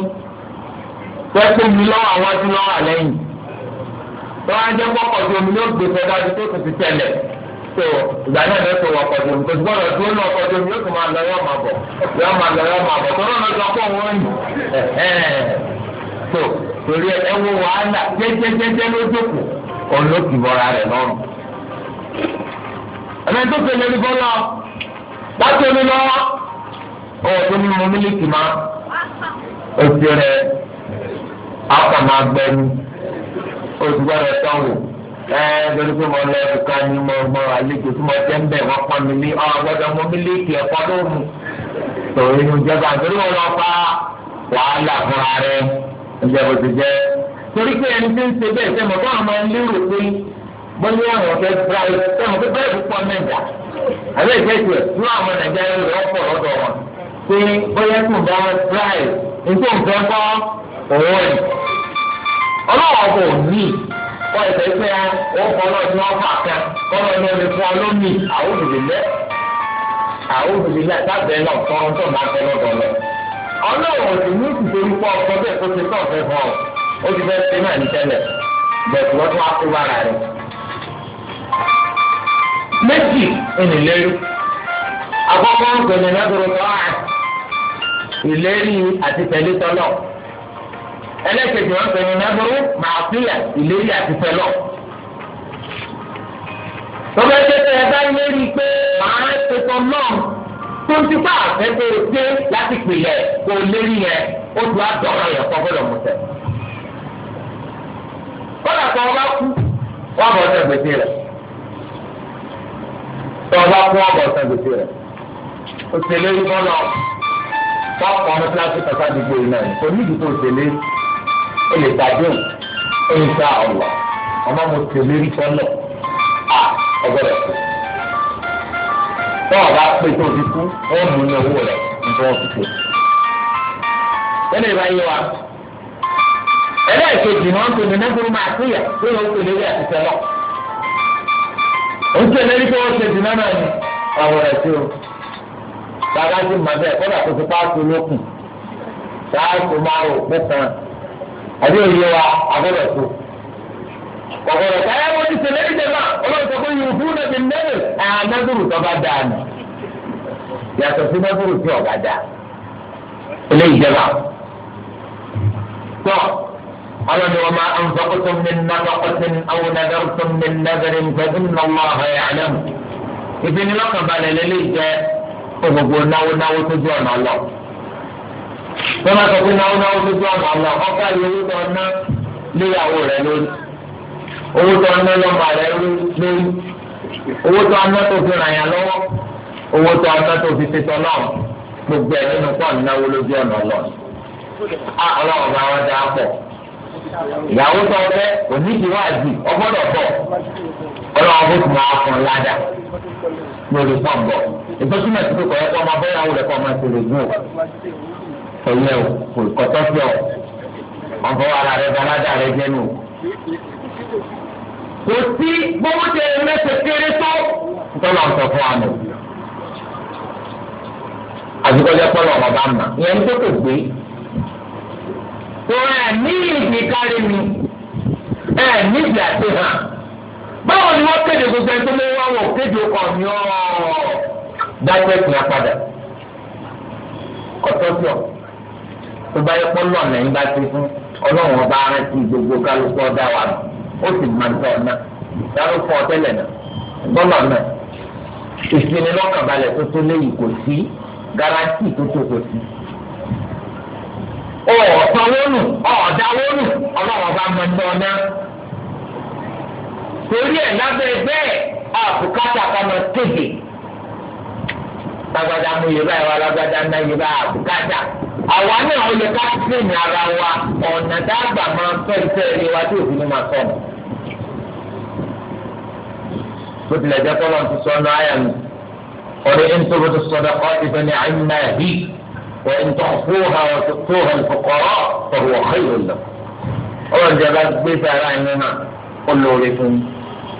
wọ́n pè mí lọ́wọ́ àwọn tí wọ́n wà lẹ́yìn. tó wá jẹ́ pọ́pọ̀ tó omi ló gbé dájú tó tètè tẹ̀lẹ̀ tó ìgbà náà tó tó omi kò sí tó lọ tó omi yóò tó máa lọ yọ máa bọ̀ yọ máa lọ yọ máa bọ̀ tó lọ́nà lọ pọ̀ wọ́n yìí tó torí ẹ wo wàhálà jẹ́jẹ́jẹ́jẹ́ ló dòkù òun ló kì bọ́ra rẹ̀ lọ́rùn. ẹ̀mẹ́ tó tẹ̀lé ní bọ́lá láti omi lọ́wọ́ ọ̀rọ̀ tó ní mo mílíkì máa rẹ̀ á olùgbọ́dọ̀ tán wò ẹ gbẹdú pé mo lọ ẹbí kan ní mo mọ àlejò tí mo jẹ ń bẹ wọn pọn mi lé ọ gbọ́dọ̀ mo mi lé kí ẹkọ ló mu tòun inú ìjọba nítorí wọn lọ fa wàhálà fúnra rẹ̀ ẹjẹ bó ti jẹ torí pé ẹni tí ń ṣe bẹ́ẹ̀ sẹmọ bá àwọn ẹni lérò pé bóyá ọ̀nà ọ̀fẹ́ bíráì sẹmọ pé bẹ́ẹ̀ púpọ̀ mẹ́ta àbẹ́ ìfẹ́ tiẹ̀ fún àwọn nàìjíríà ọlọ́wọ́ kò ní wọ́n ẹ̀sẹ̀ pé wọ́n kọ́ náà tí wọ́n fà kan kọ́ náà ní omi fún ọlọ́mì àwòdìlẹ́ àwòdìlẹ́ sábẹ́ náà tọ́ tó máa fẹ́ lọ́dọ̀ lọ. ọlọ́wọ́ sì ní ìtìtorí pọ̀ ọkọ bẹ́ẹ̀ tó ti tọ̀ fẹ́ fọ́ ọ ó ti fẹ́ ṣe náà ní tẹ́lẹ̀ bẹ̀rù wọ́n tún kó bára rẹ̀. ẹlẹ́kẹ̀jì wọn pẹ̀lú nàbọ̀rọ̀ màá fìyà ìlérí àti fẹlọ́. tọ́ba ẹgbẹ́ ẹ bá lérí pé màá ṣetán náà tó ń tipa àfẹ́fẹ́ dé láti pìlẹ̀ kó lérí yẹn ó tún àdọ́rọ̀ yẹn kọ́ gbọ́dọ̀ mú tẹ̀. kọ́lá kan bá kú wọ́n bọ̀ ọ́sẹ̀ gbèsè rẹ̀ tọ́ba kú wọ́n bọ̀ ọ́sẹ̀ gbèsè rẹ̀ òṣèlérí kọ́ lọ kọ́ ọ́nà kíláàsì kàkà dìgbò yìí náà kò ní ìdìbò òṣèlérí ó lè gbàdúrà ó lè gba ọ̀wọ̀ ọmọ mo tè lórí fọlọ́ à ọgbọ́dọ̀ tó tọ́wọ́ bá pé tó ti kú ó mú ní owó rẹ̀ nítorí wọ́n ti tè lórí ìbáyé wa ẹlẹ́ẹ̀kejì ni wọ́n pè ní nẹ́gbẹ́rún máa tó yẹ pé wọ́n pè lórí àtìsẹ́ lọ. oúnjẹ lórí pé wọ́n ṣe dì náà ni ọ̀rọ̀ rẹ̀ sí o. bàbá ti mọ̀ bẹ́ẹ̀ tó ti pàṣẹ lókun ṣáà tó máa rò pé kan àbí òye wa àbọ̀dọ̀ tó. Ọ̀gọ̀dọ̀ táyà wọ́n ti ṣẹlẹ̀ ní jẹ̀má ọlọ́run sọ pé Yorùbá náà ti lẹ́rù àmọ́dúró tó bá dáa nù. Yàtọ̀ sí mọ́dúró tí ọ̀gá dáa. Ilé ìjẹba. Tọ́ ọlọ́ni wọn máa ń fọkọ́tò mi nàkọ́kọ́tò àwọn nàdàrútò mi nàdàrí nfẹ̀dí nàmọ́ àhẹ́yà àlẹ́mù. Ìpinnu lọ́kàn wọ́n máa sọ pé náwó náwó lójú ọ̀nà àlọ́ ọ̀ká yìí owó tó ná léyàwó rẹ̀ lórí owó tó ná lọ́mọ rẹ̀ lórí owó tó ná tó fi ràn yàn lọ́wọ́ owó tó ná tó fi tètè náà gbogbo ẹ̀ nínú pọ̀ náwó lójú ọ̀nà lọ. a ọlọ́run máa wá dáa pọ̀ ìyàwó tó ọ̀fẹ́ onídìíwájú ọgbọ́dọ̀ bọ̀ ọlọ́run bó ti máa kàn ládàá lórí pọ̀ bọ̀ ìtọ́sí mẹ́tìkì kọ̀ ẹ́ kọ́ ọmọ abẹ́yàwó rẹ̀ kọ́ ọmọ ìṣèlú ọyẹ o kò kọtọ sí ọ ọfọ ara rẹ balaja rẹ jẹ nù. kò sí gbogbo tẹ mẹsẹ kéré tó ntọ́lọ̀ ntọ́ fún wa nù. àdúgbòjẹ pọlọ ọmọ bá mà ìyẹn tó kò gbé. tó ẹ ní kárí mi ẹ ní àti hàn. báwo ni wọ́n kéde gbogbo ẹni tó lé wọ́n wò kéde ọkàn mi ọ́ dájọ́ ìpín apádà kọ́tọ́ sí ọ tó bá yẹ kpọlọ lẹ́yìn bá ti fún Ọlọ́run ọba arántí gbogbo kálukú ọdá wa ó sì máa ń tọ ọ̀nà dáná fún ọtẹlẹ náà gbọlọ náà ìsinmi lọ́kànbalẹ̀ tó tó léyìí kò sí garanti tó tó kò sí. ó ọ̀sán wónù ọ̀ọ́dá wónù Ọlọ́run ọba máa ń tọ ọ̀nà torí ẹ̀ lábẹ́ bẹ́ẹ̀ àbùkátà kan máa tètè lágbádá mú yorùbá ẹ̀ wá lágbádá ná yorùbá àbùkátà tírèmì ara wa ọ̀nà dáàbà máa ń fẹ́ ìfẹ́ ẹni wa tí òfin máa sọ nù. bó tilẹ̀ jẹ́ kọ́ lọ́n ti sọ ọ́nà àyà mi ọ̀rẹ́ ẹni tó bó ti sọ̀dọ̀ kọ́ ibẹ̀ ni àyìn náà bí wọ́n ń tọ́ fún ha wọ́n ti fún ha ọlọ́run jẹ́ bá gbé sára yín náà ó lóore fún mi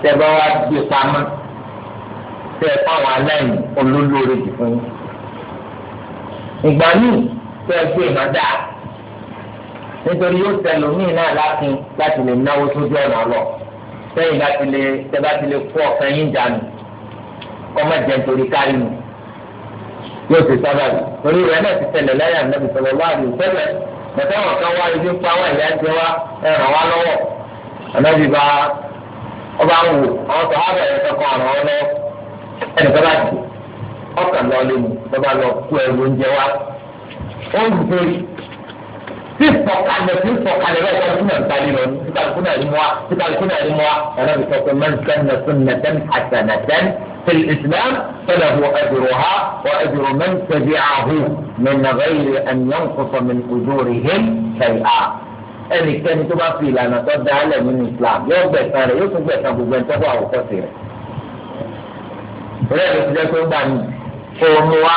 tẹ́ bá wá gbé pamọ́ tẹ́ fáwọn aláìní olólóore jù fún mi. ìgbà nítorí yóò tẹnu míì náà lákin láti lè náwó sójú ọ̀nà lọ sẹ́yìn láti lè tẹ́lá ti lè kó ọ̀kan yín dànù kọ́mọ jẹ́ nítorí kárí mi yóò ti sábà rí torí rẹ̀ náà ti tẹ̀lẹ̀ lẹ́yìn ànábì sọ̀rọ̀ wá àbí sẹ́lẹ̀ bàtà wọn kan wá ibi ń pa wá ìyá jẹ wá ẹ ràn wá lọ́wọ́ ànábì bá ọba ń wò àwọn sọ̀rọ̀ àbẹ̀rẹ̀ kankan ràn wọ́n lọ́wọ́ ẹnì kan bá dì ọkàn lọ́ọ́ lé mi bàbá lọ kó ẹrù oúnjẹ wá ó ń gbé tí ìfọkànlẹ̀ tí ìfọkànlẹ̀ bẹ́ẹ̀ kálukú náà ń tali lọ ní kálukú náà ni mu wa tí kálukú náà ni mu wa ẹ̀rọ mi sọ pé mẹ́nsẹ́n na sún nẹ́tẹ́n hasanatẹ́n في الإسلام فله أجرها وأجر من تبعه من غير أن ينقص من أجورهم شيئا ẹnikẹ́ni tó bá fi ìlànà tó da alẹ̀ nínú islam yóò gbẹ̀san rẹ̀ yóò tún gbẹ̀san gbogbo ẹni tó bá àwòkọ́ sí rẹ̀. ìrẹ́lẹ̀ ti jẹ́ pé ń gbà ní òun wa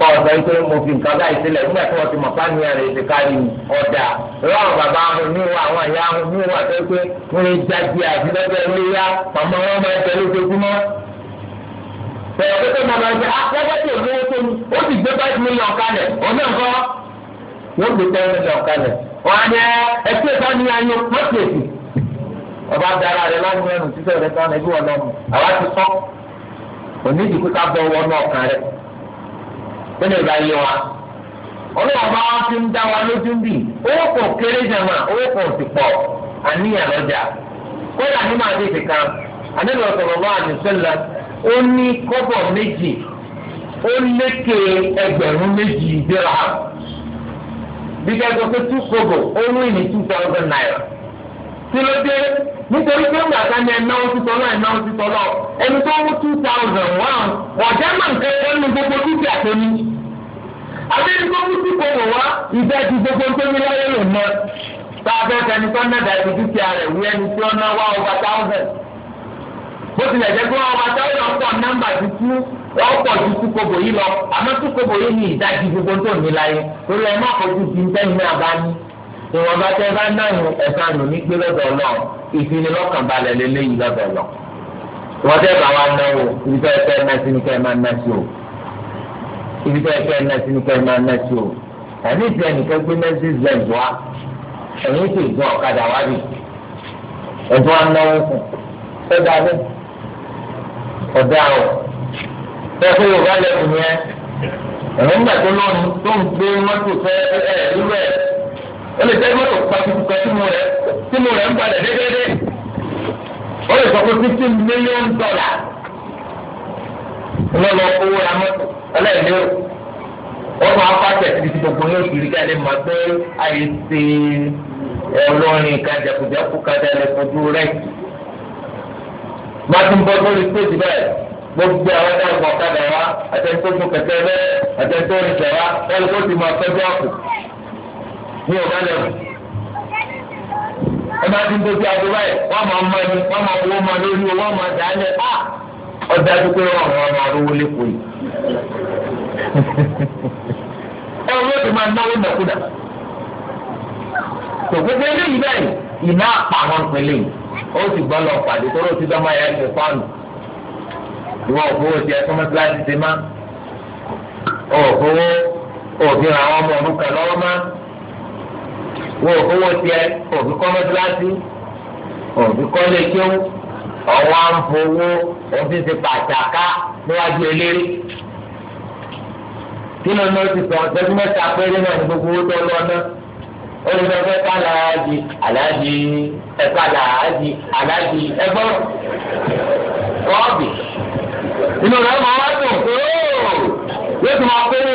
kọ́ ọ̀sán yìí pé mo fi nǹkan báyìí sílẹ̀ nígbà tí wọ́n ti mọ̀ pání rẹ̀ ti kárí ọ̀dà láwọn bàbá ahun ní ìwà àwọn ìyá ahun ní ìwà tó pé wọ́n lè jáde àti lọ́jọ́ ilé yá màmá wọn máa ń tẹ̀lé ojoojúmọ́. bẹ̀rẹ̀ pé pé màmá ṣe akẹ́kọ̀ọ́ lówó tó ní ó sì gbé five million kalẹ̀ ọ̀nà nǹkan wọ́n gbé ten million kalẹ̀ wọ́n yẹ ẹgbẹ́ ìdánilẹ́yìn mọ́tò ọba dara bẹ́ẹ̀ ni ìbáyé wa ọlọ́wọ́ bá wá fi ń dá wa lójú bì owó kò kéré jàmà owó kò sì pọ̀ àníyàn lọ́jà kódà ní màá tètè kan àdébò ọ̀sọ̀rọ̀ bá àdìsẹ́lẹ̀ ó ní kọ́bọ̀ méjì ó lékè ẹgbẹ̀rún méjì dírà bí kẹ́kọ̀ọ́ pé tú kọ́bọ̀ ó wí ní two thousand naira. kí ló dé nítorí pé ńgbà ká ní ẹnáwó títọ́ náà ẹnáwó títọ́ náà ẹni tó mú two thousand one ọ̀já máa ń kẹ́kọ̀ọ́ ní gbogbo dúkìá tó ní. tó wá ìfẹ́ ti gbogbo tó ní láyé lò tí ó ná wá over thousand. bó tilẹ̀ jẹ́ pé ọ̀pọ̀ nọ́mbà ti tú ju yìí lọ àmọ́ yìí ní ìdajì gbogbo tó ní láyé torí ẹ ìwọ̀n bá tẹ́ bá náà yún ẹ̀ka nù ní gbé lọ́dọ̀ náà ìfinilọ́kànbalẹ̀ lélẹ́yìí lọ́dọ̀ náà wọ́n tẹ́ bá wa náwó ibi tẹ́ fẹ́ ná sí ni kẹ́ máa ná sí o ibi tẹ́ fẹ́ ná sí ni kẹ́ máa ná sí o ẹ̀mí ìtì ẹnìkan gbé Mercedes Benz wa ẹ̀mí ìtì ìgbọ́n ọ̀kadà wa bì ẹ̀dùn wa náwó fún ẹ dá bẹ́ẹ̀ ọ̀dà o bẹ́ẹ̀ fún Yorùbá lẹ́kùn yẹn ẹ̀mí ìgbà tó lọ́nu tó ń gbé mọ́tò fẹ́ ẹ̀ ẹ̀ ó lè tẹ́lẹ̀ mọ́tò pàtùkùkọ símú rẹ̀ símú rẹ̀ ń padà dédédé ó lè sọ pé fifty million dollar lọ́lọ́ owó ra mọ́tò ọlẹ́ẹ̀lẹ́ o wọ́n máa fà tẹ̀sí ti gbogbo yóò kiri ká lè máa gbé àyè ṣe ẹlọ́rin kan jẹkùjẹkù kan tẹ̀lé fojú rẹ̀ máa tún bọ́ lórí stéèjì bẹ́ẹ̀ gbogbo àwọn ẹ̀dá ọ̀gbọ̀n kadà wa àtẹ̀tọ́jú kẹ̀kẹ́ bẹ́ẹ̀ àtẹ̀tọ́jú kẹ̀wá ẹ̀rọ tó ní ọ̀gá lẹ́wọ̀n. ẹ bá ti ń dojú aago báyìí wọ́n máa mọ ẹni wọ́n máa wọ́ máa lórí owó wọ́n máa dà á lẹ̀ á ah! ọjà dúpẹ́ wọn àwọn máa lẹ́kọ̀ọ́ yìí. ẹ wọ́n ti máa náwó gbogbo pẹ̀lẹ́ yìí ó sì gbọ́ lọ pàdé tó ló ti dán máa yẹ ìwọ òfowó ti ti má òfowó òfin àwọn ọmọ wọ́n ò fowó tiẹ̀ òbí kọ́ mọ́tíláṣí òbí kọ́ lè kéwú ọ̀wọ́ à ń fowó òbí ti pàtàkà níwájú eléré kí ló náà ti sọ ọ̀sẹ́jú mẹ́ta péré náà ní gbogbo owó tó lọ náà ó lè fẹ́ ká làájì àlájì ẹ̀ka làájì àlájì ẹ̀gbọ́n rọ́ọ̀bì inú rẹ̀ máa wá dùn kó yóò tún máa péré.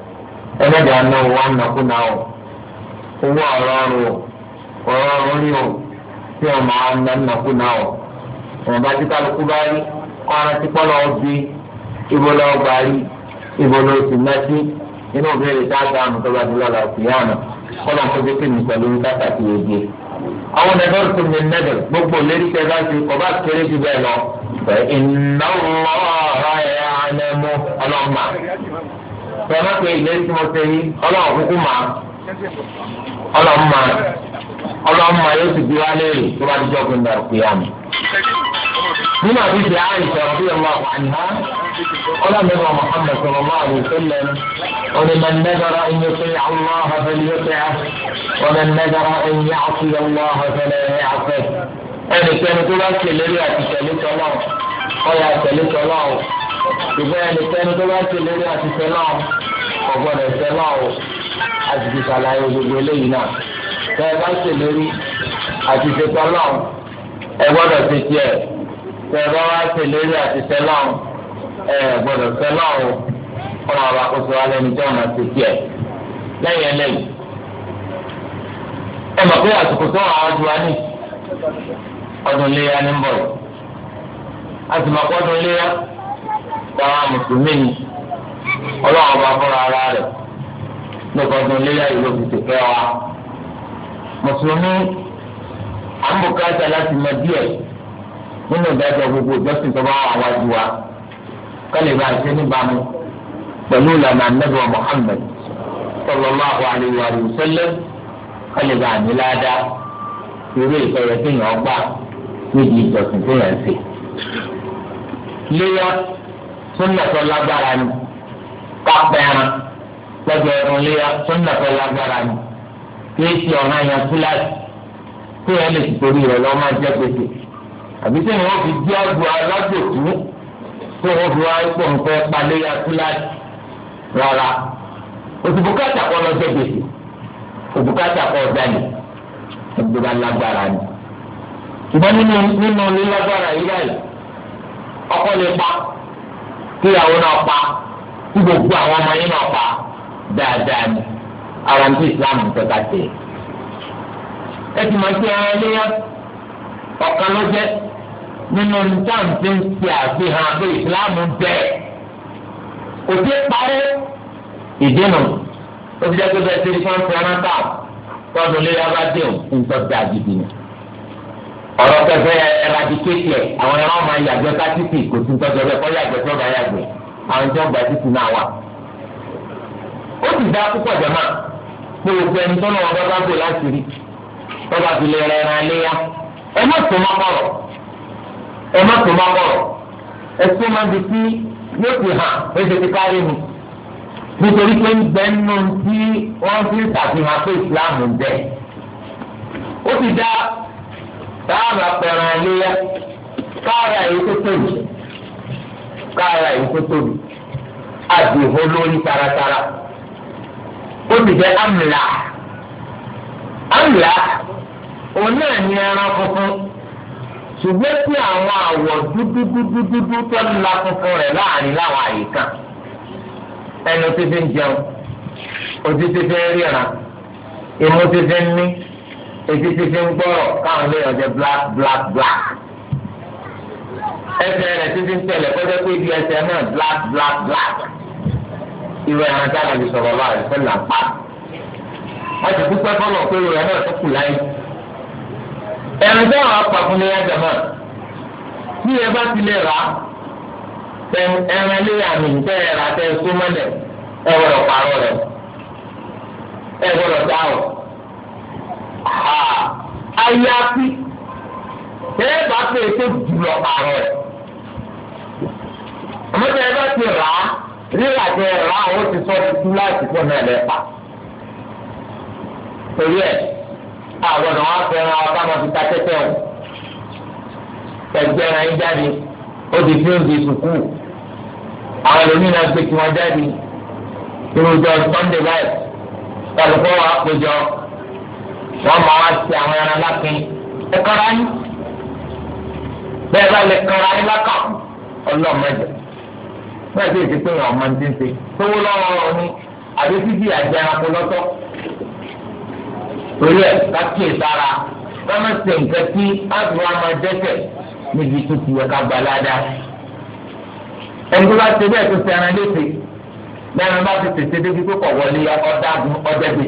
ẹlẹ́dàá náà wọ́n ń nàkúnà o owó ọ̀rọ̀ ọ̀rọ̀ ọ̀rọ̀ ọ̀rọ̀ rí o tí wọ́n máa ń o kálukú bá rí kọ́ ara lọ́wọ́ ibo lọ́wọ́ rí ibo ná sí inú òbẹ̀rẹ̀ tá a gbà mú tọ́ba ti lọ́la dé pèmí pẹ̀lú káta gbé. àwọn ẹ̀dọ́ tó ní nẹ́dẹ̀ gbogbo lérí bẹ́ẹ̀ má pé ìlérí tí mo ṣe yí ọlọ́run kúkú mà á ọlọ́run mà á ọlọ́run mà á yóò sì bí wá léèrè tó bá dijọ́ gbé ńlá òkè àmì. nínú àbíjì àìsàn bí ọmọ àná ọlọ́run ẹ̀rọ Muhammad sọlọ́mọ́ àbùsọ́lẹ̀ ومن نذر أن يطيع الله فليطعه ومن نذر أن يعصي الله فلا يعصيه ẹnikẹ́ni tó bá ṣèlérí àti tẹ̀lé tọ́lọ́ ọ̀yà tẹ̀lé tọ́lọ́ ṣùgbọ́n ẹnikẹ́ni tó bá ti lérí àti sẹ́nà o àti ti ṣàlàyé gbogbo eléyìí náà tẹ́ ẹ bá ti lérí àti ti ẹ gbọ́dọ̀ ti tiẹ̀ tẹ́ ẹ bá wá ti lérí àti sẹ́nà ẹ gbọ́dọ̀ sẹ́nà o ọmọ àwọn akóso wa lẹ́nu tí wọ́n ti tiẹ̀ lẹ́yìn táwọn mùsùlùmí ni ọlọ́run bá fúnra ara rẹ̀ lọ́kọ̀ọ́dún léyà ìlú òfìsè fẹ́ wa mùsùlùmí àmúkàtà láti mọ díẹ̀ nínú ìdájọ́ gbogbo ìjọsìn tó bá wà wájú wa kálí bá ṣe níbàámu pẹ̀lú ìlànà anábìwọ̀ Muhammad sallallahu wa sallam kálí bá ní ládàá irú ìtọ́jú téèyàn gbà níbi ìjọsìn ń ṣe. súnà tó lágbára ni kápẹ́ran lọ́jọ́ ẹ̀rùn léyà súnà tó lágbára ni kìí ṣe ọ̀nà yẹn fúláṣí kí ẹ lè torí rẹ̀ lọ́ọ́ máa jẹ́ gbèsè àbí tí wọ́n fi jẹ́ ọ̀dùn alájòtú tí wọ́n fi wá pọ̀ nǹkan paléyà fúláṣí rárá òtùbùkátà kọ́ lọ́jọ́ gbèsè òtùbùkátà kọ́ ọ̀dàlì ẹgbẹ́ra lágbára ni ṣùgbọ́n nínú nínú lílágbára yìí báyìí ọkọ lè pa kíyàwó náà pa kí gbogbo àwọn ọmọ yín náà pa dáadáa ni ara ń tó islam tó ká tẹ̀. ẹ ti máa ń pè ara léyà ọ̀kan ló jẹ́ nínú táǹtì ń ṣe àfihàn pé islam bẹ́ẹ̀ kò sí parí ìdènà ó ti jẹ́ pé bẹ́ẹ̀ ṣe ní fún ọ̀sẹ̀ ọ̀nà táà tọ́dún léyà bá dé òun ń tọ́jú àgídì ni ọ̀rọ̀ pẹ́pẹ́ ẹ̀radikétì ẹ̀ àwọn ẹran máa yàgbẹ́ kátìtì kò tún tọ́jọ́ bẹ́ẹ̀ kọ́ yàgbẹ́ tó bá yàgbẹ́ àwọn tó gba títì náà wà. ó sì dá púpọ̀ jẹ́mà pé o fẹ́ ní tọ́nà wọn bá bá gbé láti rí tó bá fi lè rẹ ẹran léyà ẹ má tó má bọ̀rọ̀ ẹ má tó má bọ̀rọ̀ ẹ tó má di sí yóò fi hàn ẹ ṣe ti kárí mi nítorí pé ń bẹ nínú tí wọ́n fi ń ṣàfihàn pé ìsìláàmù ń bẹ ó sì dá táàbà pẹ̀rọ léyà káàrà yìí tó tóbi káàrà yìí tó tóbi àdìhó lórí taratara ó ti jẹ amla amla òun náà ẹran funfun ṣùgbọ́n tí àwọn àwọ̀ dúdúdúdúdú tó ń la funfun rẹ̀ láàrin láwọn àyíká ẹnu títí ń jẹun ojú títí ń ríran ìmú ń etí ti fi ń gbọ́rọ̀ káwọn léèyàn jẹ black black black ẹsẹ̀ rẹ̀ títí ń tẹ̀lẹ̀ kọjá pé ibi ẹsẹ̀ náà black black black ìwé ẹran tí a lè sọ̀rọ̀ lọ́wọ́ àti sẹ́lẹ̀ àpá wọ́n ti dúpẹ́ fọlọ̀ pé ìwé náà tó kù láyé ẹran tí àwọn apá fún mi yá jẹ náà bí ẹ bá ti lè rà á ẹran lé àmì tẹ ẹ rà tẹ ẹ súnmọ́lẹ̀ ẹ wọ̀rọ̀ pààrọ̀ rẹ̀ ẹ wọ̀rọ̀ dáhùn àyàfi tẹ́lẹ̀ bá pè é tó jùlọ àrọ̀ rẹ̀ àmọ́ tẹ́lẹ̀ bá ti rà á rírà tẹ rà á ó ti sọ ti tú láti fún náà lẹ́pà torí ẹ̀ àwọn ọ̀nà wa fẹ́ràn ọ̀kámọ́ fi ta tẹ́tẹ́ o ẹgbẹ́ ẹran yín jáde ó di fíìmù sùkúù àwọn ẹlòmíràn náà gbé tiwọn jáde irú sunday night kálukọ́ wa péjọ wọ́n máa wá sí àwọn ẹran lápin ẹ kọ́ra yín bẹ́ẹ̀ bá lè kọ́ra yín lákà ọlọ́mọdé bẹ́ẹ̀ sì ti pé ọmọ ní ti ń ṣe tówó lọ́wọ́ ní àbí títí àjẹ ẹranko lọ́tọ̀ torí ẹ̀ ká kí èso ara wọ́n máa ṣe nǹkan tí áàbù wa máa dẹ́sẹ̀ níbi tó ti yẹ ká gbà ládàá ẹni bá ṣe bẹ́ẹ̀ tó ṣe ẹran léṣe lẹ́nu bá ti tètè débi tó kọ̀ wọlé ọ̀dàgùn ọ̀dẹ́gbèsì.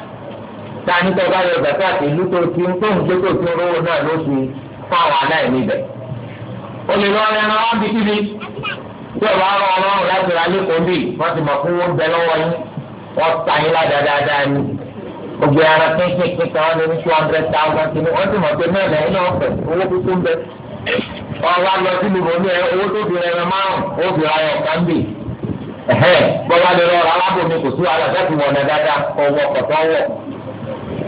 ta ní tọ́ bá yọ gbàtà àti ìlú tó ti ń tóun gbé tó ti ń rówó náà ló fi fáwọn aláìní bẹ̀. o lè lọ rẹ ẹran bí kíbi tí ọba ń rán ọlọ́run láti ra lẹ́kọ̀ọ́ bí wọ́n ti mọ̀ fún wọn bẹ lọ́wọ́ yín wọ́n ta yín ládáadáa ni. ògbé ara pínpín pínpín wọn ní two hundred thousand kìíní wọ́n ti mọ̀ pé mẹ́rin ẹ̀yìn náà fẹ̀ owó tuntun bẹ. wọ́n wá lọ sí ibùdó ní owó tó fi rẹ̀ márùn ó fi ra ẹ̀ kán bì bọ́lá lè lọ alábòmí kò sí wàhálà fẹ́ẹ́ fi wọ̀nà dáadáa kọ̀ wọ̀ kọ̀tọ́ wọ̀.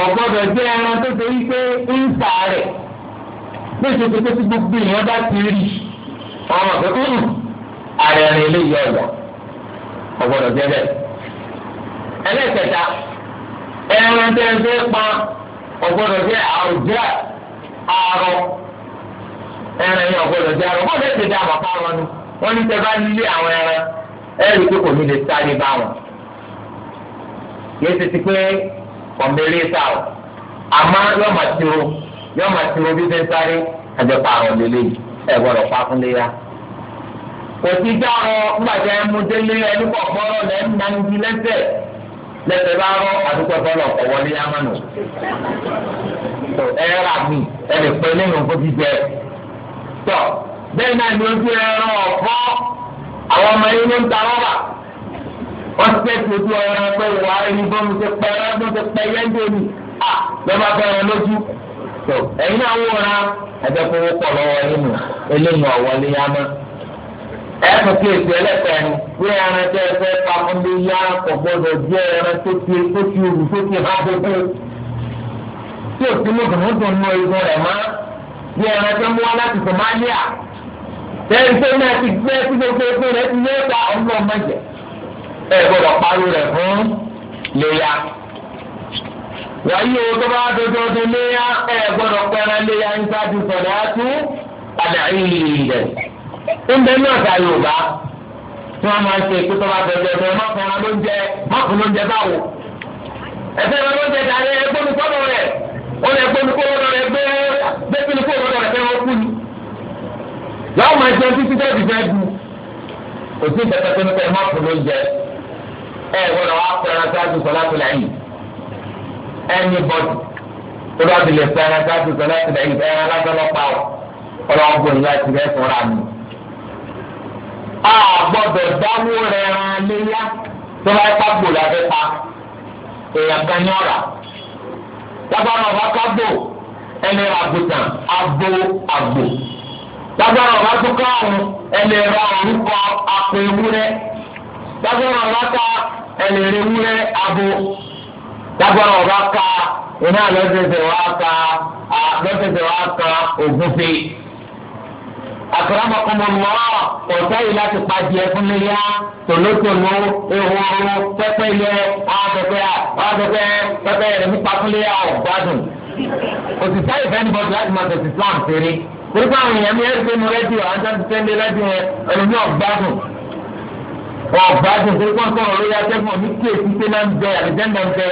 ọgbọdọ jẹ́ ẹran tó ṣe wípé ń sà tó gbogbo èèyàn bá ti rí ọmọ pé ń ààrẹ ẹran tẹ́ ẹ fẹ́ pa ọ̀gbọ́dọ̀ jẹ́ àrùjá àrọ ẹran yẹn ọ̀gbọ́dọ̀ jẹ́ àrọ ọgbọdọ ti dá fáwọn ni ní àwọn ẹran kò ní kọ̀m̀bẹ̀lẹ̀ sá o Ama yọ máa tiro o tiro bí fẹ́ sáré ẹ̀jẹ̀ pààrọ̀ lélẹ̀ ẹ̀ gbọ́dọ̀ pa fún léyà. kò sí jáwọ́ ńgbàjẹ́ mú délé ẹni bá rọ́ àdúgbò bọ́lọ̀ kọ̀ ọ̀sẹ̀ tó tó ọ̀rọ̀ pé wà á rí bọ́ọ̀mù tó pẹ́ ọ̀rọ̀ tó pẹ́ yẹ́ndé mi à lọ́ba bẹ̀rẹ̀ lójú. tó ẹ̀yin náà wòra ẹ̀dẹ́kùnrin pọ̀ lọ́wọ́ nínú eléyìí ọ̀wọ́lé yámá. ẹ kò kí èsì ẹlẹ́kẹ̀rin pé ẹran tẹ́ ẹ fẹ́ pa fún mi yá kò gbọ́dọ̀ jẹ́ ẹran tó ti tó ti rù tó ti há gbogbo. tí ò sí mọ̀tòmọ́tòm mọ igun rẹ̀ má bí ẹran tẹ́ mú wá láti Somalia. tẹ́ ẹ ẹ gbọ́dọ̀ parí rẹ̀ fún léyà wàyí o tó bá dodo ọdún léyà ẹ gbọ́dọ̀ pẹran léyà ń sáájú sọlẹ àti àdàìlẹ ńbẹ ní ọ̀sà yorùbá tí wọ́n máa ń ṣe pé tó bá dodo ọdún ẹ má lóúnjẹ má fún lóúnjẹ báwo lóúnjẹ dàrí lè gbé kú ni máa ń ṣe ẹ gbọ́dọ̀ wá pẹran sáájú sọlá tó lẹ́yìn ẹni bọdù tó bá ti lè pẹran sáájú sọlá tó lẹ́yìn ẹran lásánlọpàá ọ Ọlọ́run gbòòrò láti rẹ sọ̀rọ̀ àmì. a gbọ́dọ̀ dáwó rẹ ran léyà tó bá pa gbò lábẹ pa èèyàn kan ní ọ̀rà lágbára ọba kágbò ẹni ra àgùntàn àgbò lágbára ọba tó káàrún ẹni ra orúkọ apò ewúrẹ́ lágbára ọba ká ẹlẹ́rìí wúrẹ́ abo lágbára ọba ká iná lọ́sẹ̀sẹ̀ wá ká lọ́sẹ̀sẹ̀ wá ká ògúnfe. Akramakumullah ọ̀tá yìí láti pàdé ẹkún léyà tòlótòló ehoro pẹ́pẹ́yẹ àgbẹ̀pẹ́ àgbẹ̀pẹ́ pẹ́pẹ́ rẹ̀ nípa fún léyà ọ̀gbádùn. Òṣìṣẹ́ ìfẹ́ níbọ̀ láti máa tẹ̀sí Islam fèrè. Nípa àwọn èèyàn mi ẹ̀rí pé mo rẹ́díò rẹ́díò ẹ̀ ẹ̀rọ ní ọ̀gbádùn ọba tuntun kọ́ sọ̀rọ̀ lórí atẹ́gùn ní kí èsì pé máa ń bẹ àbíjẹ́ máa ń bẹ.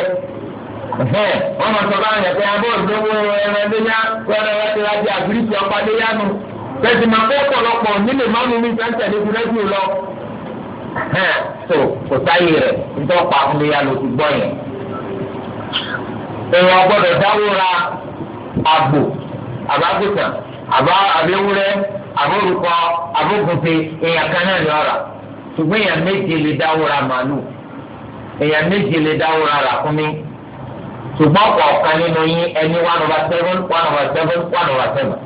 wọ́n máa sọ báwọn yẹn pé abọ́ ìdánwò ẹran léyà ẹran láti láti àbíríkì ọ̀pá léyà nu. bẹ́ẹ̀ máa fẹ́ pọ̀lọpọ̀ nílé máa mú mi sáńtẹ̀ ní fúrẹ́sì lọ. tó kò sáyé rẹ̀ nítorí pa fún léyà ló ti gbọ́ yẹn. èèyàn gbọ́dọ̀ dáwó ra àgbò àbágùtàn àbá àbẹ́wúrẹ́ àbórúkọ àbógunfe èèyàn kan náà ní ọ̀rà ṣùgbọ́n èèyàn méje lè dáwọ́ra màálù èèyàn méje lè dáwọ́ra ràkúnmí ṣùgbọ́n kọ̀ọ̀kan nínú yín ẹni one over seven one over seven one over seven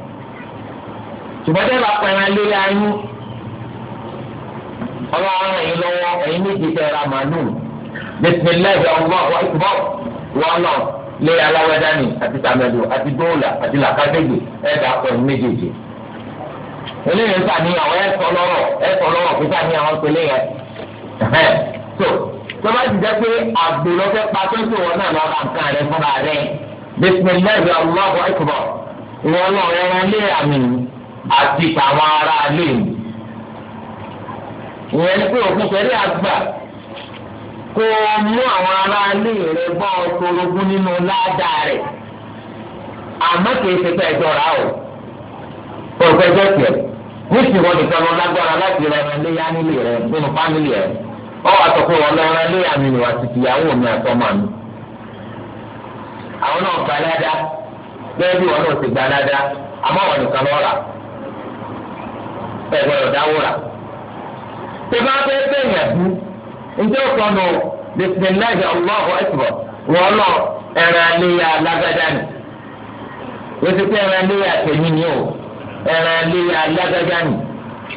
ṣùgbọ́n tẹ́ bá pẹ̀lú lórí ayé ọlọ́run ẹ̀yin lọ́wọ́ ẹ̀yin méje tẹ́ ra màálù bisimilayi ọlọ́run wa ìtúbọ̀ wọn náà lé aláwẹ̀dá ni àti tàmẹ̀dù àti dóòlà àti làkàdégbè ẹ̀dá pẹ̀lú méjèèjì eléyìí sàníyàn ẹ sọ lọ́rọ̀ ẹ sọ lọ́rọ̀ fún sàníyàn wọn pélé yẹn so tó bá ti jẹ́ pé àgbò lọ́fẹ́ pa tó ń sòwò náà lọ́ba nǹkan rẹ fúnra rẹ bisimilayi alahu akbar wọn lọ ẹran lé àmì àti tàwọn ará lé ìyẹn ni pé òfin pẹ̀lú àgbà kó o mú àwọn ará ilé rẹ bọ́ ọ sorogún nínú ládàá rẹ̀ àmọ́ kìí ṣe pẹ́ jọra o. òpèjẹ tiẹ̀ nísìnyí wọn nìkan lọ lágbára láti rẹ ẹran léyà nílé rẹ nínú fámìlì rẹ ọ wà sọ wọn lọ ẹran léyà mi nìwà títí ìyàwó mi àtọmọ mi. àwọn náà gba dada bẹ́ẹ̀ bí wọn náà ti gba dada àmọ́ wọn nìkan lọ rà ẹ gbọ́dọ̀ dáwó rà. tó bá bẹ́ẹ̀ yẹn bú njẹ́ ó sọ nù bisimilahi allahu akbar wọn lọ lágbádá ni wọ́n ti pẹ́ tẹ̀yìn ni o. ẹran ilé alágbájá nì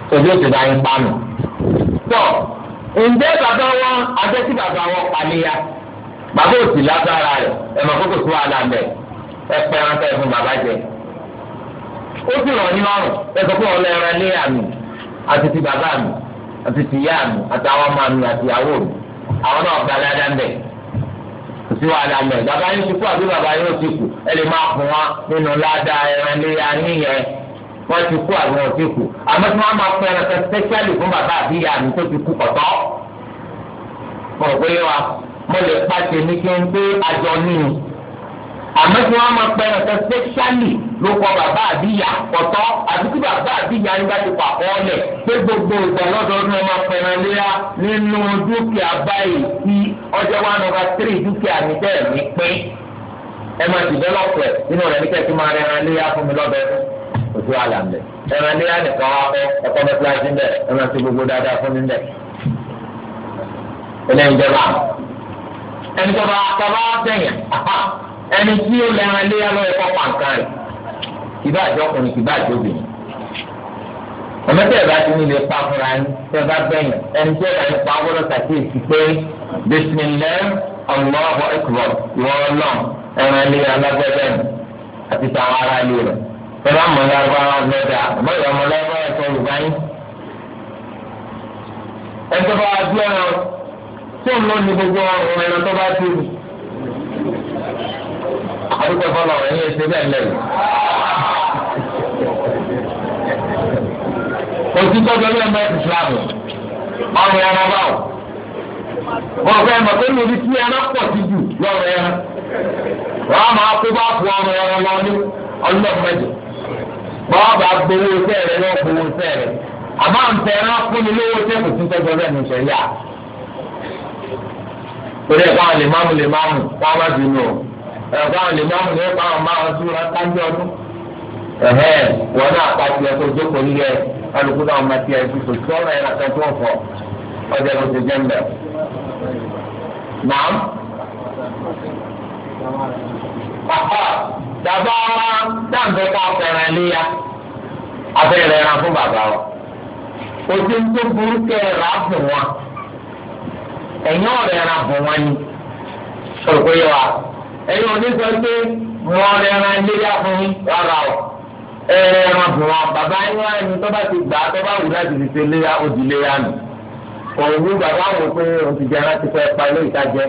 tòbí òsì bá yín pamọ́. tọ́ ǹjẹ́ bàbá wọn adẹ́sí bàbá wọn paléya bàbá òsì lágbára rẹ̀ ẹ̀mọ́ kókò tó wà lábẹ́ ẹ pẹ́ fẹ́ fún bàbá jẹ. ó sì rọ̀ bàbá mi àti ti ìyá mi ọmọ mi àti ìyàwó àwọn náà gba ń bàbá ti kú lè máa fún wa wọ́n ti kú àwọn ò ti kú àmọ́ tí wọ́n máa pẹ́ ẹran kan spẹ́ṣíálì fún bàbá àbíyá mi tó ti kú kọ̀tọ́. mo rò pé wa mo lè pa tèmi kí n pé àjọ nínú àmọ́ tí wọ́n máa pẹ́ ẹran kan spẹ́ṣíálì ló kọ bàbá àbíyá kọ̀tọ́ àti tí bàbá àbíyá ń bá ti pa ọ́lẹ̀ pé gbogbo ìgbà lọ́dọọdún wọn máa pẹ́ ẹran léyà nínú dúkìá báyìí tí ọjọ́ wa nọ́ra tírì dúkìá mi bẹ́ẹ̀ mi pín ẹ máa dìbẹ́lọ́pù ẹ̀ nínú rẹ̀ ní kẹ́kí máa rẹ̀ ẹran léyà fún mi lọ́bẹ̀ẹ́ kò sí wàhálà ń bẹ ẹran ní láti kàn wá kọ ẹkọ bẹ kíláàsì bẹ ẹran ti gbogbo dáadáa fún mi bẹ ẹlẹ́yìn jẹba ẹni tó bá tọ́ba sẹ́yìn ẹni tí ó lẹ́ran lé yálọ́ ẹ̀kọ́ pàǹkan rẹ̀ kìbá àjọ ọkùnrin kìbá àjọ obìnrin ọmọdé bá ti ní ilé pa fúnra ní tẹ bá bẹyìn ẹni tí ẹ̀ka nípa wọ́n ṣàkíyèsí pé bisimilẹ Allahu akbar ìwọ ọlọ́run ẹ bá mọ lọ́gbà lọ́dà bọ́ọ̀lù ọmọ lọ́gbà ẹ̀kọ́ yorùbá yín. ẹ tó bá wá bí ẹran tí òun náà ní gbogbo ọ̀rùn ẹran tó bá ti rù. àdúgbò fọlọ ẹ̀yìn ẹsẹ̀ bẹ́ẹ̀ lẹ́yìn. òtítọ́ gbẹ́lẹ́ ọmọ ìsìlámù ọ̀rùn ẹran báwò. wọ́n fẹ́ mọ̀ pé lórí tí ẹran pọ̀ sí jù lọ́rùn ẹran. wọ́n á máa kó bá fún ọ̀rùn bọ́ọ̀bà gbowó sẹ́ẹ̀rẹ̀ ló gbowó sẹ́ẹ̀rẹ̀ àmọ́ nfẹ́ náà fún mi lówó sẹ́ẹ̀kù tún tọ́jú ọ̀rẹ́ mi sẹ́yà. torí ẹ̀ káwọn lè máàmù lè máàmù káwọn má bínú o ẹ̀ káwọn lè máàmù lè káwọn má wọn súnra kájú ọdún. ẹ̀hẹ́n wọn náà pàṣẹ ẹ̀ tó jókòó ní ẹ̀ alùpùpù náà má ti ẹ̀ tó ọ̀rọ̀ ẹ̀ náà tó ń fọ ló ti jẹ́ bàbá wa dáǹfẹ́ ká fẹ́ràn léyà abẹ́rẹ́ ẹran fún bàbá wa ojú tó burú kẹ́ ẹ wọn ẹran bùn wọn ni òkú yẹ wa ẹ̀yìn oníṣẹ́ pé ẹran fún mi rárá o ẹ̀rẹ́ ẹran bùn wọn bàbá yín wá ẹni tó bá ti gbà tó bá wù láti jẹ́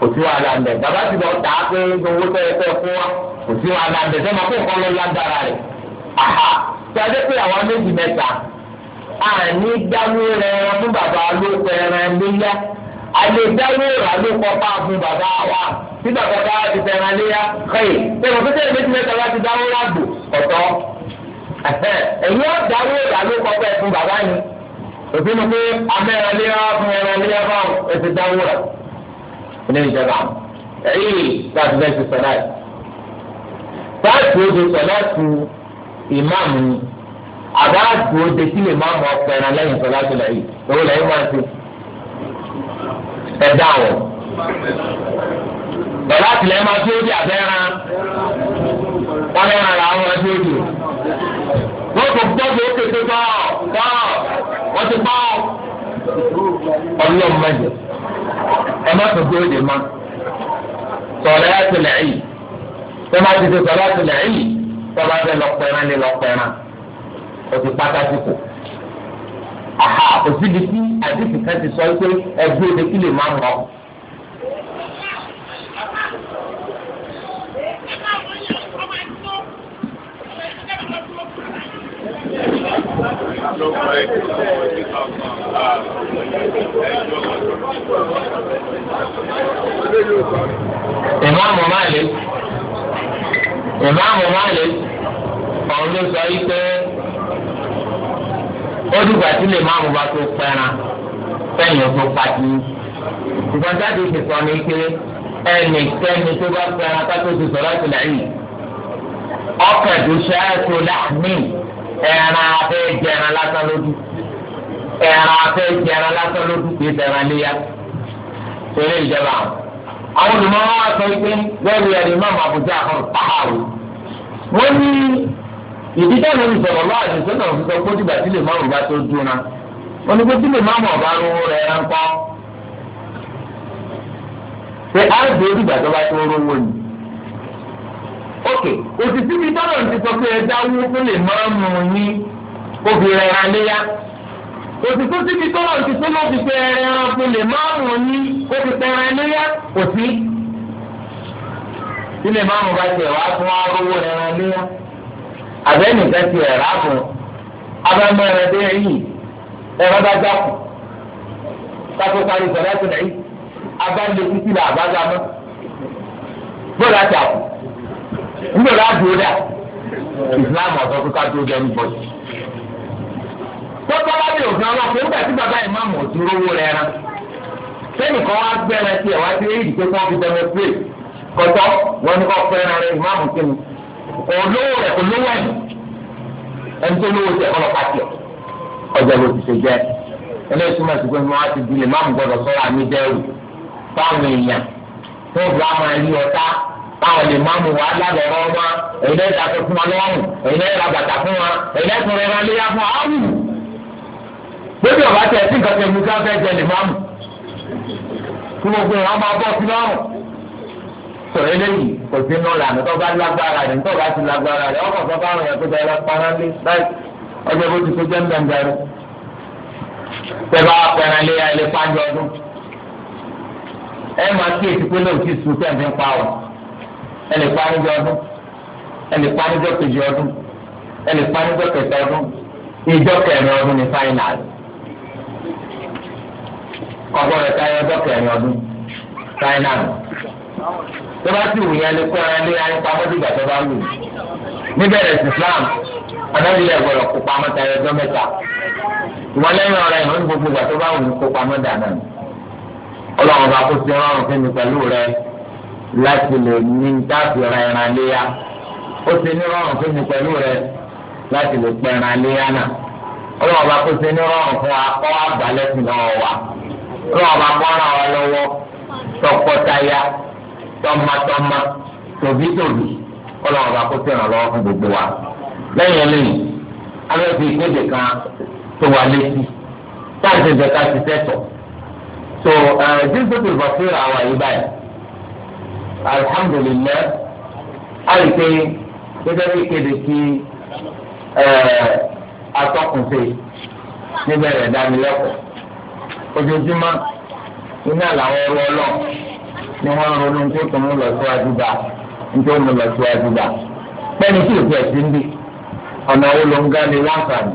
kò sí wàhálà ń bẹ bàbá ti lọ tà á pé owó tẹ́lẹ̀ tẹ́ fún wa kò sí wàhálà ń bẹ sẹ́mi àpò kan lọ lágbára rẹ̀ àhà tí a dé pé àwọn méjì mẹ́ta àní dáwó rẹ̀ fún bàbá ló pẹ́ rẹ̀ léyà àlè dáwó rà ló kọ́pá fún bàbá wa tí bàbá wa ti pẹ́ rẹ̀ léyà kẹ́yì sẹ́mi àpò tẹ́lẹ̀ méjì mẹ́ta wa ti dáwó rà gbò ọ̀tọ̀ ẹ̀yin ọ̀dáwó rà ló kọ́pá fún bàbá yín òfin ni pé amẹ́rẹ̀lẹ́yà fún ẹ̀rẹ̀lẹ́yà fáwọn ẹ̀sìn dáwó rà oníjọba èyí láti bẹ́ẹ̀ ti sọ̀rọ̀ ẹ̀. táàtì òde sọ̀láàtì ìmáàmù ni àbáàtì òde tí lè máàmù ọ̀pẹ̀rẹ̀ lẹ́yìn sọ̀láàtì lẹ́yìn owó lẹ́yìn máa ti ẹ̀dá wọ̀. sọ̀láàtì lẹ́yìn máa tí ó di àbẹ́ràn wọ́n lẹ́ràn làwọn máa tí ó wọ́n kò gbọ́dọ̀ ó kété bọ́ọ̀ bọ́ọ̀ wọ́n ti bọ́ọ̀ ọlọ́mọdé ẹ má tó gbóòdè ma sọlá yà tó lẹ́yìn tó má ti tó sọlá tó lẹ́yìn tó má fẹ́ lọ́pẹ́rán ní lọ́pẹ́rán o ti pátá sí kù. àhà òsibí tí àdìsí kan ti sọ pé ẹ gbóòdè kí lè má mọ̀ ìmáàmù máàlì ìmáàmù máàlì ọ̀hún ló sọ yìí pé ó dìgbà tí lè máàmù bá tó pẹ́ran fẹ́yìn ó tó pàdé ìgbà jáde ti sọ ní pé ẹnikẹ́ni tó bá pẹ́ran ká tó ti sọ láti lẹ́yìn ọkàn ìdúṣẹ́ tó láàmì. ẹran afẹ́ jẹran lásán lójú ẹran afẹ́ jẹran lásán lójú kì í sẹran léyà torí ìjọba àwọn olùmọ̀ọ́ wa sọ pé lẹ́rù wọ́n ní ìdíjọ́ sọ pé dìgbà tí lè márùn bá tó dúnra wọ́n ní pé tí lè márùn ọ̀bá rówó rẹ̀ ń pé á gbé dìgbà tó bá tó rówó ok òtítí mi tọ́lọ̀ ti sọ pé ẹja wú kó lè máa mú yín obìnrin ẹran léyà òtítí tí mi tọ́lọ̀ ti sọ ló fi pé ẹran kó lè máa mú yín obìnrin ẹran léyà kò sí. tí lè máa mú bá tiẹ̀ wá fún arówó ẹran léyà àbẹ́nìkan tiẹ̀ rà fún abẹ́mọ ẹran dé yìí ẹran bá jákù kátó parí sọ̀rọ̀ ẹ̀sìn rẹ̀ yìí títí là àbájá mọ́ bọ́ọ̀lù àti àkùn. nígbà yà dúró dà islam ọ̀sọ́ kíkà dúró dà ní bọ́ọ̀lù. tọ́tọ́ lábẹ́ òfin ọlọ́pàá nígbà tí bàbá ìmáàmù òdúró wó rẹ̀ rán sẹ́nìkan wá gbẹ́rẹ́ sí ẹ̀ wá sí èyí pé wọ́n fi dẹ́mẹ́ pé kọ́tọ́ wọn ni kọ́ fẹ́ràn rẹ̀ ìmáàmù kínní olówó rẹ̀ kò ẹ̀ ẹni tó lówó tẹ̀ kọ́ pàtì ọ̀ ọjà ló ti ṣe jẹ́ ti gbọ́dọ̀ sọ́ra mi dẹ́rù báwo lè máa mú wa lábẹ̀rẹ̀ ọmọ ẹ̀yin náà ìdàkọ̀ fún wa lọ́rùn ẹ̀yin náà ìrabàtà fún wa ẹ̀yin náà ìtúrọ̀ ẹran léyà fún wa áwù. bébí ọ̀bá tẹ̀ sí nǹkan tẹ̀mú ká fẹ́ jẹ lè máa mú kí gbogbo ìwà máa bọ́ sí lọ́rùn. sọ̀rọ̀ eléyìí kò sí inú lànà tó bá lágbára rẹ̀ tó bá ti lágbára rẹ̀ ọkọ̀ tó bá rẹ̀ tó bá rẹ̀ pàrọ̀ lé ọjọ́ bó ti sójú ẹ̀ ń bẹ̀rẹ̀ tẹ́lá pẹ̀rẹ̀ lé ẹ̀ lè pàjọ́ ọdún ẹnì panijọ ọdún ẹnì panijọ kejì ọdún ẹnì panijọ kẹta ọdún ìjọ kẹrin ọdún ní fáìnàlì ọgbọ́n rẹ̀ táyọ̀ ọjọ́ kẹrin ọdún fáìnàlì tó bá sì wù yẹn lè kó ara lé ayé pamọ́ dìgbà tó bá wù yìí níbẹ̀rẹ̀ sí Islam anábì yẹ gbọ́dọ̀ kó pamọ́ táyọ̀ ọjọ́ mẹ́ta ìwọ lẹ́yìn ọ̀rẹ́ ìhàn gbogbo ìgbà tó bá wù yìí kó pamọ́ dáadáa ọlọ́run bá kó sí ọlọ́run láti lè ní dáàbò ẹran léyà ó ti ní rọrùn fún mi pẹ̀lú rẹ láti lè pẹ ẹran léyà náà ọlọ́wọ́ bá kó ti ní rọrùn fún wa kọ́ àgbálẹ́sìn lọ́wọ́ wa ọlọ́wọ́ bá kọ́ ràn wá lọ́wọ́ tọkọtaya tọmatọma tòbítòbí ọlọ́wọ́ bá kó ti ràn lọ́wọ́ fún gbogbo wa lẹ́yìn alẹ́ fi kan tó wà létí ti so alihamdulilayi àyíké gẹ́gẹ́ bí kéde sí atọ́kùnfé níbẹ̀ rẹ̀ dánilẹ́kọ̀ọ́ ojoojúmọ́ iná làwọn ọrọ̀ ọlọ́ ni wọ́n ronú tó tún mú lọ síwájú bá tó mú lọ síwájú bá pẹ́ni tí òkú ẹ̀sìn ń bì ọ̀nà wo ló ń gá ni láǹfààní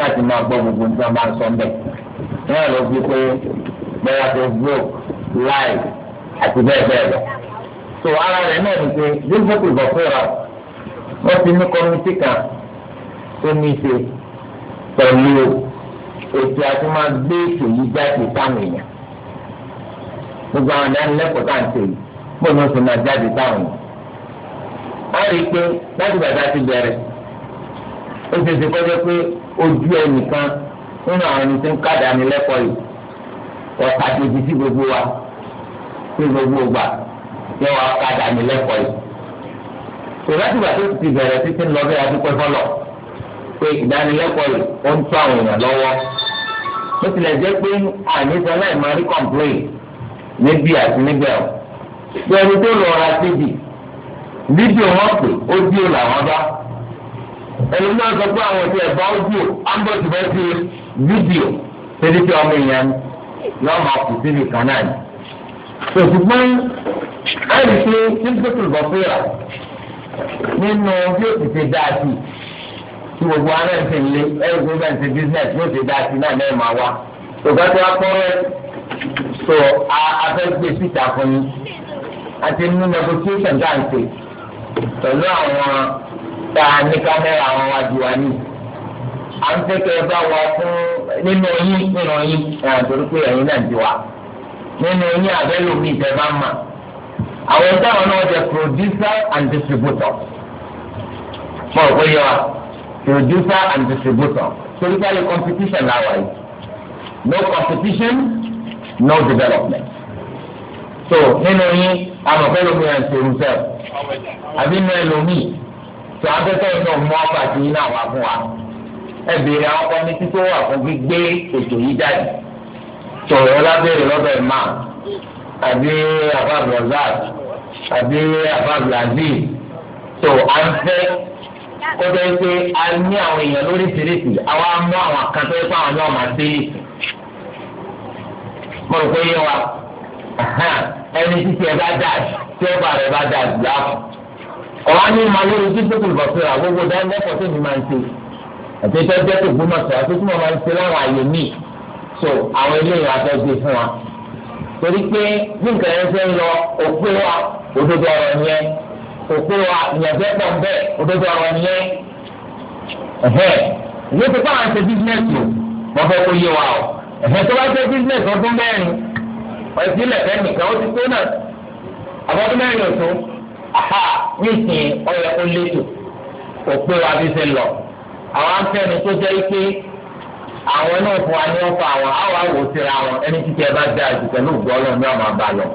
láti máa gbọ́ gbogbo tí wọ́n ń sọ ń bẹ̀ náà ló fi pé bẹ́ẹ̀ tó broke live àti bẹ́ẹ̀ bẹ́ẹ̀ lọ so ara rẹ̀ náà ní pé yóò tó bọ̀fẹ́ra wọ́n ti ní kọ́mítì kan tó ní ṣe pẹ̀lú ètò àti máa gbé ètò yìí jáde táwọn èèyàn gbogbo àwọn ìdánilẹ́kọ̀ọ́ tá à ń ṣe yìí bó ni ó sì máa jáde táwọn èèyàn. a rí i pé láti bàtà ti bẹ̀rẹ̀ ó ṣe ṣe kọ́jọ́ pé ojú ẹnìkan nínú àwọn ẹni tí ń kádàánilẹ́kọ̀ọ́ yìí ọ̀tà kejì sí gbogbo wa sí gbogbo gbà yẹ wàá kadà mí lẹ́kọ̀ọ́ yìí. tòlátìgbà tó ti bẹ̀rẹ̀ títí ń lọ bẹ́ẹ̀ adúpẹ́ fọlọ̀ pé ìdánilẹ́kọ̀ọ́ yìí ó ń tó àwọn èèyàn lọ́wọ́. bó tilẹ̀ jẹ́ pé àníṣe aláìmọ̀ rí kọ̀m̀pléì níbí àti níbẹ̀ ọ̀. bí ẹni tó lọ ra síbi fídíò wọn pè ó díò làwọn bá. ẹni náà sọ pé àwọn ti ẹ̀bá ó ámbọ̀tì bá ti fídíò ṣe ṣùgbọ́n àyè ṣe tíńtìtì bọ̀ fúra nínú bí ó ti ṣe dáa sí tí gbogbo ara ẹ̀ ṣe ń lé ẹ̀rù tó bá ń ṣe bísíǹnẹ̀sì bí ó ṣe dáa sí náà ní ẹ̀ máa wá ṣùgbọ́n tí wọ́n pọ́n rẹ̀ so afẹ́gbé síta fún yín àti nínú negotiation tá pẹ̀lú àwọn tá a ní kámẹ́rà àwọn wájú wa ní à ń fẹ́ kẹ́ ẹ bá wa fún nínú yín nínú yín ẹ̀ àtòrí ẹ̀yin náà ti wà nínú yín abẹ́lómi ìtẹ̀bá mà àwọn táwọn náà jẹ producer and distributor mọ̀ ọ́ pé yọ wa producer and distributor torí káyọ̀ competition làwọn yìí no competition no development so nínú yín àwọn abẹ́lómi ẹ̀ ń ṣerú sẹ́ẹ̀ àbí nínú ẹlòmí tó abẹ́tẹ̀ náà mú ọgbà tí yín náà wá fún wa ẹ̀ bèrè àwọn kọ́mítì tó wà fún gbígbé ètò yìí jáde tọ̀rọ̀ ọlábẹ̀rẹ̀ lọ́dọ̀ ẹ̀ máa àbí abdulrazak àbí abdulaziz tó à ń fẹ́ kọ́tọ́ yìí pé a ní àwọn èèyàn lóríṣiríṣi àwa mú àwọn àkàntọ́ yìí pé àwọn náà máa dé yìí. mo rò pé yé wa ẹni títí ẹ bá dà tí ẹ bá rẹ bá dà láàfù. ọ̀wá ní ìmọ̀ ayé ojú tó kù bọ̀sẹ̀ àgbogbo dáńdẹ́kọ̀ọ́ tó ní máa ń ṣe àti ìtọ́jú tó gbọ́mọ̀sọ̀ àti tí mo máa ń ṣe láwọn àyè míì so àwọn eléyìí afẹ́gbé fún wa torí pé bí nǹkan yẹn ṣe ń lọ òpin wa òdodo ọ̀rọ̀ nìyẹn òpin wa ìyànjẹ́ pọ̀ bẹ́ẹ̀ òdodo ọ̀rọ̀ nìyẹn ẹ̀hẹ́ ìwé ti pa àwọn ṣe bísíǹnẹ̀sì o wọ́n fẹ́ kó yé wa o ẹ̀hẹ́ tó bá ṣe bísíǹnẹ̀sì ọdún mẹ́rin ọ̀ẹ́sílẹ̀ fẹ́ nìkan ó ti pé náà àbọ̀dún mẹ́rin ò tó aha nísìnyí ọ̀yẹ́ ó létò òpin wa bí ṣe lọ àwọn afẹ́ni tó jẹ́ pé àwọn náà fún wa ní ọ̀fọ̀ àwọn àwọn àwò síra wọn ẹni títí ẹ bá dá àti pẹ̀lú ògbọ́ ọlọ́run ní ọmọ àbá lọ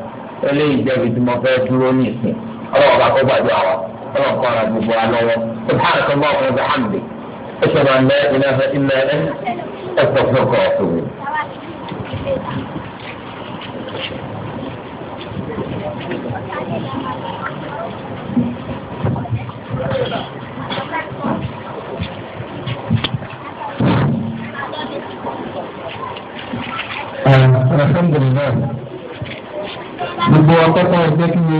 eléyìí jẹ́ tí mo fẹ́ dúró ní ìsìn ọlọ́wọ́ bá kó gbàdúrà wa ọlọ́wọ́ kọ́ ara gbogbo wa lọ́wọ́ subhana kọ́ńtà ọkùnrin bá hàn mí ẹsẹ̀ máa ń lẹ́ ilé ẹ̀fẹ́ ilé ẹ̀fẹ́ fún ọkọ̀ ọ̀tún. Thank you. alhamdulilayi gbogbo akọ́kọ́ ẹgbẹ́ kí ni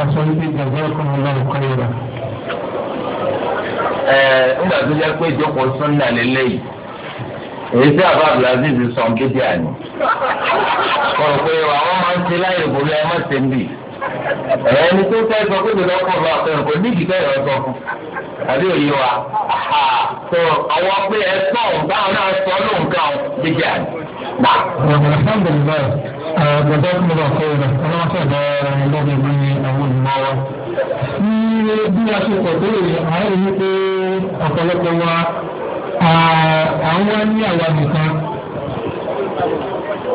aṣọ ibi ìjọba ọkùnrin náà kọ́ ìrà. ẹ nígbà tó jẹ́ pé ìjókòó sunna lélẹ́yìí èyí tí àbá abdulaziz sọ ń bíbí àná kọ̀ pé àwọn máa ń ṣe láyè ìbòrí ẹ má ṣe ń bì ẹni tó fẹ́ sọ pé ìlú ọkọ̀ bá fẹ́ràn kò ní ìdíkẹ́ ìrọ̀ sọ fún àbí òye wa tó àwọn pé ẹ sọ òun báwọn náà sọ lóun ká òun jíjẹ àná. Ọ̀gbọ̀n alhamdulilayi gbọ̀dọ̀ kí mo bá fẹ́ rẹ̀ ọlọ́sẹ̀ bẹ́ẹ̀ ni lọ́dọ̀ ìlú ni àwọn ìmọ̀ wa. Ní bí a ṣe pọ̀ tó lè àwọn èyí pé ọ̀pọ̀lọpọ̀ wa àwọn wá ní àwa nìkan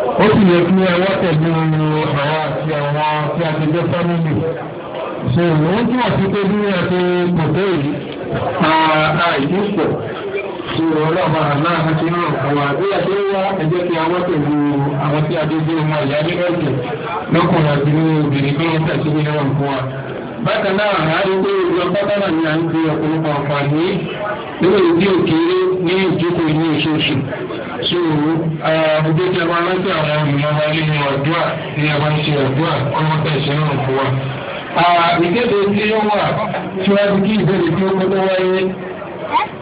ó sì yẹ kí ẹwọ́ tẹ̀lé àwọn àti àwọn tí a ti gbé fámìlì ṣe ìwọ́n tí wọ́n ti pé bí wọ́n ti kò dé yìí àìdí pọ̀ ṣe ọlọ́mọ náà ti ràn àwọn àgbéyà tó wá ẹjẹ́ kí àwọn pẹ̀lú àwọn tí a ti gbé ọmọ ìyá ní ẹ̀jẹ̀ lọ́kùnrin àti ní obìnrin bí wọ́n tẹ̀síwé náà fún wa bákan náà àárín pé ìjọba bábà ni à ń fi ọ̀pọ̀lọpọ̀ àǹfààní nínú ìdí òkèèrè ní ìjókòó ní oṣooṣù so ọdún tí a máa rántí àwọn ìmọ̀ra nínú ọ̀dúà ní a máa ń ṣe ọ̀dúà ọmọ tẹ̀sán náà fún wa. ìkéde tí ó wà tí wọ́n ti kí ìbéèrè tí ó kọ́ wáyé